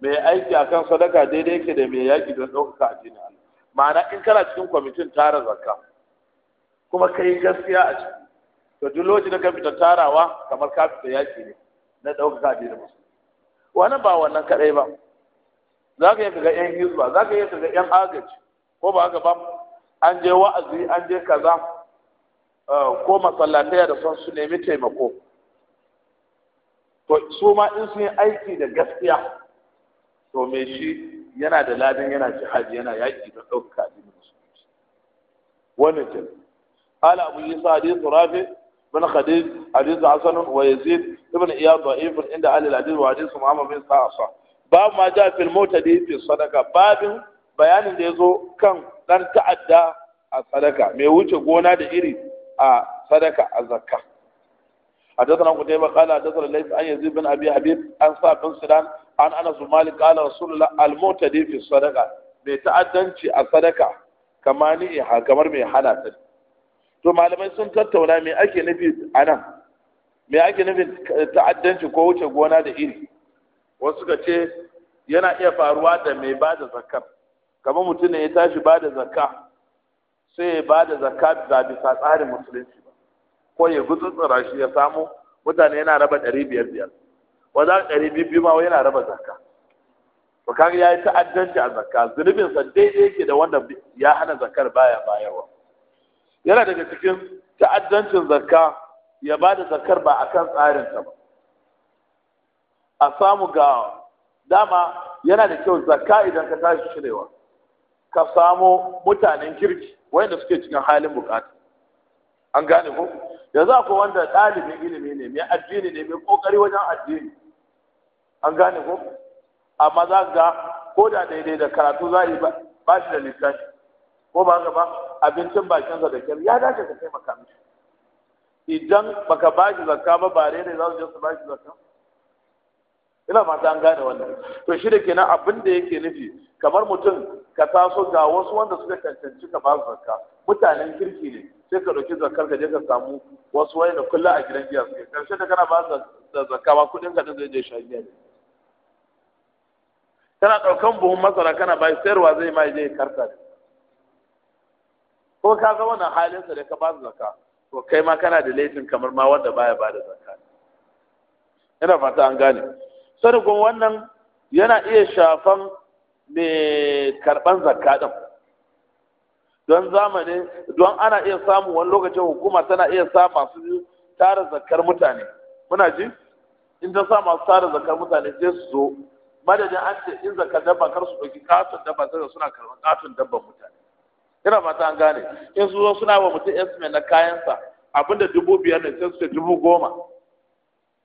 mai aiki akan sadaka daidai yake da mai yaki don a addinin Allah ma'ana in kana cikin kwamitin tara zakka kuma kai gaskiya a ciki to duk lokacin da ka fita tarawa kamar ka fita yaki ne na ka addinin musu. wannan ba wannan kaɗai ba za ka yi ga yan hizba za ka yi ga yan agaji ko ba haka ba an je wa'azi an je kaza eh, ko masallatai da son su nemi taimako to su ma in sun yi aiki da gaskiya to me shi yana da ladin yana jihadi yana yaƙi da ɗaukaka addinin musulunci wannan kenan قال أبو يسعى حديث rafi. من خديج حديث حسن ويزيد ابن اياد ضعيف عند اهل العديد وحديث محمد بن سعد باب ما جاء في الموت دي في الصدقه باب بيان da ya كان kan تعدى ta'adda a sadaka mai wuce gona da iri حدثنا قتيبة قال حدثنا ليس عن يزيد بن ابي حبيب عن صعب بن سلام عن انس مالك قال رسول الله الموت دي في الصدقه mai ta'addanci a sadaka kamar mai kamar mai hana to malamai sun tattauna me ake nufi a nan me ake nufi ta'addanci ko wuce gona da iri wasu ka ce yana iya faruwa da mai ba da zakar kamar mutum ne ya tashi ba da zakka sai ya ba da zakka da bisa tsarin musulunci ba ko ya gutsutsura shi ya samu mutane yana raba ɗari biyar biyar wa za ɗari biyu biyu ma yana raba zakka ba kaga ya yi ta'addanci a zakka zunubinsa daidai yake da wanda ya hana zakkar baya bayarwa yana daga cikin ta'addancin zakka ya ba da zakkar ba a kan tsarinta ba a samu ga dama yana da kyau zakka idan ka tashi cirewa ka samo mutanen kirki wanda suke cikin halin bukata an gane ko yanzu ku wanda ɗalibin ilimi ne mai addini ne mai kokari wajen addini an gane ko amma za ga ko da daidai da karatu za yi ba shi da littafi ko ba ka ba abincin bakinsa da kyar ya dace ka maka mishi idan baka ba shi zakka ba ba rere za su je su ba shi zakka ina fata an gane wannan to shi da kenan abin da yake nufi kamar mutum ka taso ga wasu wanda suka cancanci ka ba su zakka mutanen kirki ne sai ka ɗauki zakkar ka je ka samu wasu wani da kullum a gidan giya suke karshe da kana ba da zakka ba kuɗin ka zai je shan giya ne kana ɗaukan buhun masara kana ba sayarwa zai ma je karta ne ko ka wannan halin sa da ka ba su zakka to kai ma kana da laifin kamar ma wanda baya ba da zakka ina fata an gane kuma wannan yana iya shafan mai karban zakka din don zamani don ana iya samun wani lokacin hukuma tana iya sa masu tara zakkar mutane muna ji in ta sa masu tara zakkar mutane sai su zo madadin an ce in zakkar dabba kar su ɗauki katon dabba sai suna karɓar katon dabban mutane ina mata an gane in su zo suna wa mutum estimate na kayansa abin da dubu biyar ne sai su ce dubu goma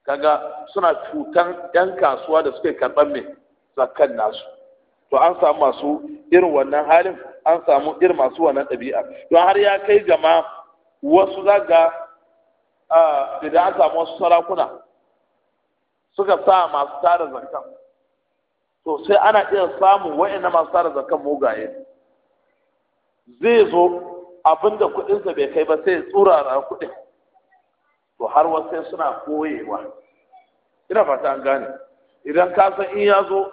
kaga suna cutan yan kasuwa da suke karɓar mai zakkan nasu to an samu masu irin wannan halin an samu irin masu wannan ɗabi'a to har ya kai gama wasu zaga idan an samu wasu sarakuna suka sa masu tara zakan to sai ana iya samun na masu tara zakan mugaye zai zo abinda kuɗinsa bai kai ba sai tsurara kuɗin to har wasu suna koyewa ina fata an gane idan ka san in ya zo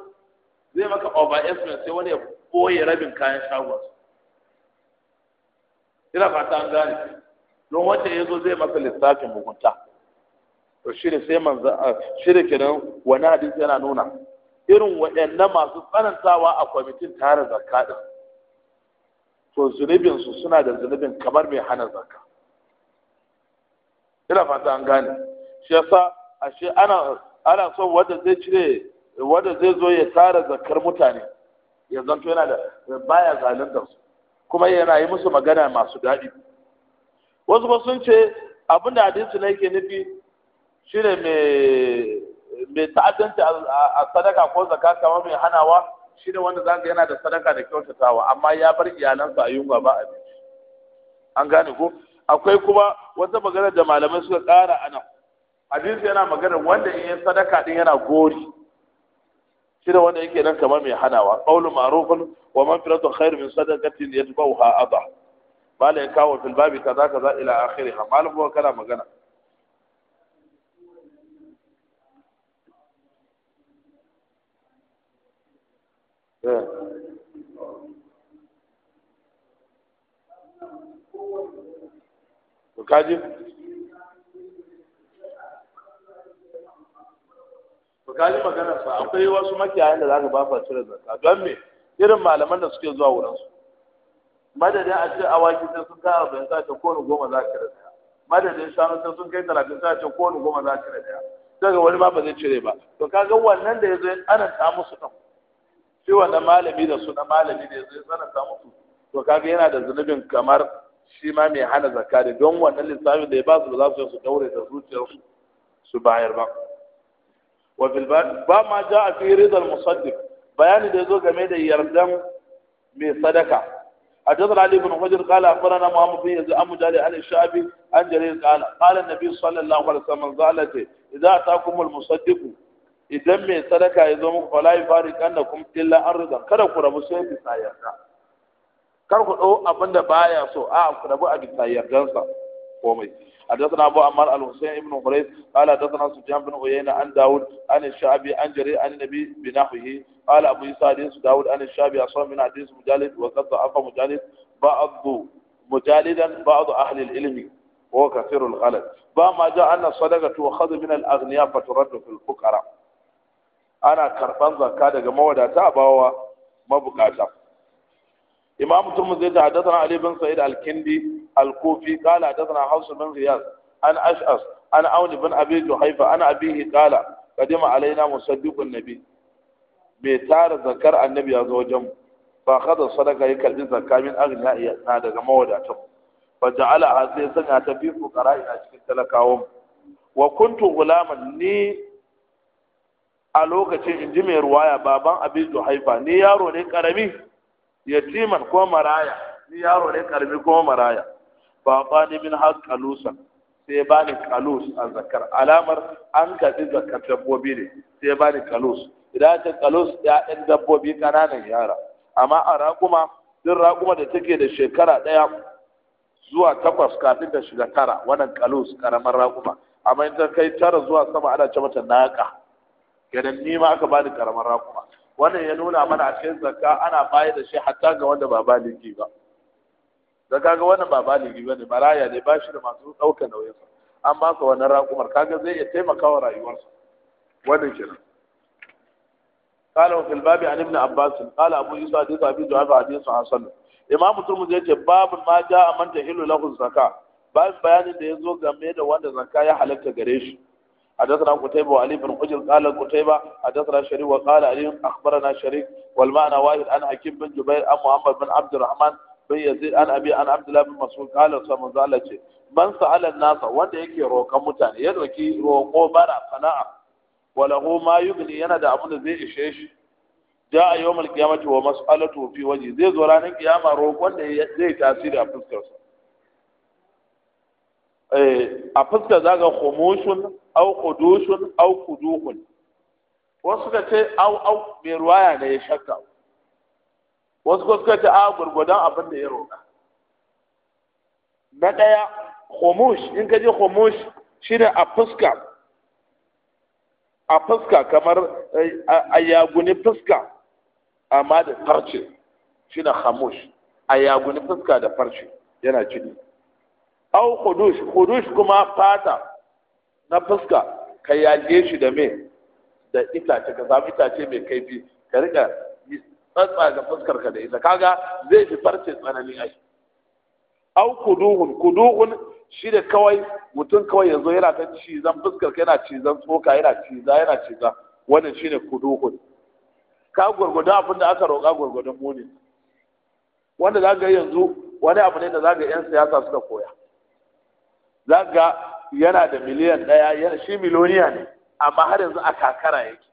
zai maka over estimate sai wani ya koye rabin kayan shagon ina fata an gane don wanda ya zo zai maka lissafin mugunta to shirin sai a ah, shirin kenan wani hadisi yana nuna irin waɗannan masu tsanantawa a kwamitin tare zakka to zunubinsu suna da zunubin kamar mai hana zaka. ina fata an gane shi yasa ashe ana ana so wanda zai cire wanda zai zo ya tara zakar mutane ya zanto yana da baya zalunta su kuma yana yi musu magana masu daɗi wasu ba sun ce abin da hadisi ne yake nufi shine mai mai ta'addanci a sadaka ko zakka kamar mai hanawa shi da wanda zaka yana da sadaka da kyautatawa amma ya bar iyalansa a yunwa ba abinci an gane ko akwai kuma wata magana da malamai suka ƙara anan hadisi yana magana wanda in yi sadaka din yana gori shi da wanda yake nan kamar mai hanawa qaulu ma'rufun wa manfiratun khair min sadaqatin yatbauha adha bala ya kawo fil babi kaza kaza ila akhiriha malam ko kana magana Eh. kaji kaji maganar sa akwai wasu makiyayan da za ka ba fa cire zakka don me irin malaman da suke zuwa wurin madadin a ce awaki sai sun kai arba'in sai ko wani goma za ka cire daya madadin shanu sai sun kai talatin sai ko wani goma za ka cire daya daga wani ma ba zai cire ba to kaga wannan da ya zo ana ta musu ɗan shi wannan malami da suna malami ne zai tsananta musu to kaga yana da zunubin kamar shi ma mai hana zakka da don wannan lissafi da ya ba su ba za su su daure da zuciyar su bayar ba wa fil ba ma ja a fi ridal musaddiq bayani da yazo game da yardan mai sadaka حدثنا علي بن حجر قال اخبرنا محمد بن يزيد عن مجالي عن الشعبي عن جرير قال قال النبي صلى الله عليه وسلم قالت اذا اتاكم المصدق idan mai sadaka ya zo muku fala yufariqannakum illa ardan kada ku rabu sai bisa yarda kar ku dau abin da baya so a ku rabu a bisa yardansa komai حدثنا أبو عمار الحسين بن قريش قال حدثنا سفيان بن عيينة عن داود عن الشعبي عن جرير عن النبي بنحوه قال أبو يسا حديث داود عن الشعبي أصلا من حديث مجالد وقد ضعف مجالد بعض مجالدا بعض أهل العلم وهو كثير الغلط بما جاء أن الصدقة تؤخذ من الأغنياء فترد في الفقراء ana karɓar zakka daga mawadata a bawa mabukata imam zai ta haddasa na alibin sa'id al-kindi al-kufi qala hadathana bin riyaz an ash'as an auni bin abi juhaifa ana abihi kala, qadima alaina musaddiqun nabi bai tara zakar annabi ya zo wajen mu fa kada sadaka ya kalbin zakka min aghniya na daga mawadata fa ja'ala sai sanya ta fi fuqara ina cikin talakawan wa kuntu gulaman ni a lokacin in ji mai ruwaya baban abin haifa ni yaro ne karami yatiman ko maraya ni yaro ne karami ko maraya ba ba ni min har kalusan sai ba ni kalus a zakar alamar an gaɗi zakar dabbobi ne sai ba ni kalus idan ta kalus ya'yan dabbobi ƙananan yara amma a raƙuma duk raƙuma da take da shekara ɗaya zuwa takwas kafin ta shiga tara wannan kalus ƙaramar raƙuma amma in ta kai tara zuwa sama ana ce mata naƙa gadan ni ma aka bani karamar rakuma wannan ya nuna mana a cikin zakka ana bayar da shi hatta ga wanda ba baligi ba da kaga wannan ba baligi ne maraya ne ba shi da masu ɗauka nauyin sa an ba ka wannan rakumar kaga zai iya taimakawa rayuwarsa wannan kenan قال في الباب عن ابن عباس قال ابو يوسف حديث ابي جعفر حديث حسن امام ترمذي yace باب ما جاء من تهل له الزكاه باب bayanin da يزو game da wanda zakka ya halatta gare shi حدثنا قتيبة وعلي بن حجر قال قتيبة حدثنا شريك وقال علي أخبرنا شريك والمعنى واحد أن حكيم بن جبير أم محمد بن عبد الرحمن بن يزيد أن أبي أن عبد الله بن مسعود قال صلى الله عليه وسلم من سأل الناس وند يكي روكا متاني يدركي روكو برا قناعة وله ما يغني ينادى أبن زي إشيش جاء يوم القيامة ومسألته في وجه زي زوران القيامة روكو زي تأثير أبن Eh, a fuska za ga khumushun au kudushun au kuduhun wasu suka ce au au mai ruwaya ne ya shakka wasu ko suka ce a gurgudan abin da ya roƙa na ɗaya khumush in ka ji khumush shine a fuska a fuska kamar eh, a yaguni fuska amma da farce shine khamush a yaguni fuska da farce yana cikin au kudush kudush kuma fata na fuska ka yaje shi da me da itace ka samu itace mai kaifi ka rika tsatsa ga fuskar ka da ita kaga zai fi farce tsananin ai au kuduhun kuduhun shi da kawai mutum kawai yanzu yana ta cizan fuskar ka yana cizan tsoka yana ciza yana ciza wannan shine kuduhun ka gurgudu abin da aka roƙa gurgudun muni wanda za ga yanzu wani abu ne da za ga 'yan siyasa suka koya Zaga yana da miliyan ɗaya shi miliyoniya ne amma har yanzu a kakara yake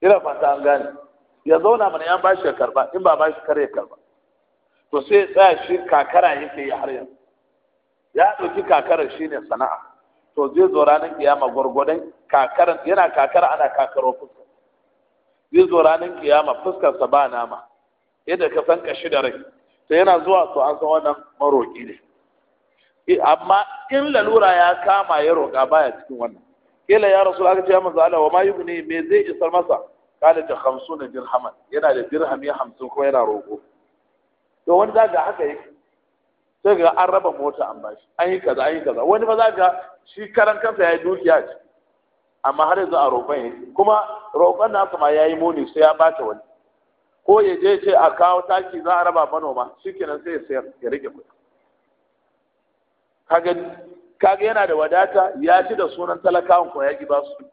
ina fata an gane ya zauna mana ya bashi ya karba in ba bashi kar ya karba to sai ya tsaya shi kakara yake yi har yanzu ya ɗauki kakarar shi ne sana'a to zai zo ranar kiyama gwargwadon kakarar yana kakara ana kakaro fuska zai zo ranar kiyama fuskarsa ba nama yadda ka san kashi da rai Sai yana zuwa to an san wannan maroƙi ne Eh, amma in lalura ya kama ya roƙa baya cikin wannan kila ya rasu aka ce ya manzo Allah wa ma yubni me zai isar masa kala ta 50 dirhaman yana da dirhami 50 kuma yana roƙo to wani zaga haka yake sai ga an raba mota an bashi an yi kaza an yi kaza wani ba za ga shi karan kansa ya yi dukiya ce amma har yanzu a roƙon yake kuma roƙon nasa ma ya yi muni sai ya bata wani ko ya je ce a kawo taki za a raba manoma shikenan sai ya sayar ya rage kuɗi kaga kaga yana da wadata ya ci da sunan talakawan ko ya ki ba su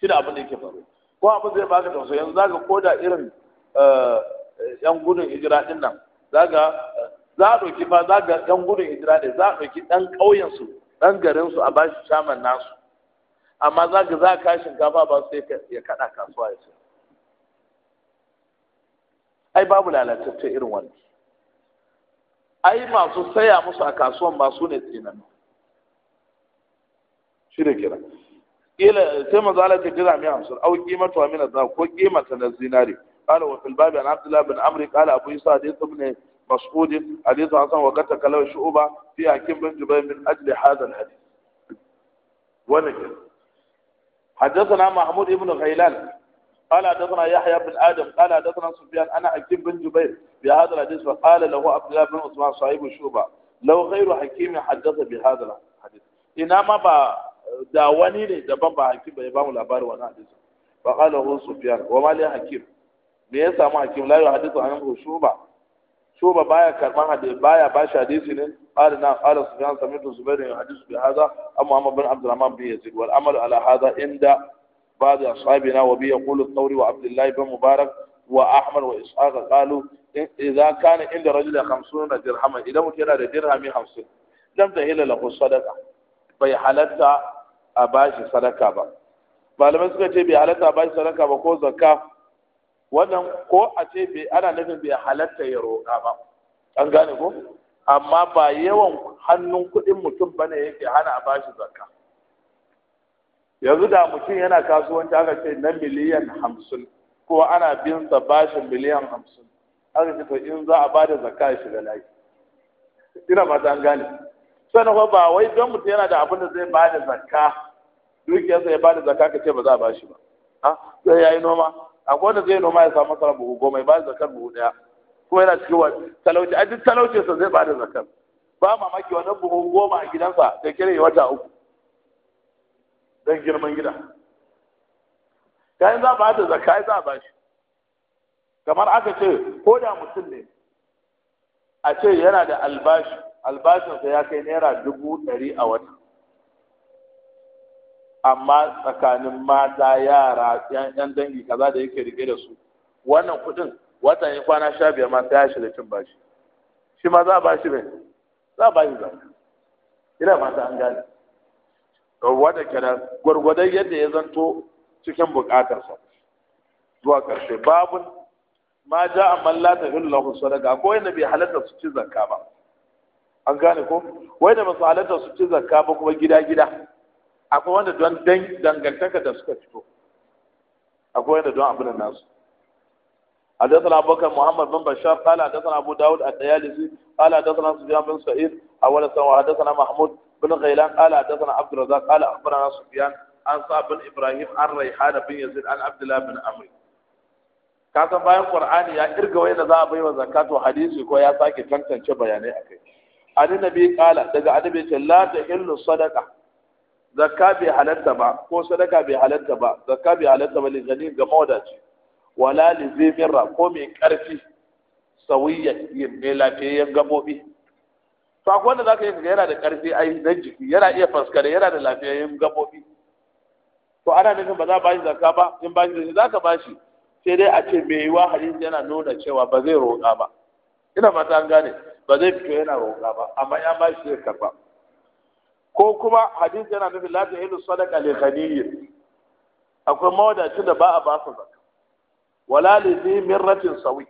shi da abin da yake faru ko abin zai baka so. yanzu zaka koda irin eh, yan gudun hijira din nan zaka za a ɗauki ba za ga ɗan gudun hijira ne za a ɗauki ɗan ƙauyensu ɗan garinsu a bashi shaman nasu amma za ga za a kashi shinkafa ba sai ya kaɗa kasuwa ya ce ai babu lalatattun irin wannan ai masu saya musu a kasuwan ba su ne tsinan shi da kira kila sai manzo Allah ta jira mai hamsin au to amina za ko ta na zinari qala wa fil babi an abdullah bin amr qala abu isa da ibn mas'ud hadith hasan wa kata kalaw shu'ba fi hakim bin jubay min ajli hadha al hadith wa nakir حدثنا محمود بن غيلان قال حدثنا يحيى بن ادم قال حدثنا سفيان انا حكيم بن جبير بهذا الحديث وقال له عبد الله بن عثمان صاحب الشوبه لو غير حكيم حدث بهذا الحديث انما با da wani ne daban ba hakim bai ba mu labarin wannan hadisin fa qala hu sufyan wa hakim me ya samu hakim la yuhadithu an shuba shuba baya karban hadisi baya ba hadisi ne qala na qala sufyan sami'tu zubair yuhadithu bi hadha amma muhammad bin bin inda بعض أصحابنا وبي يقول الثوري وعبد الله بن مبارك وأحمد وإسحاق قالوا إذا كان عند رجل خمسون درهما إذا مكنا درهم خمسين لم تهل له الصدقة bai halatta a bashi sadaka ba malamai suka ce bai halatta a bashi sadaka ba ko zakka wannan ko a ce bai ana nufin bai halatta ya roƙa ba an gane ko amma ba yawan hannun kuɗin mutum bane yake hana a bashi zakka yanzu da mutum yana kasuwanci aka ce na miliyan hamsin ko ana bin sa bashin miliyan hamsin aka ce to in za a ba da zakka shi da laifi ina ba an gane kuma ba wai don mutum yana da abin da zai bada zakka sa ya ba da zakka ka ce ba za a ba shi ba ha sai yayi noma akwai wanda zai noma ya samu masara buhu goma ya da zakkar buhu daya ko yana cikin wani talauci a duk sa zai ba da zakkar ba mamaki wannan buhu goma a gidansa da kire wata uku don girman gida kayan za ba da zaka za ba shi kamar aka ce ko da mutum ne a ce yana da albashi albashinsa ya kai naira dubu ɗari a wata amma tsakanin mata yara yan dangi kaza da yake rike da su wannan kuɗin watan ya kwana sha biyar ma sai ya shiga cin bashi shi ma za a bashi mai za a bashi zaka ina mata an gane wadda kenan gwargwadon yadda ya zanto cikin bukatarsa zuwa ƙarshe babu ma ja a mallata hin lahu sadaka ko wanda bai halatta su ci zakka ba an gane ko wanda ba su halatta su ci zakka ba kuma gida gida akwai wanda don dangantaka da suka fito akwai wanda don abin nasu حدثنا ابو بكر محمد بن بشار قال حدثنا ابو داود الديالسي قال حدثنا سفيان بن سعيد اول سنه وحدثنا محمود بن غيلان قال حدثنا عبد الرزاق قال أخبرنا سفيان عن صعب بن إبراهيم عن ريحان بن يزيد عن عبد الله بن عمرو kasan bayan qur'ani ya kirga wai da za a baiwa zakato hadisi ko ya sake tantance bayanai akai annabi kala daga annabi ce la tahillu sadaqa zakka bai halatta ba ko sadaka bai halatta ba zakka bai halatta ba ligani ga mawadaci wala li zimirra ko mai karfi sawiyya ne lafiyayyen gabobi to akwai wanda zaka yi kaga yana da karfi ai na jiki yana iya faskare yana da lafiyayyen gabobi to ana nufin ba za ba shi zakka ba in ba shi zaka ba shi sai dai a ce me yiwa hadisi yana nuna cewa ba zai roƙa ba ina fata an gane ba zai fito yana roƙa ba amma ya ba shi zai karɓa ko kuma hadisi yana nufin la ta hilu sadaqa li ghaniyyin akwai mawadaci da ba a ba su zakka wala li min ratin sawi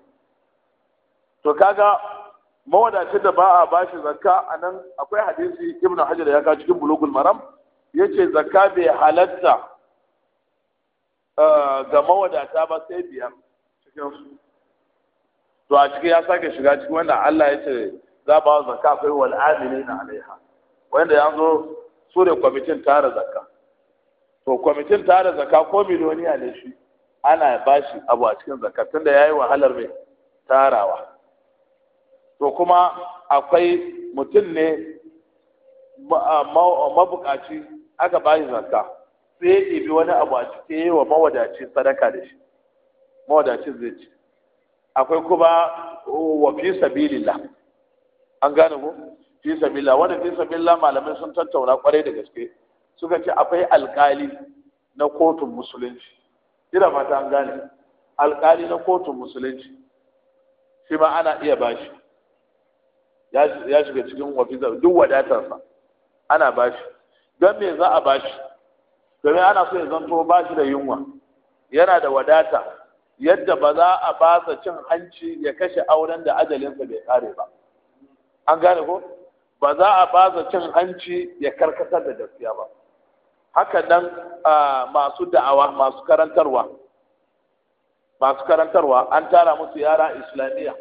to kaga mawadatar da ba a bashi zakka a nan akwai hadisi ibn hajar ya kawo cikin bulugul maram ya ce zakka bai halatta eh, ga mawadata ba sai biyar cikin su to a cikin ya sake shiga cikin wanda Allah ya ce za ba zakka akwai wal na alaiha wanda ya zo su ne kwamitin tara zakka to kwamitin tara zakka ko miliyoniya ne shi ana bashi abu a cikin zakka tunda yayi wahalar mai tarawa to kuma akwai mutum ne mabukaci aka bayi zanta sai ya ɗibi wani abu a cike yi wa mawadaci sadaka da shi mawadaci zai ci akwai kuma wa fi sabilillah an gane ku fi sabilillah wani fi sabilillah malamai sun tattauna kwarai da gaske suka ce akwai alkali na kotun musulunci ina fata an gane alkali na kotun musulunci shi ma ana iya bashi ya shiga cikin ofisa duk wadatarsa ana bashi don me za a bashi domin ana so ya zanto bashi da yunwa yana da wadata yadda ba za a sa cin hanci ya kashe auren da ajalinsa bai kare ba an gane ko ba za a sa cin hanci ya karkatar da gaskiya ba haka nan masu da'awa masu karantarwa masu karantarwa an tara musu yara islamiyya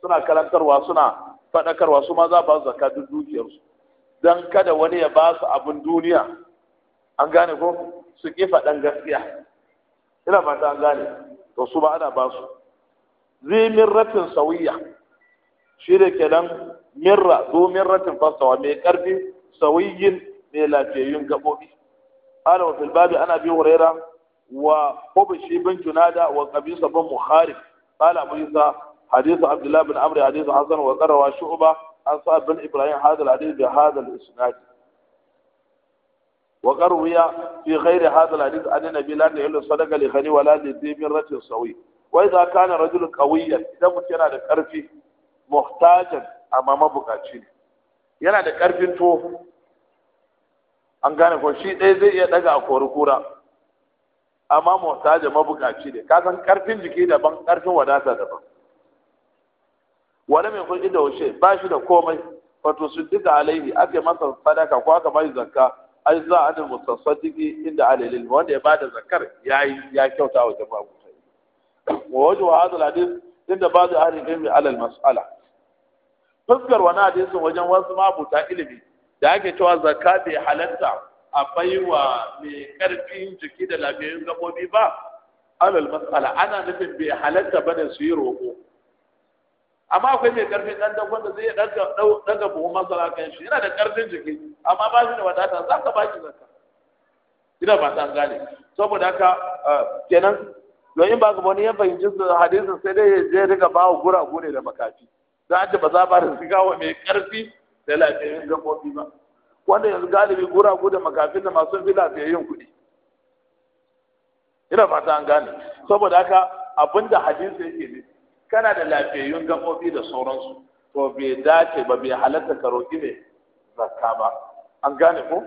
suna karantarwa suna faɗakarwa su ma za ba su zaka duk dukiyarsu don kada wani ya ba su abin duniya an gane ko su ƙi faɗan gaskiya ina fata an gane to su ma ana ba su zimin ratin sauyya shi da ke nan mirra zo mirratin fasawa mai ƙarfi sauyin mai lafiyayyun gaɓoɓi ana قال وفي wa عن ابي هريره وقبش wa جناده وقبيصه بن مخارف قال yi sa. حديث عبد الله بن عمرو حديث حسن وقرأ شعبة عن صاحب بن إبراهيم هذا الحديث بهذا الإسناد وقروي في غير هذا الحديث أن النبي لا يقول صدق لخني ولا لذي رجل سوي وإذا كان رجل قويا إذا ممكن هذا كرفي محتاجا أمام بكاتشين yana da ƙarfin to an gane ko shi ɗaya zai iya ɗaga a kori kura amma mota da mabukaci ne ka san ƙarfin jiki daban ƙarfin wadata daban wala mai kun inda washe ba shi da komai wato su duka alaihi ake masa sadaka ko aka bai zakka ai za a da mutasaddiki inda alailil wanda ya bada zakkar yayi ya kyauta wa jama'a wa wajhu hadha alhadith inda ba'd ahli ilmi ala mas'ala fuskar wani hadisin wajen wasu mabuta ilimi da ake cewa zakka bai halatta a baiwa mai karfin jiki da lafiyayyun gabobi ba alal mas'ala ana nufin bai halatta bane su yi roƙo amma akwai mai karfi dan dan wanda zai daga daga buhun masara kan shi yana da karfin jiki amma ba shi da wadata za ka baki shi zakka ina ba ta gane saboda haka kenan don in ba ga wani yan fahimci su hadisin sai dai zai riga ba wa gura gure da makafi za ta ba za ba da shiga mai karfi da lafiyayyen gabobi ba wanda yanzu galibi gura gure da makafin da masu bi lafiyayyen kuɗi ina fata an gane saboda haka abinda hadisi yake ne tana da lafiyayyun gaɓoɓi da sauransu to bai dace ba bai halatta ka roƙi ne zakka ba an gane ko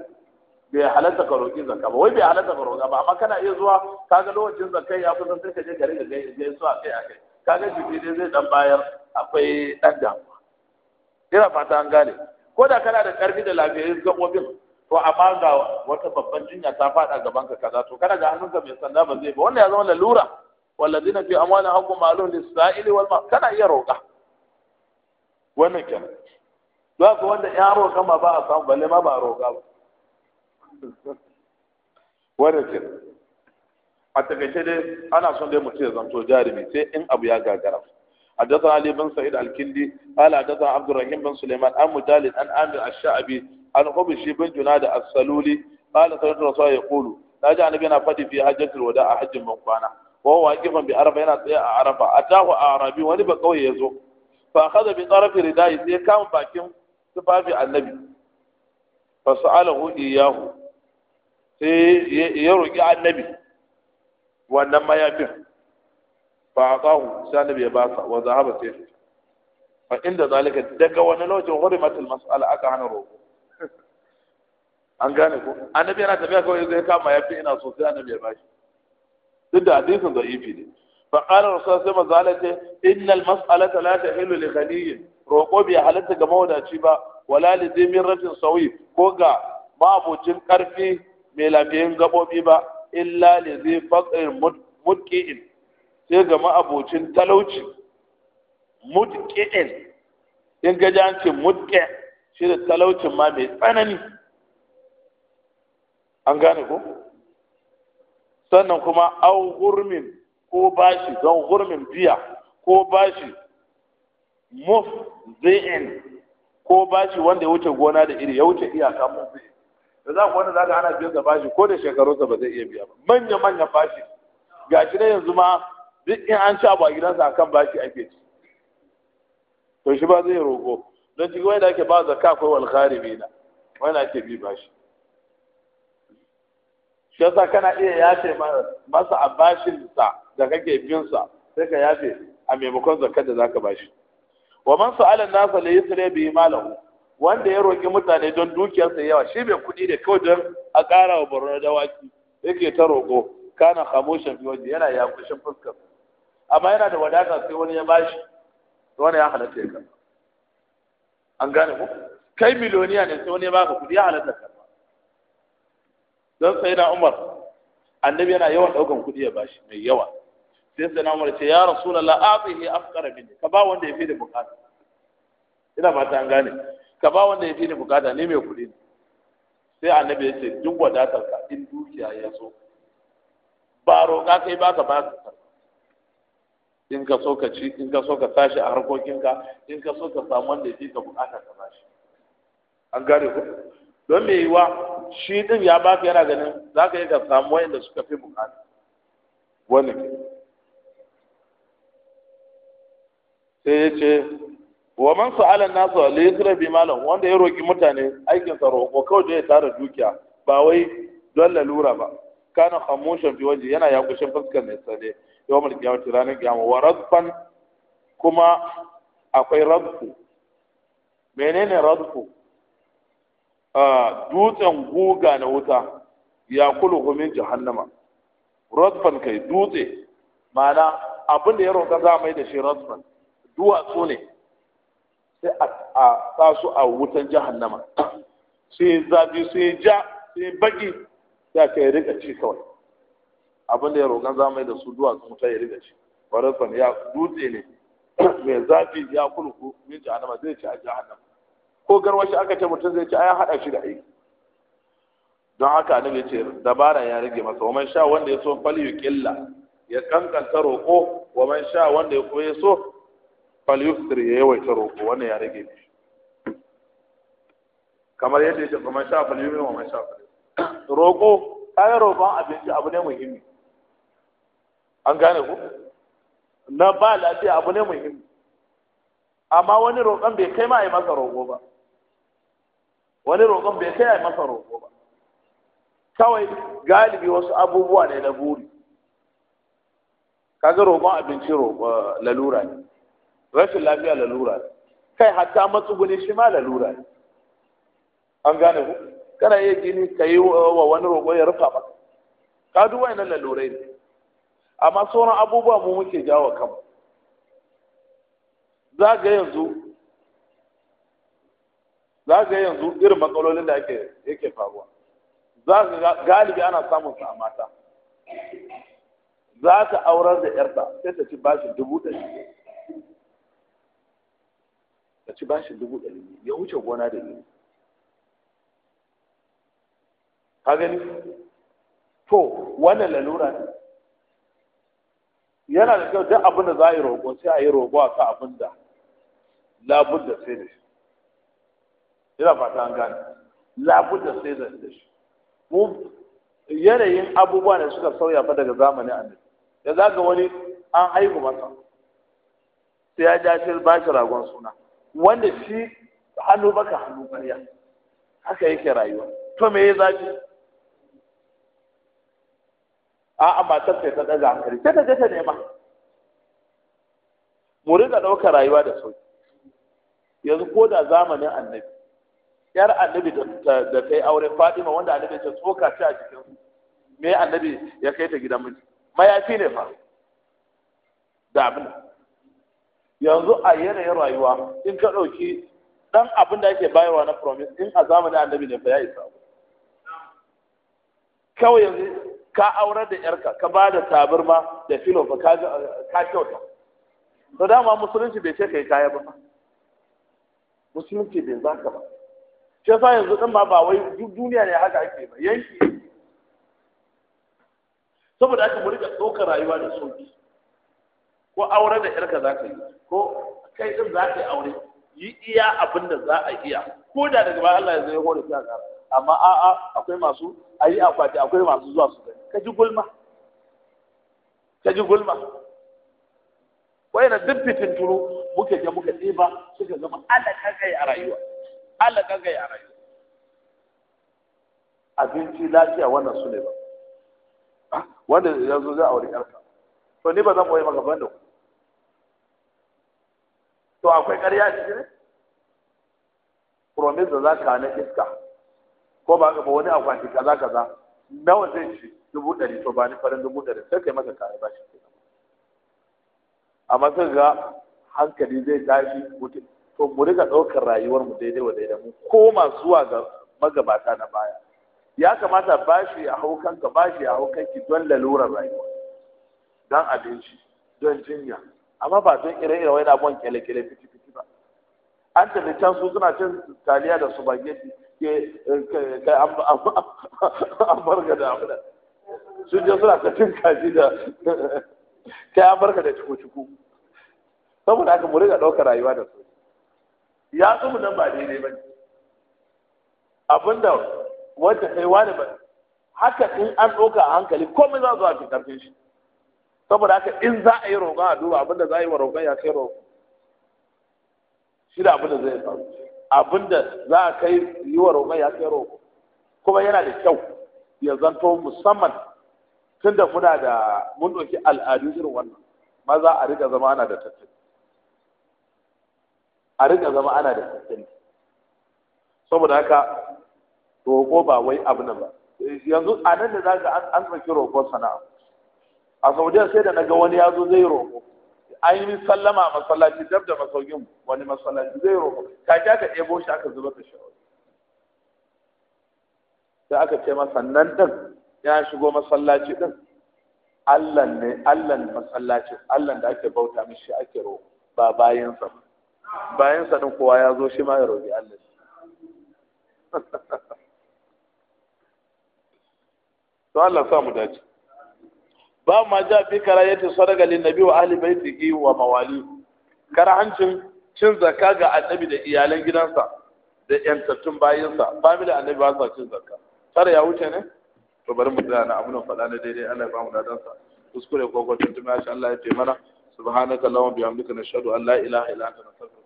bai halatta ka roƙi zakka ba wai bai halatta ka roƙa ba amma kana iya zuwa kaga lokacin zakka ya kusan sai ka je gari da a kai a kai kaga jiki ne zai dan bayar akwai dan damuwa ina fata an gane ko da kana da karfi da lafiyayyun gaɓoɓin to amma ga wata babban jinya ta faɗa gaban ka kaza to kana ga hannunka mai sanda ba zai ba wannan ya zama lalura والذين في أموالهم حق معلوم للسائل والمحروم كان يروقه wannan kenan za ku wanda ya roƙa ma ba a samu balle ma ba a roƙa ba wannan kenan a takaice dai ana son dai mutum ya zanto jarumi sai in abu ya gagara حدثنا علي بن سعيد الكندي قال حدثنا عبد الرحيم بن سليمان عن مجالد عن عامر الشعبي عن حبشي بن جناد السلولي قال سمعت الرسول يقول لا جعل بنا فدي في حجة الوداع حج من قانا wa waqifan bi arafa yana tsaye a arafa atahu arabi wani ba kauye yazo fa akhadha bi taraf ridai sai kama bakin tufafi annabi fa sa'alahu iyahu sai ya roki annabi wannan mayafin fa aqahu sai annabi ya basa wa zahaba sai fa inda zalika daga wani lokacin hurimatul mas'ala aka hana roƙo an gane ko annabi yana tafiya kawai zai kama yafi ina so sai annabi ya bashi duk da hadisin da ifi ne fa qala rasul sai manzo Allah ce innal mas'alata la tahillu li ghaniyyin roƙo bai halatta ga mawadaci ba wala li zimin rajin sawi ko ga mabocin karfi mai lafiyan gabobi ba illa li zai faqir sai ga ma'abocin talauci mutqi'in in ga jancin mutqi shi da talaucin ma mai tsanani an gane ko sannan kuma au gurmin ko bashi don gurmin biya ko bashi muf zai'in ko bashi wanda ya wuce gona da iri ya wuce iyaka mu zai'in da za ku wanda za ka ana biyan da bashi ko da shekarunsa ba zai iya biya ba manya manya bashi ga shi na yanzu ma duk in an sha ba gidansa akan bashi ake ci to shi ba zai roko. don cikin wanda ake ba zakka akwai walkhari na wanda ake bi bashi shi yasa kana iya yafe masa a sa da kake bin sa sai ka yafe a maimakon zakar da zaka bashi wa man sa'ala an-nasa li yusri bi malahu wanda ya roki mutane don dukiyarsa yawa shi bai kudi da kawai don a ƙara wa borno dawaki yake ta roƙo kana khamoshin fi waje yana yakushin fuskar amma yana da wadata sai wani ya bashi wani ya halatta ka an gane ku kai miliyoniya ne sai wani ya baka kudi ya halatta ka don sai na umar annabi yana yawan daukan kuɗi ya bashi mai yawa sai sai na umar ce ya rasulullah afihi afqara minni ka ba wanda ya fi da bukata ina ta an gane ka ba wanda ya fi da bukata ne mai kuɗi sai annabi ya ce duk wadatar ka in dukiya ya so ba roƙa kai ba ka ba ka in ka so ka ci in ka so ka tashi a harkokinka in ka so ka samu wanda ya fi ka bukata ka bashi an gane ku don me yiwa shi din ya baka yana ganin za ka yi ka samu wayanda suka fi bukata wani ke sai ya ce wa man su'ala nasu li yusra bi malam wanda ya roki mutane aikin sa roƙo kawai da ya tara dukiya ba wai don lalura ba kana khamushan bi waje yana yakushin fuskar mai mulki ya wuce ranar gyama wa radfan kuma akwai radfu menene radfu dutsen guga na wuta ya kulu min jahannama rasfan kai dutse ma'ana abin da ya roƙa za mai da shi rasfan duwatsu ne sai a sa su a wutan jahannama sai zafi sai ja sai baki ya kai rika ci kawai abin da ya roƙa za mai da su duwatsu ta ya rika ci rasfan ya dutse ne mai zafi ya kulu min jahannama zai ci a jahannama ko shi aka ce mutum zai ci ai hada shi da aiki don haka annabi ce dabara ya rage masa wa man sha wanda ya so fal yuqilla ya kankanta roƙo, wa man sha wanda ya kuma ya so fal sir ya yawaita roƙo, wannan ya rage shi kamar yadda yake wa man sha fal yuqilla wa man sha fal roko kai roƙon abinci abu ne muhimmi an gane ku na ba lafiya abu ne muhimmi amma wani roƙon bai kai ma a yi masa roƙo ba wani roƙon bai kai masa roƙo ba kawai galibi wasu abubuwa ne na buri kaga roƙon abinci eh, lalura ne rashin lafiya lalura ne kai hatta matsuguni shi ma lalura ne an gane ku kana iya gini ka yi wa wani roƙo ya rufa ba ka duba yana lalurai ne amma sauran abubuwa mu muke jawo kanmu za ga yanzu za ga yanzu irin matsalolin da yake faruwa za ga galibi ana samun su a mata za ka aurar da yarta sai ta ci bashin dubu ɗari ta ci bashi dubu ɗari ya wuce gona da ni ka gani to wannan lalura ne yana da kyau duk abin da za a yi roƙo sai a yi roƙo a kan abin da labun da sai da shi ina fata an gane labudda sai zan da shi mu yanayin abubuwa da suka sauya fa daga zamanin annabi da za ga wani an haihu masa sai ya ja shi ba shi ragon suna wanda shi hannu baka hannu ƙarya haka yake rayuwa to me ya zafi a'a matar sai ta ɗaga hankali sai ta je ta nema mu riga ɗaukar rayuwa da sauki yanzu ko da zamanin annabi yar annabi da ta yi auren fatima wanda annabi ta tsoka ce a jikin me annabi ya kai ta gidan miji mayafi ne fa da abin yanzu a yanayin rayuwa in ka ɗauki ɗan abin da ake bayarwa na promise in a zamanin annabi ne fa ya isa kawai yanzu ka aurar da yarka ka ba da tabarma da filo ka kyauta to dama musulunci bai ce kai kaya ba musulunci bai zaka ba shi yasa yanzu din ba wai duk duniya ne haka ake ba yanki saboda aka mu rika ɗaukar rayuwa da sauki ko aure da yarka za ka yi ko kai din za ka yi aure yi iya abin da za a iya ko da daga ba Allah ya zai hore ta ka amma a'a akwai masu ayi akwati akwai masu zuwa su gani ka ji gulma ka ji gulma wayana duk fitin turo muke je muka ɗiba suka zama alaka kai a rayuwa Allah ganga ya rayu abinci lafiya wannan su ne ba wanda ya zo a wuri yarka to ni ba zan koyi maka banda to akwai ƙarya a cikin promise da za ka na iska ko ba ka ba wani akwati kaza kaza nawa zai ci dubu ɗari to ba ni farin dubu ɗari sai kai masa kare ba shi amma sai ga hankali zai tashi mutum to mu riga ɗaukar rayuwar mu daidai wa daidai mu koma zuwa ga magabata na baya ya kamata bashi a hau kanka bashi a hau kanki don lalurar rayuwa don abinci don jinya amma ba don ire-ire wani abun kele-kele fiti-fiti ba an tafi can su suna cin taliya da spaghetti ke kai an da abu sun je suna ta cin kaji da kai an da ciku-ciku saboda haka mu riga ɗaukar rayuwa da su ya mu nan ba daidai ba ne abinda wata kai wani ba haka in an ɗauka a hankali komai za su a karfin shi saboda haka in za a yi roƙon a duba abinda za a yi wa roƙon ya kai roƙon shi da abinda zai faru abinda za a kai yi wa roƙon ya kai roƙon kuma yana da kyau ya zanto musamman tunda muna da mun ɗauki al'adu irin wannan maza a riga zama ana da tattali a rika zama ana da sassani saboda haka roƙo ba wai abu nan ba yanzu a nan da zaka an tsaki roƙon sana'a a saudiya sai da naga wani ya zo zai roƙo an yi sallama a masallaci dab da masaukin wani masallaci zai roƙo ka ja ka ɗebo shi aka zuba ta shawar sai aka ce masa nan ɗin ya shigo masallaci ɗin Allah ne Allah masallacin Allah da ake bauta mishi ake roƙo ba bayansa ba bayan sa din kowa ya zo shi ma ya roƙi Allah to Allah sa mu dace ba ma ja fi karayati sadaqa lin nabi wa ahli baitihi wa mawali karahancin cin zakka ga annabi da iyalan gidansa da yantattun bayinsa family annabi ba sa cin zakka har ya wuce ne to bari mu tsaya na abun faɗa na daidai Allah ya ba mu dadansa kuskure ko ko tuntuma Allah ya taimaka subhanaka allahumma bihamdika nashhadu an la ilaha illa na nastaghfiruka